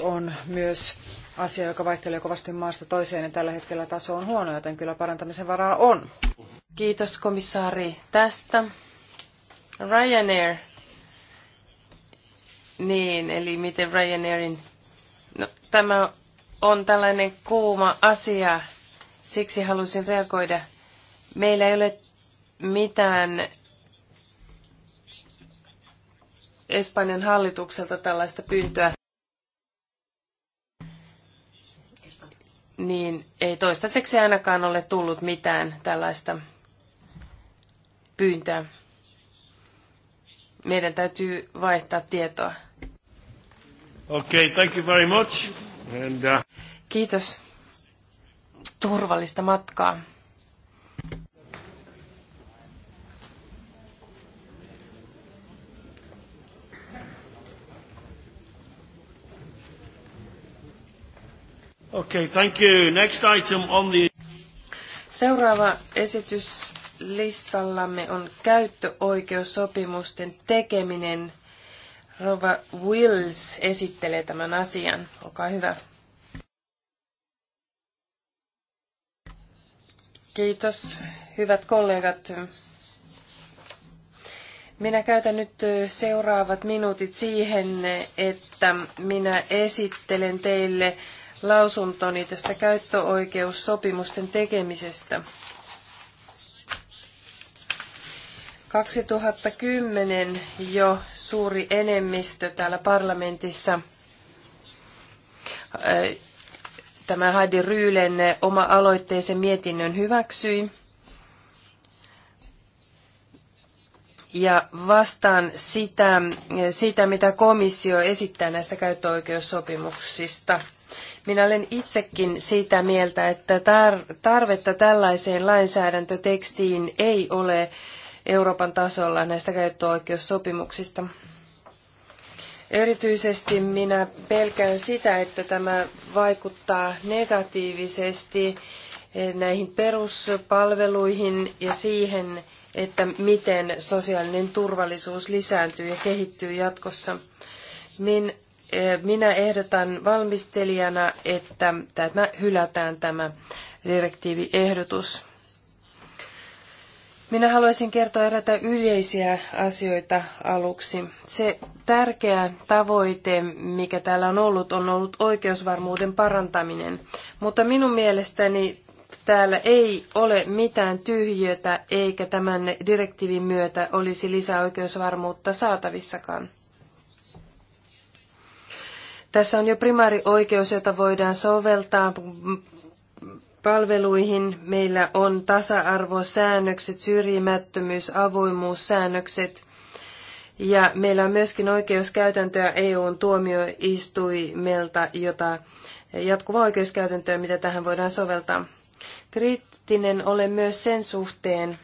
on myös asia, joka vaihtelee kovasti maasta toiseen ja tällä hetkellä taso on huono, joten kyllä parantamisen varaa on. Kiitos komissaari tästä. Ryanair. Niin, eli miten Ryanairin... No, tämä on tällainen kuuma asia, siksi halusin reagoida. Meillä ei ole mitään Espanjan hallitukselta tällaista pyyntöä, niin ei toistaiseksi ainakaan ole tullut mitään tällaista pyyntöä. Meidän täytyy vaihtaa tietoa. Okay, thank you very much. And, uh... Kiitos. Turvallista matkaa. Okay, thank you. Next item on the... Seuraava esitys listallamme on käyttöoikeussopimusten tekeminen. Rova Wills esittelee tämän asian. Olkaa hyvä. Kiitos, hyvät kollegat. Minä käytän nyt seuraavat minuutit siihen, että minä esittelen teille lausuntoni tästä käyttöoikeussopimusten tekemisestä. 2010 jo suuri enemmistö täällä parlamentissa tämä Heidi Ryylen oma aloitteisen mietinnön hyväksyi. Ja vastaan sitä, sitä, mitä komissio esittää näistä käyttöoikeussopimuksista. Minä olen itsekin sitä mieltä, että tarvetta tällaiseen lainsäädäntötekstiin ei ole Euroopan tasolla näistä käyttöoikeussopimuksista. Erityisesti minä pelkään sitä, että tämä vaikuttaa negatiivisesti näihin peruspalveluihin ja siihen, että miten sosiaalinen turvallisuus lisääntyy ja kehittyy jatkossa. Min, minä ehdotan valmistelijana, että tämä hylätään tämä direktiiviehdotus. Minä haluaisin kertoa eräitä yleisiä asioita aluksi. Se tärkeä tavoite, mikä täällä on ollut, on ollut oikeusvarmuuden parantaminen. Mutta minun mielestäni täällä ei ole mitään tyhjötä, eikä tämän direktiivin myötä olisi lisää oikeusvarmuutta saatavissakaan. Tässä on jo oikeus, jota voidaan soveltaa palveluihin. Meillä on tasa-arvosäännökset, syrjimättömyys, avoimuussäännökset. Ja meillä on myöskin oikeuskäytäntöä EUn tuomioistuimelta, jota jatkuvaa oikeuskäytäntöä, mitä tähän voidaan soveltaa. Kriittinen olen myös sen suhteen,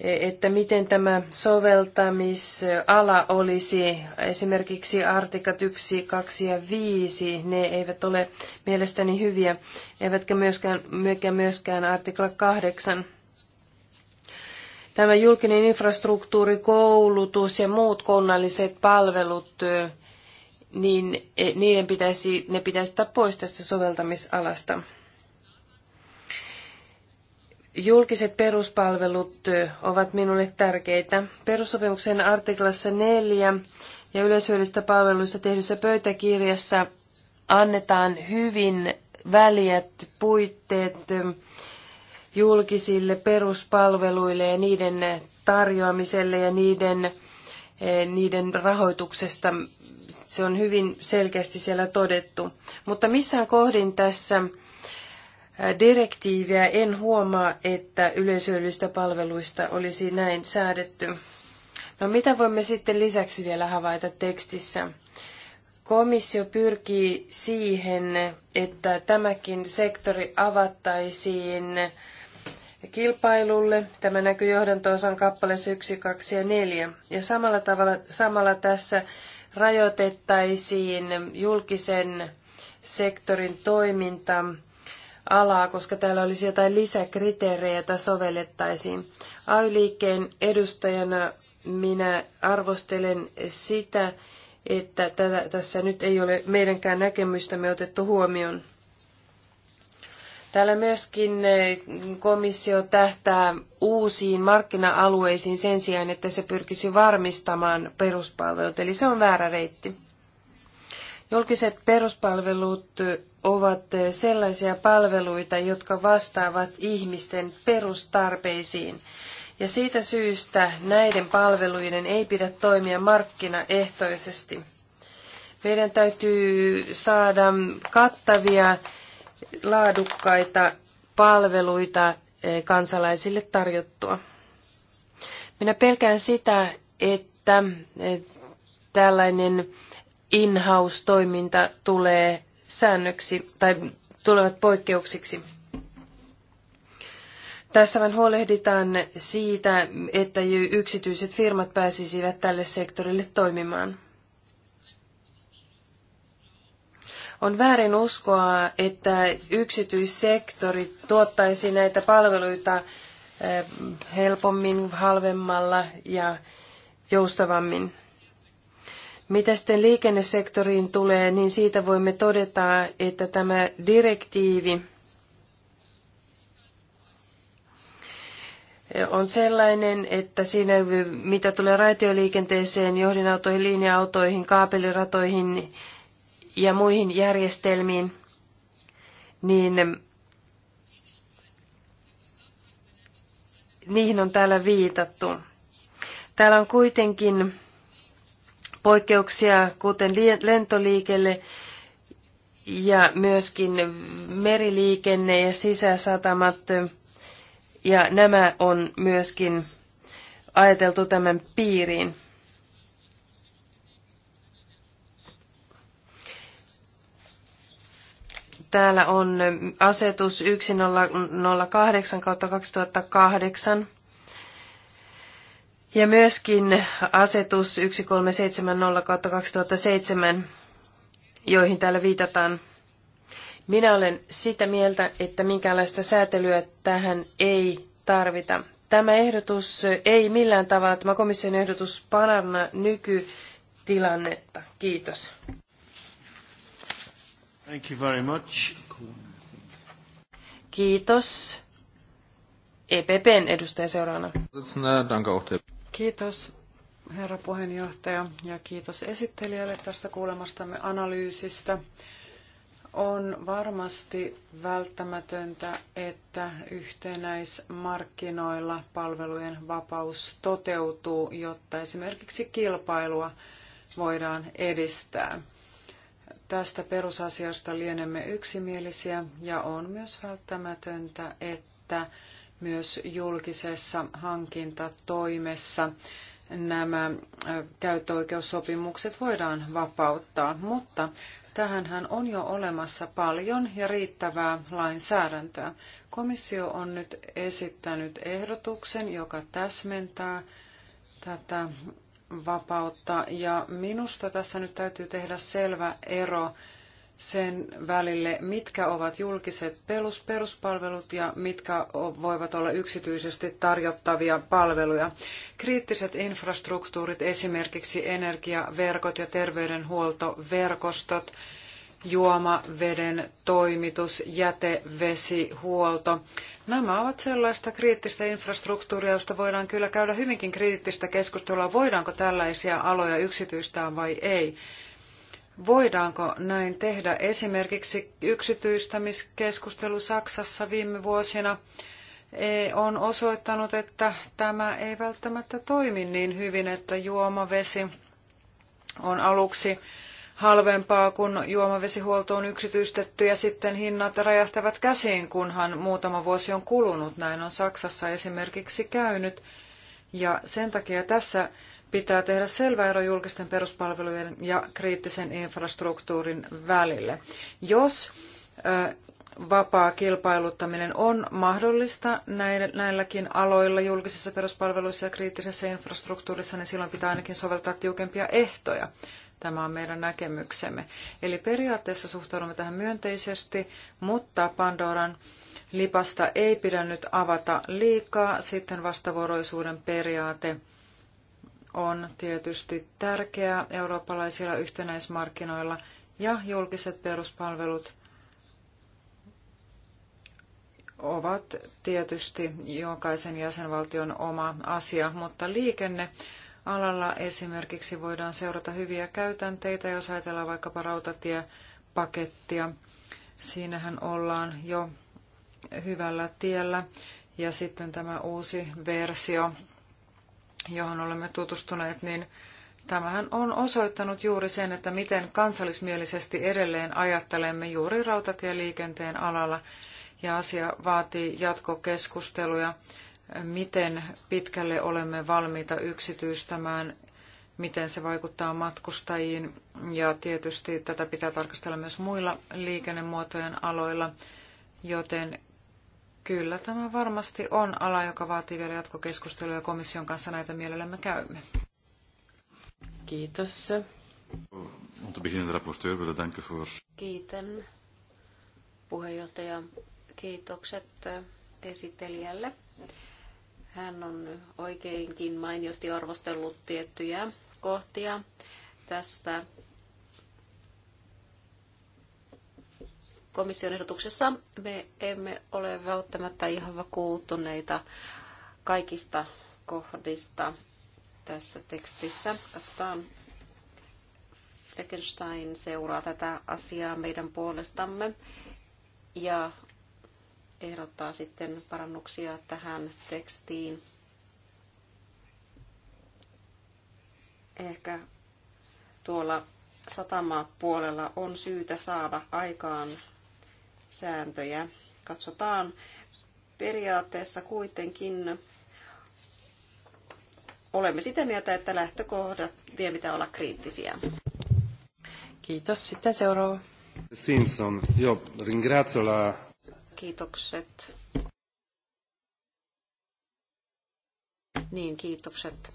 että miten tämä soveltamisala olisi, esimerkiksi artikat 1, 2 ja 5, ne eivät ole mielestäni hyviä, eivätkä myöskään, myöskään artikla 8. Tämä julkinen infrastruktuuri, koulutus ja muut kunnalliset palvelut, niin e, niiden pitäisi, ne pitäisi ottaa pois tästä soveltamisalasta. Julkiset peruspalvelut ovat minulle tärkeitä. Perussopimuksen artiklassa 4 ja yleisöllistä palveluista tehdyssä pöytäkirjassa annetaan hyvin väliät puitteet julkisille peruspalveluille ja niiden tarjoamiselle ja niiden, niiden rahoituksesta. Se on hyvin selkeästi siellä todettu. Mutta missään kohdin tässä direktiiviä, en huomaa, että yleisöllistä palveluista olisi näin säädetty. No mitä voimme sitten lisäksi vielä havaita tekstissä? Komissio pyrkii siihen, että tämäkin sektori avattaisiin kilpailulle. Tämä näkyy johdantoosan kappaleessa 1, 2 ja 4. Ja samalla tavalla samalla tässä rajoitettaisiin julkisen sektorin toiminta alaa, koska täällä olisi jotain lisäkriteerejä, joita sovellettaisiin. AY-liikkeen edustajana minä arvostelen sitä, että tätä, tässä nyt ei ole meidänkään näkemystämme otettu huomioon. Täällä myöskin eh, komissio tähtää uusiin markkina-alueisiin sen sijaan, että se pyrkisi varmistamaan peruspalvelut, eli se on väärä reitti. Julkiset peruspalvelut ovat sellaisia palveluita, jotka vastaavat ihmisten perustarpeisiin. Ja siitä syystä näiden palveluiden ei pidä toimia markkinaehtoisesti. Meidän täytyy saada kattavia, laadukkaita palveluita eh, kansalaisille tarjottua. Minä pelkään sitä, että eh, tällainen in-house-toiminta tulee säännöksi tai tulevat poikkeuksiksi. Tässä vain huolehditaan siitä, että yksityiset firmat pääsisivät tälle sektorille toimimaan. On väärin uskoa, että yksityissektori tuottaisi näitä palveluita eh, helpommin, halvemmalla ja joustavammin. Mitä sitten liikennesektoriin tulee, niin siitä voimme todeta, että tämä direktiivi on sellainen, että siinä mitä tulee raitioliikenteeseen, johdinautoihin, linja-autoihin, kaapeliratoihin ja muihin järjestelmiin, niin niihin on täällä viitattu. Täällä on kuitenkin poikkeuksia, kuten lentoliikelle ja myöskin meriliikenne ja sisäsatamat. Ja nämä on myöskin ajateltu tämän piiriin. Täällä on asetus 1008 kautta 2008 ja myöskin asetus 1370-2007, joihin täällä viitataan. Minä olen sitä mieltä, että minkäänlaista säätelyä tähän ei tarvita. Tämä ehdotus ei millään tavalla, tämä komission ehdotus paranna nykytilannetta. Kiitos. Thank you very much. Kiitos. EPPn edustaja seuraavana. Kiitos herra puheenjohtaja ja kiitos esittelijälle tästä kuulemastamme analyysistä. On varmasti välttämätöntä, että yhtenäismarkkinoilla palvelujen vapaus toteutuu, jotta esimerkiksi kilpailua voidaan edistää. Tästä perusasiasta lienemme yksimielisiä ja on myös välttämätöntä, että myös julkisessa hankintatoimessa nämä käyttöoikeussopimukset voidaan vapauttaa, mutta tähänhän on jo olemassa paljon ja riittävää lainsäädäntöä. Komissio on nyt esittänyt ehdotuksen, joka täsmentää tätä vapautta ja minusta tässä nyt täytyy tehdä selvä ero sen välille, mitkä ovat julkiset peruspalvelut ja mitkä voivat olla yksityisesti tarjottavia palveluja. Kriittiset infrastruktuurit, esimerkiksi energiaverkot ja terveydenhuoltoverkostot, juomaveden toimitus, jätevesihuolto. Nämä ovat sellaista kriittistä infrastruktuuria, josta voidaan kyllä käydä hyvinkin kriittistä keskustelua, voidaanko tällaisia aloja yksityistää vai ei. Voidaanko näin tehdä? Esimerkiksi yksityistämiskeskustelu Saksassa viime vuosina e, on osoittanut, että tämä ei välttämättä toimi niin hyvin, että juomavesi on aluksi halvempaa, kun juomavesihuolto on yksityistetty ja sitten hinnat räjähtävät käsiin, kunhan muutama vuosi on kulunut. Näin on Saksassa esimerkiksi käynyt. Ja sen takia tässä pitää tehdä selvä ero julkisten peruspalvelujen ja kriittisen infrastruktuurin välille. Jos vapaa kilpailuttaminen on mahdollista näilläkin aloilla julkisissa peruspalveluissa ja kriittisessä infrastruktuurissa, niin silloin pitää ainakin soveltaa tiukempia ehtoja. Tämä on meidän näkemyksemme. Eli periaatteessa suhtaudumme tähän myönteisesti, mutta Pandoran lipasta ei pidä nyt avata liikaa. Sitten vastavuoroisuuden periaate on tietysti tärkeää eurooppalaisilla yhtenäismarkkinoilla ja julkiset peruspalvelut ovat tietysti jokaisen jäsenvaltion oma asia, mutta liikenne alalla esimerkiksi voidaan seurata hyviä käytänteitä, jos ajatellaan vaikkapa rautatiepakettia. Siinähän ollaan jo hyvällä tiellä. Ja sitten tämä uusi versio johon olemme tutustuneet, niin tämähän on osoittanut juuri sen, että miten kansallismielisesti edelleen ajattelemme juuri rautatieliikenteen alalla. Ja asia vaatii jatkokeskusteluja, miten pitkälle olemme valmiita yksityistämään miten se vaikuttaa matkustajiin. Ja tietysti tätä pitää tarkastella myös muilla liikennemuotojen aloilla, joten Kyllä, tämä varmasti on ala, joka vaatii vielä jatkokeskustelua komission kanssa näitä mielellämme käymme. Kiitos. te Kiitän puheenjohtaja. Kiitokset esittelijälle. Hän on oikeinkin mainiosti arvostellut tiettyjä kohtia tästä komission ehdotuksessa me emme ole välttämättä ihan vakuuttuneita kaikista kohdista tässä tekstissä. Katsotaan, Fleckenstein seuraa tätä asiaa meidän puolestamme ja ehdottaa sitten parannuksia tähän tekstiin. Ehkä tuolla satamapuolella on syytä saada aikaan sääntöjä. Katsotaan periaatteessa kuitenkin olemme sitä mieltä, että lähtökohdat vielä pitää olla kriittisiä. Kiitos. Sitten seuraava. Simpson, joo, ringrazio la... Kiitokset. Niin, kiitokset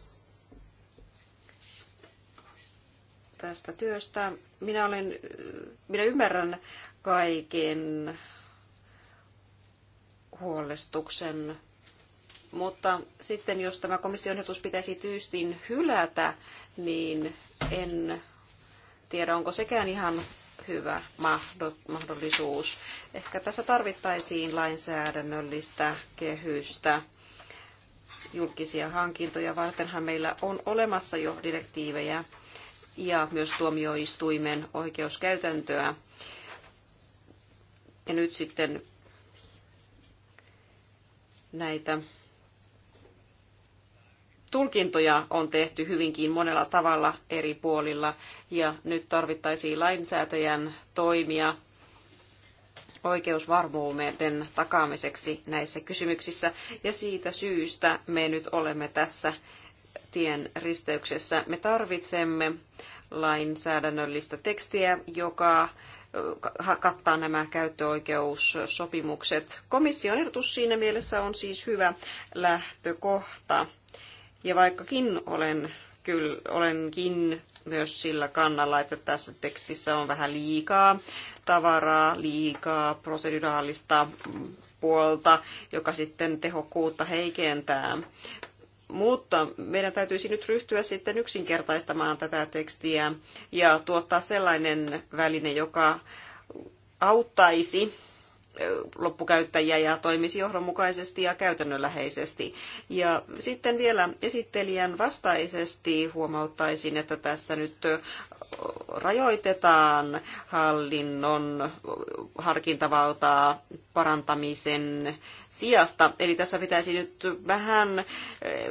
tästä työstä. Minä, olen, minä ymmärrän kaiken huolestuksen. Mutta sitten jos tämä komission ehdotus pitäisi tyystin hylätä, niin en tiedä, onko sekään ihan hyvä mahdollisuus. Ehkä tässä tarvittaisiin lainsäädännöllistä kehystä julkisia hankintoja vartenhan meillä on olemassa jo direktiivejä ja myös tuomioistuimen oikeuskäytäntöä. Ja nyt sitten näitä tulkintoja on tehty hyvinkin monella tavalla eri puolilla ja nyt tarvittaisiin lainsäätäjän toimia oikeusvarmuuden takaamiseksi näissä kysymyksissä ja siitä syystä me nyt olemme tässä tien risteyksessä. Me tarvitsemme lainsäädännöllistä tekstiä, joka kattaa nämä käyttöoikeussopimukset. Komission ehdotus siinä mielessä on siis hyvä lähtökohta. Ja vaikkakin olen kyllä, olenkin myös sillä kannalla, että tässä tekstissä on vähän liikaa tavaraa, liikaa proseduraalista puolta, joka sitten tehokkuutta heikentää. Mutta meidän täytyisi nyt ryhtyä sitten yksinkertaistamaan tätä tekstiä ja tuottaa sellainen väline, joka auttaisi loppukäyttäjiä ja toimisi johdonmukaisesti ja käytännönläheisesti. Ja sitten vielä esittelijän vastaisesti huomauttaisin, että tässä nyt rajoitetaan hallinnon harkintavaltaa parantamisen sijasta. Eli tässä pitäisi nyt vähän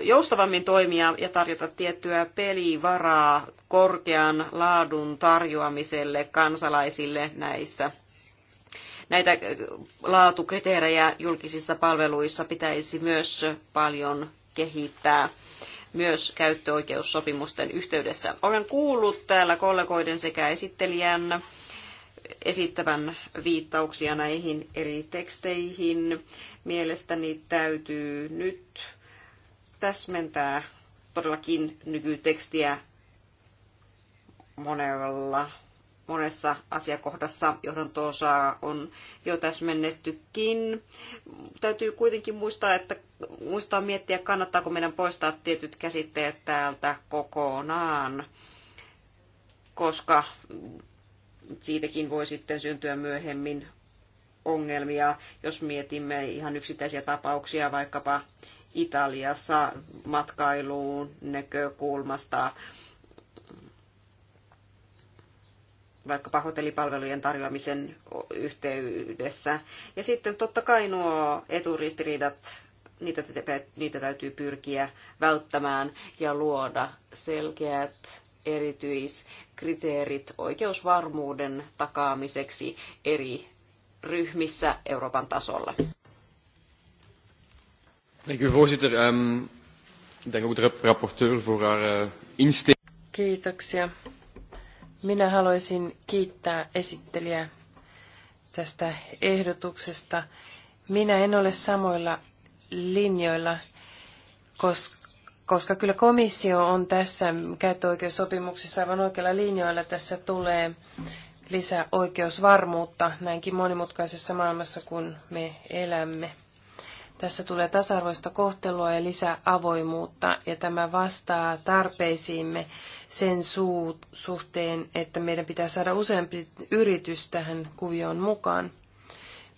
joustavammin toimia ja tarjota tiettyä pelivaraa korkean laadun tarjoamiselle kansalaisille näissä näitä laatukriteerejä julkisissa palveluissa pitäisi myös paljon kehittää myös käyttöoikeussopimusten yhteydessä. Olen kuullut täällä kollegoiden sekä esittelijän esittävän viittauksia näihin eri teksteihin. Mielestäni täytyy nyt täsmentää todellakin nykytekstiä monella monessa asiakohdassa johdantosaa on jo täsmennettykin. Täytyy kuitenkin muistaa, että muistaa miettiä, kannattaako meidän poistaa tietyt käsitteet täältä kokonaan, koska siitäkin voi sitten syntyä myöhemmin ongelmia, jos mietimme ihan yksittäisiä tapauksia vaikkapa Italiassa matkailuun näkökulmasta vaikkapa hotellipalvelujen tarjoamisen yhteydessä. Ja sitten totta kai nuo eturistiriidat, niitä, niitä täytyy pyrkiä välttämään ja luoda selkeät erityiskriteerit oikeusvarmuuden takaamiseksi eri ryhmissä Euroopan tasolla. Dank u voorzitter. Um, ik dank voor haar uh, Kiitoksia minä haluaisin kiittää esittelijää tästä ehdotuksesta. Minä en ole samoilla linjoilla, koska, koska kyllä komissio on tässä käyttöoikeussopimuksessa aivan oikeilla linjoilla. Tässä tulee lisää oikeusvarmuutta näinkin monimutkaisessa maailmassa, kun me elämme. Tässä tulee tasa-arvoista kohtelua ja lisää avoimuutta, ja tämä vastaa tarpeisiimme sen suhteen, että meidän pitää saada useampi yritys tähän kuvioon mukaan.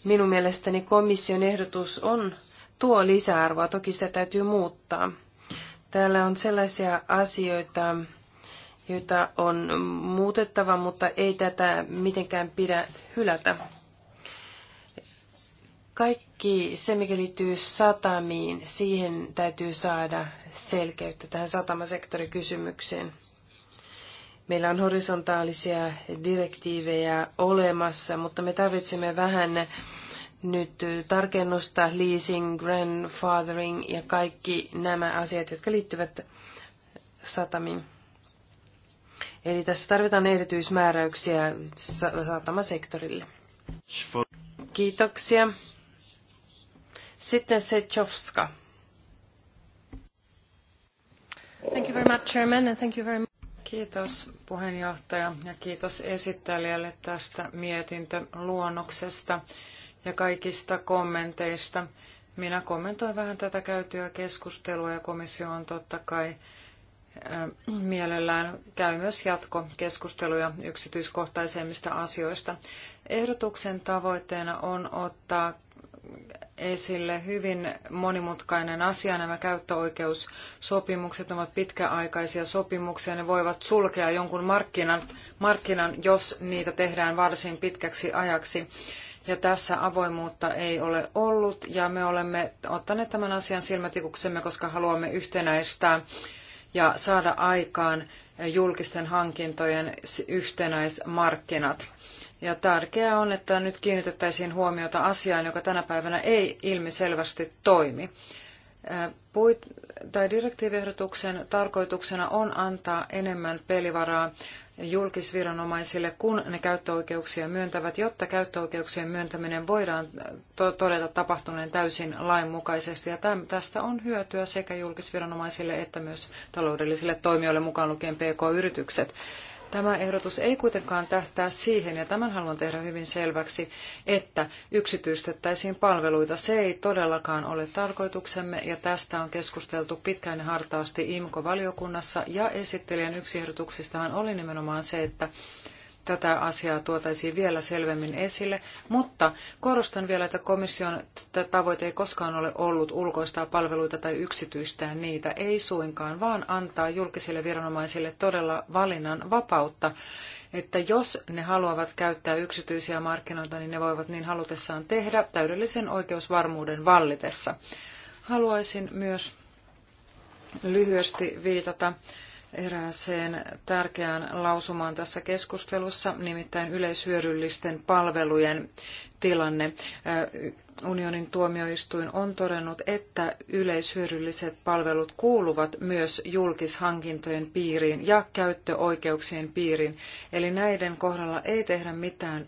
Minun mielestäni komission ehdotus on tuo lisäarvoa, toki sitä täytyy muuttaa. Täällä on sellaisia asioita, joita on muutettava, mutta ei tätä mitenkään pidä hylätä. Kaikki se, mikä liittyy satamiin, siihen täytyy saada selkeyttä tähän satamasektorikysymykseen. Meillä on horisontaalisia direktiivejä olemassa, mutta me tarvitsemme vähän nyt tarkennusta, leasing, grandfathering ja kaikki nämä asiat, jotka liittyvät satamiin. Eli tässä tarvitaan erityismääräyksiä satamasektorille. Kiitoksia sitten Sechovska. Thank you very much, Chairman, and thank you very much. Kiitos puheenjohtaja ja kiitos esittelijälle tästä mietintöluonnoksesta ja kaikista kommenteista. Minä kommentoin vähän tätä käytyä keskustelua ja komissio on totta kai mielellään käy myös jatkokeskusteluja yksityiskohtaisemmista asioista. Ehdotuksen tavoitteena on ottaa esille hyvin monimutkainen asia. Nämä käyttöoikeussopimukset ovat pitkäaikaisia sopimuksia. Ne voivat sulkea jonkun markkinan, markkinan jos niitä tehdään varsin pitkäksi ajaksi. Ja tässä avoimuutta ei ole ollut ja me olemme ottaneet tämän asian silmätikuksemme, koska haluamme yhtenäistää ja saada aikaan julkisten hankintojen yhtenäismarkkinat. Ja tärkeää on, että nyt kiinnitettäisiin huomiota asiaan, joka tänä päivänä ei ilmiselvästi toimi. Puit, tai direktiiviehdotuksen tarkoituksena on antaa enemmän pelivaraa julkisviranomaisille, kun ne käyttöoikeuksia myöntävät, jotta käyttöoikeuksien myöntäminen voidaan todeta tapahtuneen täysin lainmukaisesti. Ja tästä on hyötyä sekä julkisviranomaisille että myös taloudellisille toimijoille, mukaan lukien PK-yritykset. Tämä ehdotus ei kuitenkaan tähtää siihen, ja tämän haluan tehdä hyvin selväksi, että yksityistettäisiin palveluita. Se ei todellakaan ole tarkoituksemme, ja tästä on keskusteltu pitkään hartaasti IMKO-valiokunnassa, ja esittelijän yksi ehdotuksistahan oli nimenomaan se, että tätä asiaa tuotaisiin vielä selvemmin esille, mutta korostan vielä, että komission tavoite ei koskaan ole ollut ulkoistaa palveluita tai yksityistää niitä, ei suinkaan, vaan antaa julkisille viranomaisille todella valinnan vapautta, että jos ne haluavat käyttää yksityisiä markkinoita, niin ne voivat niin halutessaan tehdä täydellisen oikeusvarmuuden vallitessa. Haluaisin myös lyhyesti viitata erääseen tärkeään lausumaan tässä keskustelussa, nimittäin yleishyödyllisten palvelujen tilanne. Unionin tuomioistuin on todennut, että yleishyödylliset palvelut kuuluvat myös julkishankintojen piiriin ja käyttöoikeuksien piiriin. Eli näiden kohdalla ei tehdä mitään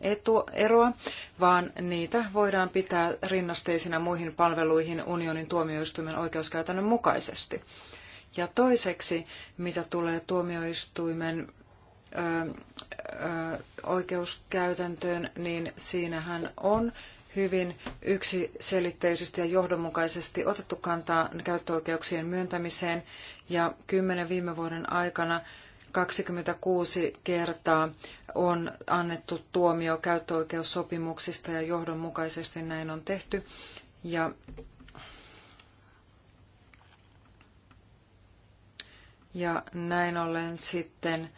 eroa, vaan niitä voidaan pitää rinnasteisina muihin palveluihin unionin tuomioistuimen oikeuskäytännön mukaisesti. Ja toiseksi, mitä tulee tuomioistuimen oikeuskäytäntöön, niin siinähän on hyvin yksiselitteisesti ja johdonmukaisesti otettu kantaa käyttöoikeuksien myöntämiseen ja kymmenen viime vuoden aikana 26 kertaa on annettu tuomio käyttöoikeussopimuksista ja johdonmukaisesti näin on tehty. Ja Ja näin ollen sitten,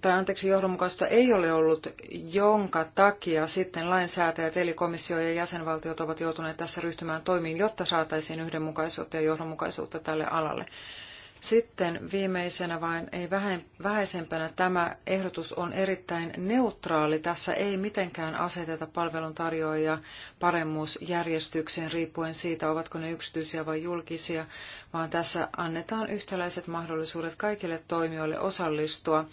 tai anteeksi, johdonmukaista ei ole ollut, jonka takia sitten lainsäätäjät, eli komissio ja jäsenvaltiot ovat joutuneet tässä ryhtymään toimiin, jotta saataisiin yhdenmukaisuutta ja johdonmukaisuutta tälle alalle. Sitten viimeisenä vain ei vähäisempänä tämä ehdotus on erittäin neutraali. Tässä ei mitenkään aseteta palveluntarjoajia paremmuusjärjestykseen riippuen siitä, ovatko ne yksityisiä vai julkisia, vaan tässä annetaan yhtäläiset mahdollisuudet kaikille toimijoille osallistua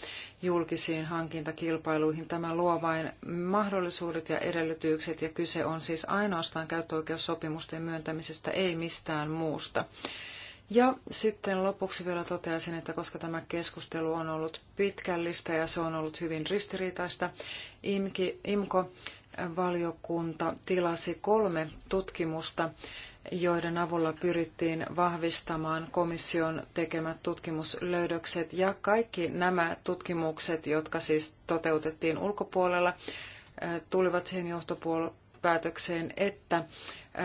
julkisiin hankintakilpailuihin. Tämä luo vain mahdollisuudet ja edellytykset ja kyse on siis ainoastaan käyttöoikeussopimusten myöntämisestä, ei mistään muusta. Ja sitten lopuksi vielä toteaisin, että koska tämä keskustelu on ollut pitkällistä ja se on ollut hyvin ristiriitaista, IMKI, IMKO-valiokunta tilasi kolme tutkimusta, joiden avulla pyrittiin vahvistamaan komission tekemät tutkimuslöydökset. Ja kaikki nämä tutkimukset, jotka siis toteutettiin ulkopuolella, eh, tulivat siihen päätökseen, että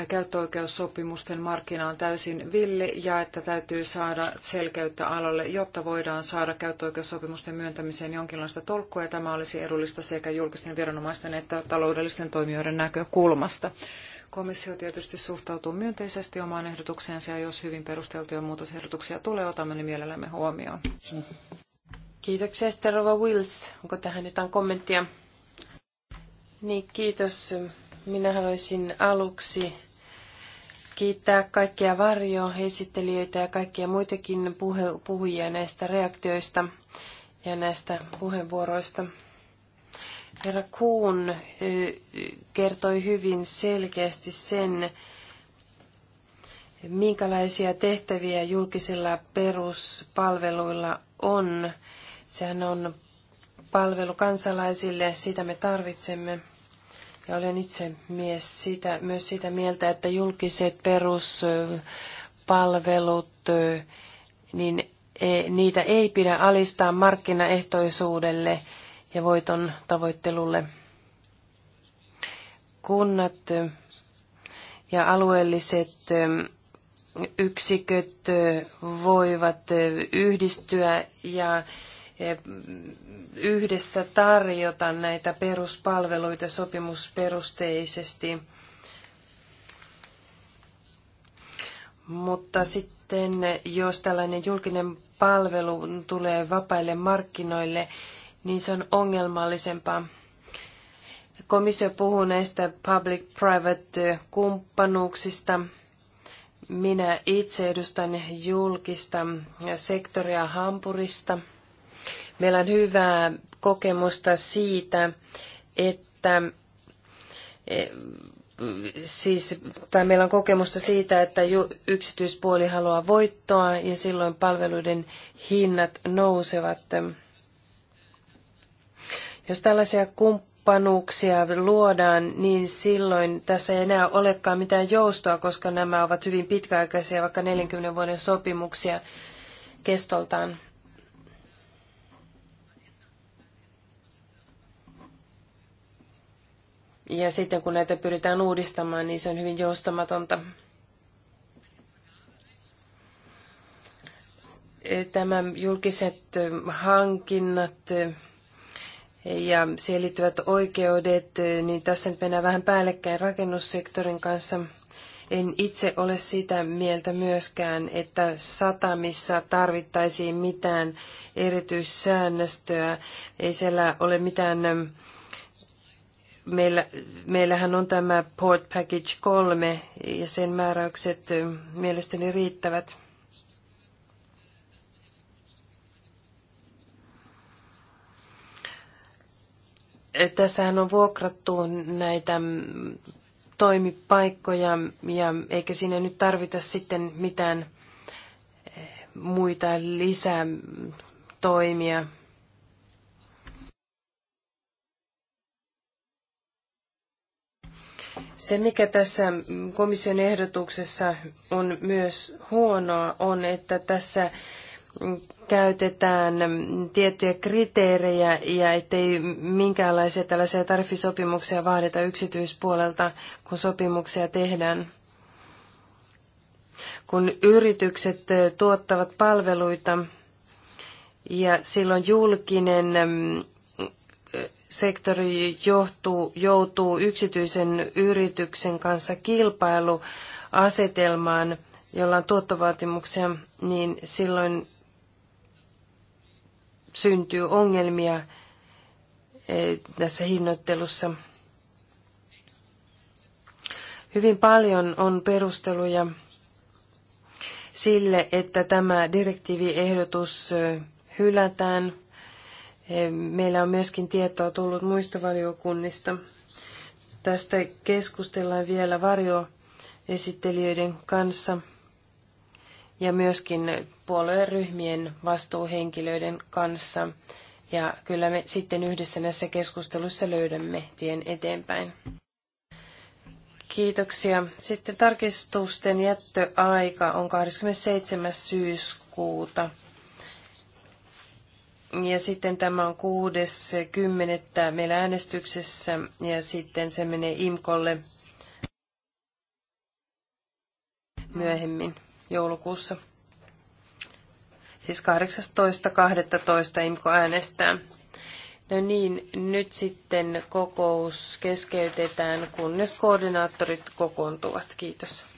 käyttöoikeussopimusten markkina on täysin villi ja että täytyy saada selkeyttä alalle, jotta voidaan saada käyttöoikeussopimusten myöntämiseen jonkinlaista tolkkua ja tämä olisi edullista sekä julkisten viranomaisten että taloudellisten toimijoiden näkökulmasta. Komissio tietysti suhtautuu myönteisesti omaan ehdotukseensa ja jos hyvin perusteltuja muutosehdotuksia tulee, otamme ne mielellämme huomioon. Kiitoksia Sterova Wills. Onko tähän jotain kommenttia? Niin, kiitos. Minä haluaisin aluksi kiittää kaikkia varjoesittelijöitä ja kaikkia muitakin puhe- puhujia näistä reaktioista ja näistä puheenvuoroista. Herra Kuun kertoi hyvin selkeästi sen, minkälaisia tehtäviä julkisilla peruspalveluilla on. Sehän on palvelu kansalaisille, sitä me tarvitsemme. Ja olen itse mies sitä, myös sitä mieltä, että julkiset peruspalvelut, niin e, niitä ei pidä alistaa markkinaehtoisuudelle ja voiton tavoittelulle. Kunnat ja alueelliset yksiköt voivat yhdistyä ja yhdessä tarjota näitä peruspalveluita sopimusperusteisesti. Mutta sitten, jos tällainen julkinen palvelu tulee vapaille markkinoille, niin se on ongelmallisempaa. Komissio puhuu näistä public-private-kumppanuuksista. Minä itse edustan julkista sektoria Hampurista – Meillä on hyvää kokemusta siitä, että e, siis, tai meillä on kokemusta siitä, että yksityispuoli haluaa voittoa ja silloin palveluiden hinnat nousevat. Jos tällaisia kumppanuuksia luodaan, niin silloin tässä ei enää olekaan mitään joustoa, koska nämä ovat hyvin pitkäaikaisia, vaikka 40 vuoden sopimuksia kestoltaan. Ja sitten kun näitä pyritään uudistamaan, niin se on hyvin joustamatonta. Tämä julkiset hankinnat ja siihen liittyvät oikeudet, niin tässä nyt mennään vähän päällekkäin rakennussektorin kanssa. En itse ole sitä mieltä myöskään, että satamissa tarvittaisiin mitään erityissäännöstöä. Ei siellä ole mitään Meillä, meillähän on tämä Port Package 3 ja sen määräykset mielestäni riittävät. Tässähän on vuokrattu näitä toimipaikkoja ja eikä sinne nyt tarvita sitten mitään muita lisätoimia. toimia. Se, mikä tässä komission ehdotuksessa on myös huonoa, on, että tässä käytetään tiettyjä kriteerejä ja ettei minkäänlaisia tällaisia tarifisopimuksia vaadita yksityispuolelta, kun sopimuksia tehdään. Kun yritykset tuottavat palveluita ja silloin julkinen sektori johtuu, joutuu yksityisen yrityksen kanssa kilpailuasetelmaan, jolla on tuottovaatimuksia, niin silloin syntyy ongelmia eh, tässä hinnoittelussa. Hyvin paljon on perusteluja sille, että tämä direktiiviehdotus eh, hylätään – Eh, meillä on myöskin tietoa tullut muista valiokunnista. Tästä keskustellaan vielä varjoesittelijöiden kanssa ja myöskin puolueryhmien vastuuhenkilöiden kanssa. Ja kyllä me sitten yhdessä näissä keskusteluissa löydämme tien eteenpäin. Kiitoksia. Sitten tarkistusten jättöaika on 27. syyskuuta ja sitten tämä on kuudes kymmenettä meillä äänestyksessä ja sitten se menee IMKOlle myöhemmin joulukuussa. Siis 18.12. IMKO äänestää. No niin, nyt sitten kokous keskeytetään, kunnes koordinaattorit kokoontuvat. Kiitos.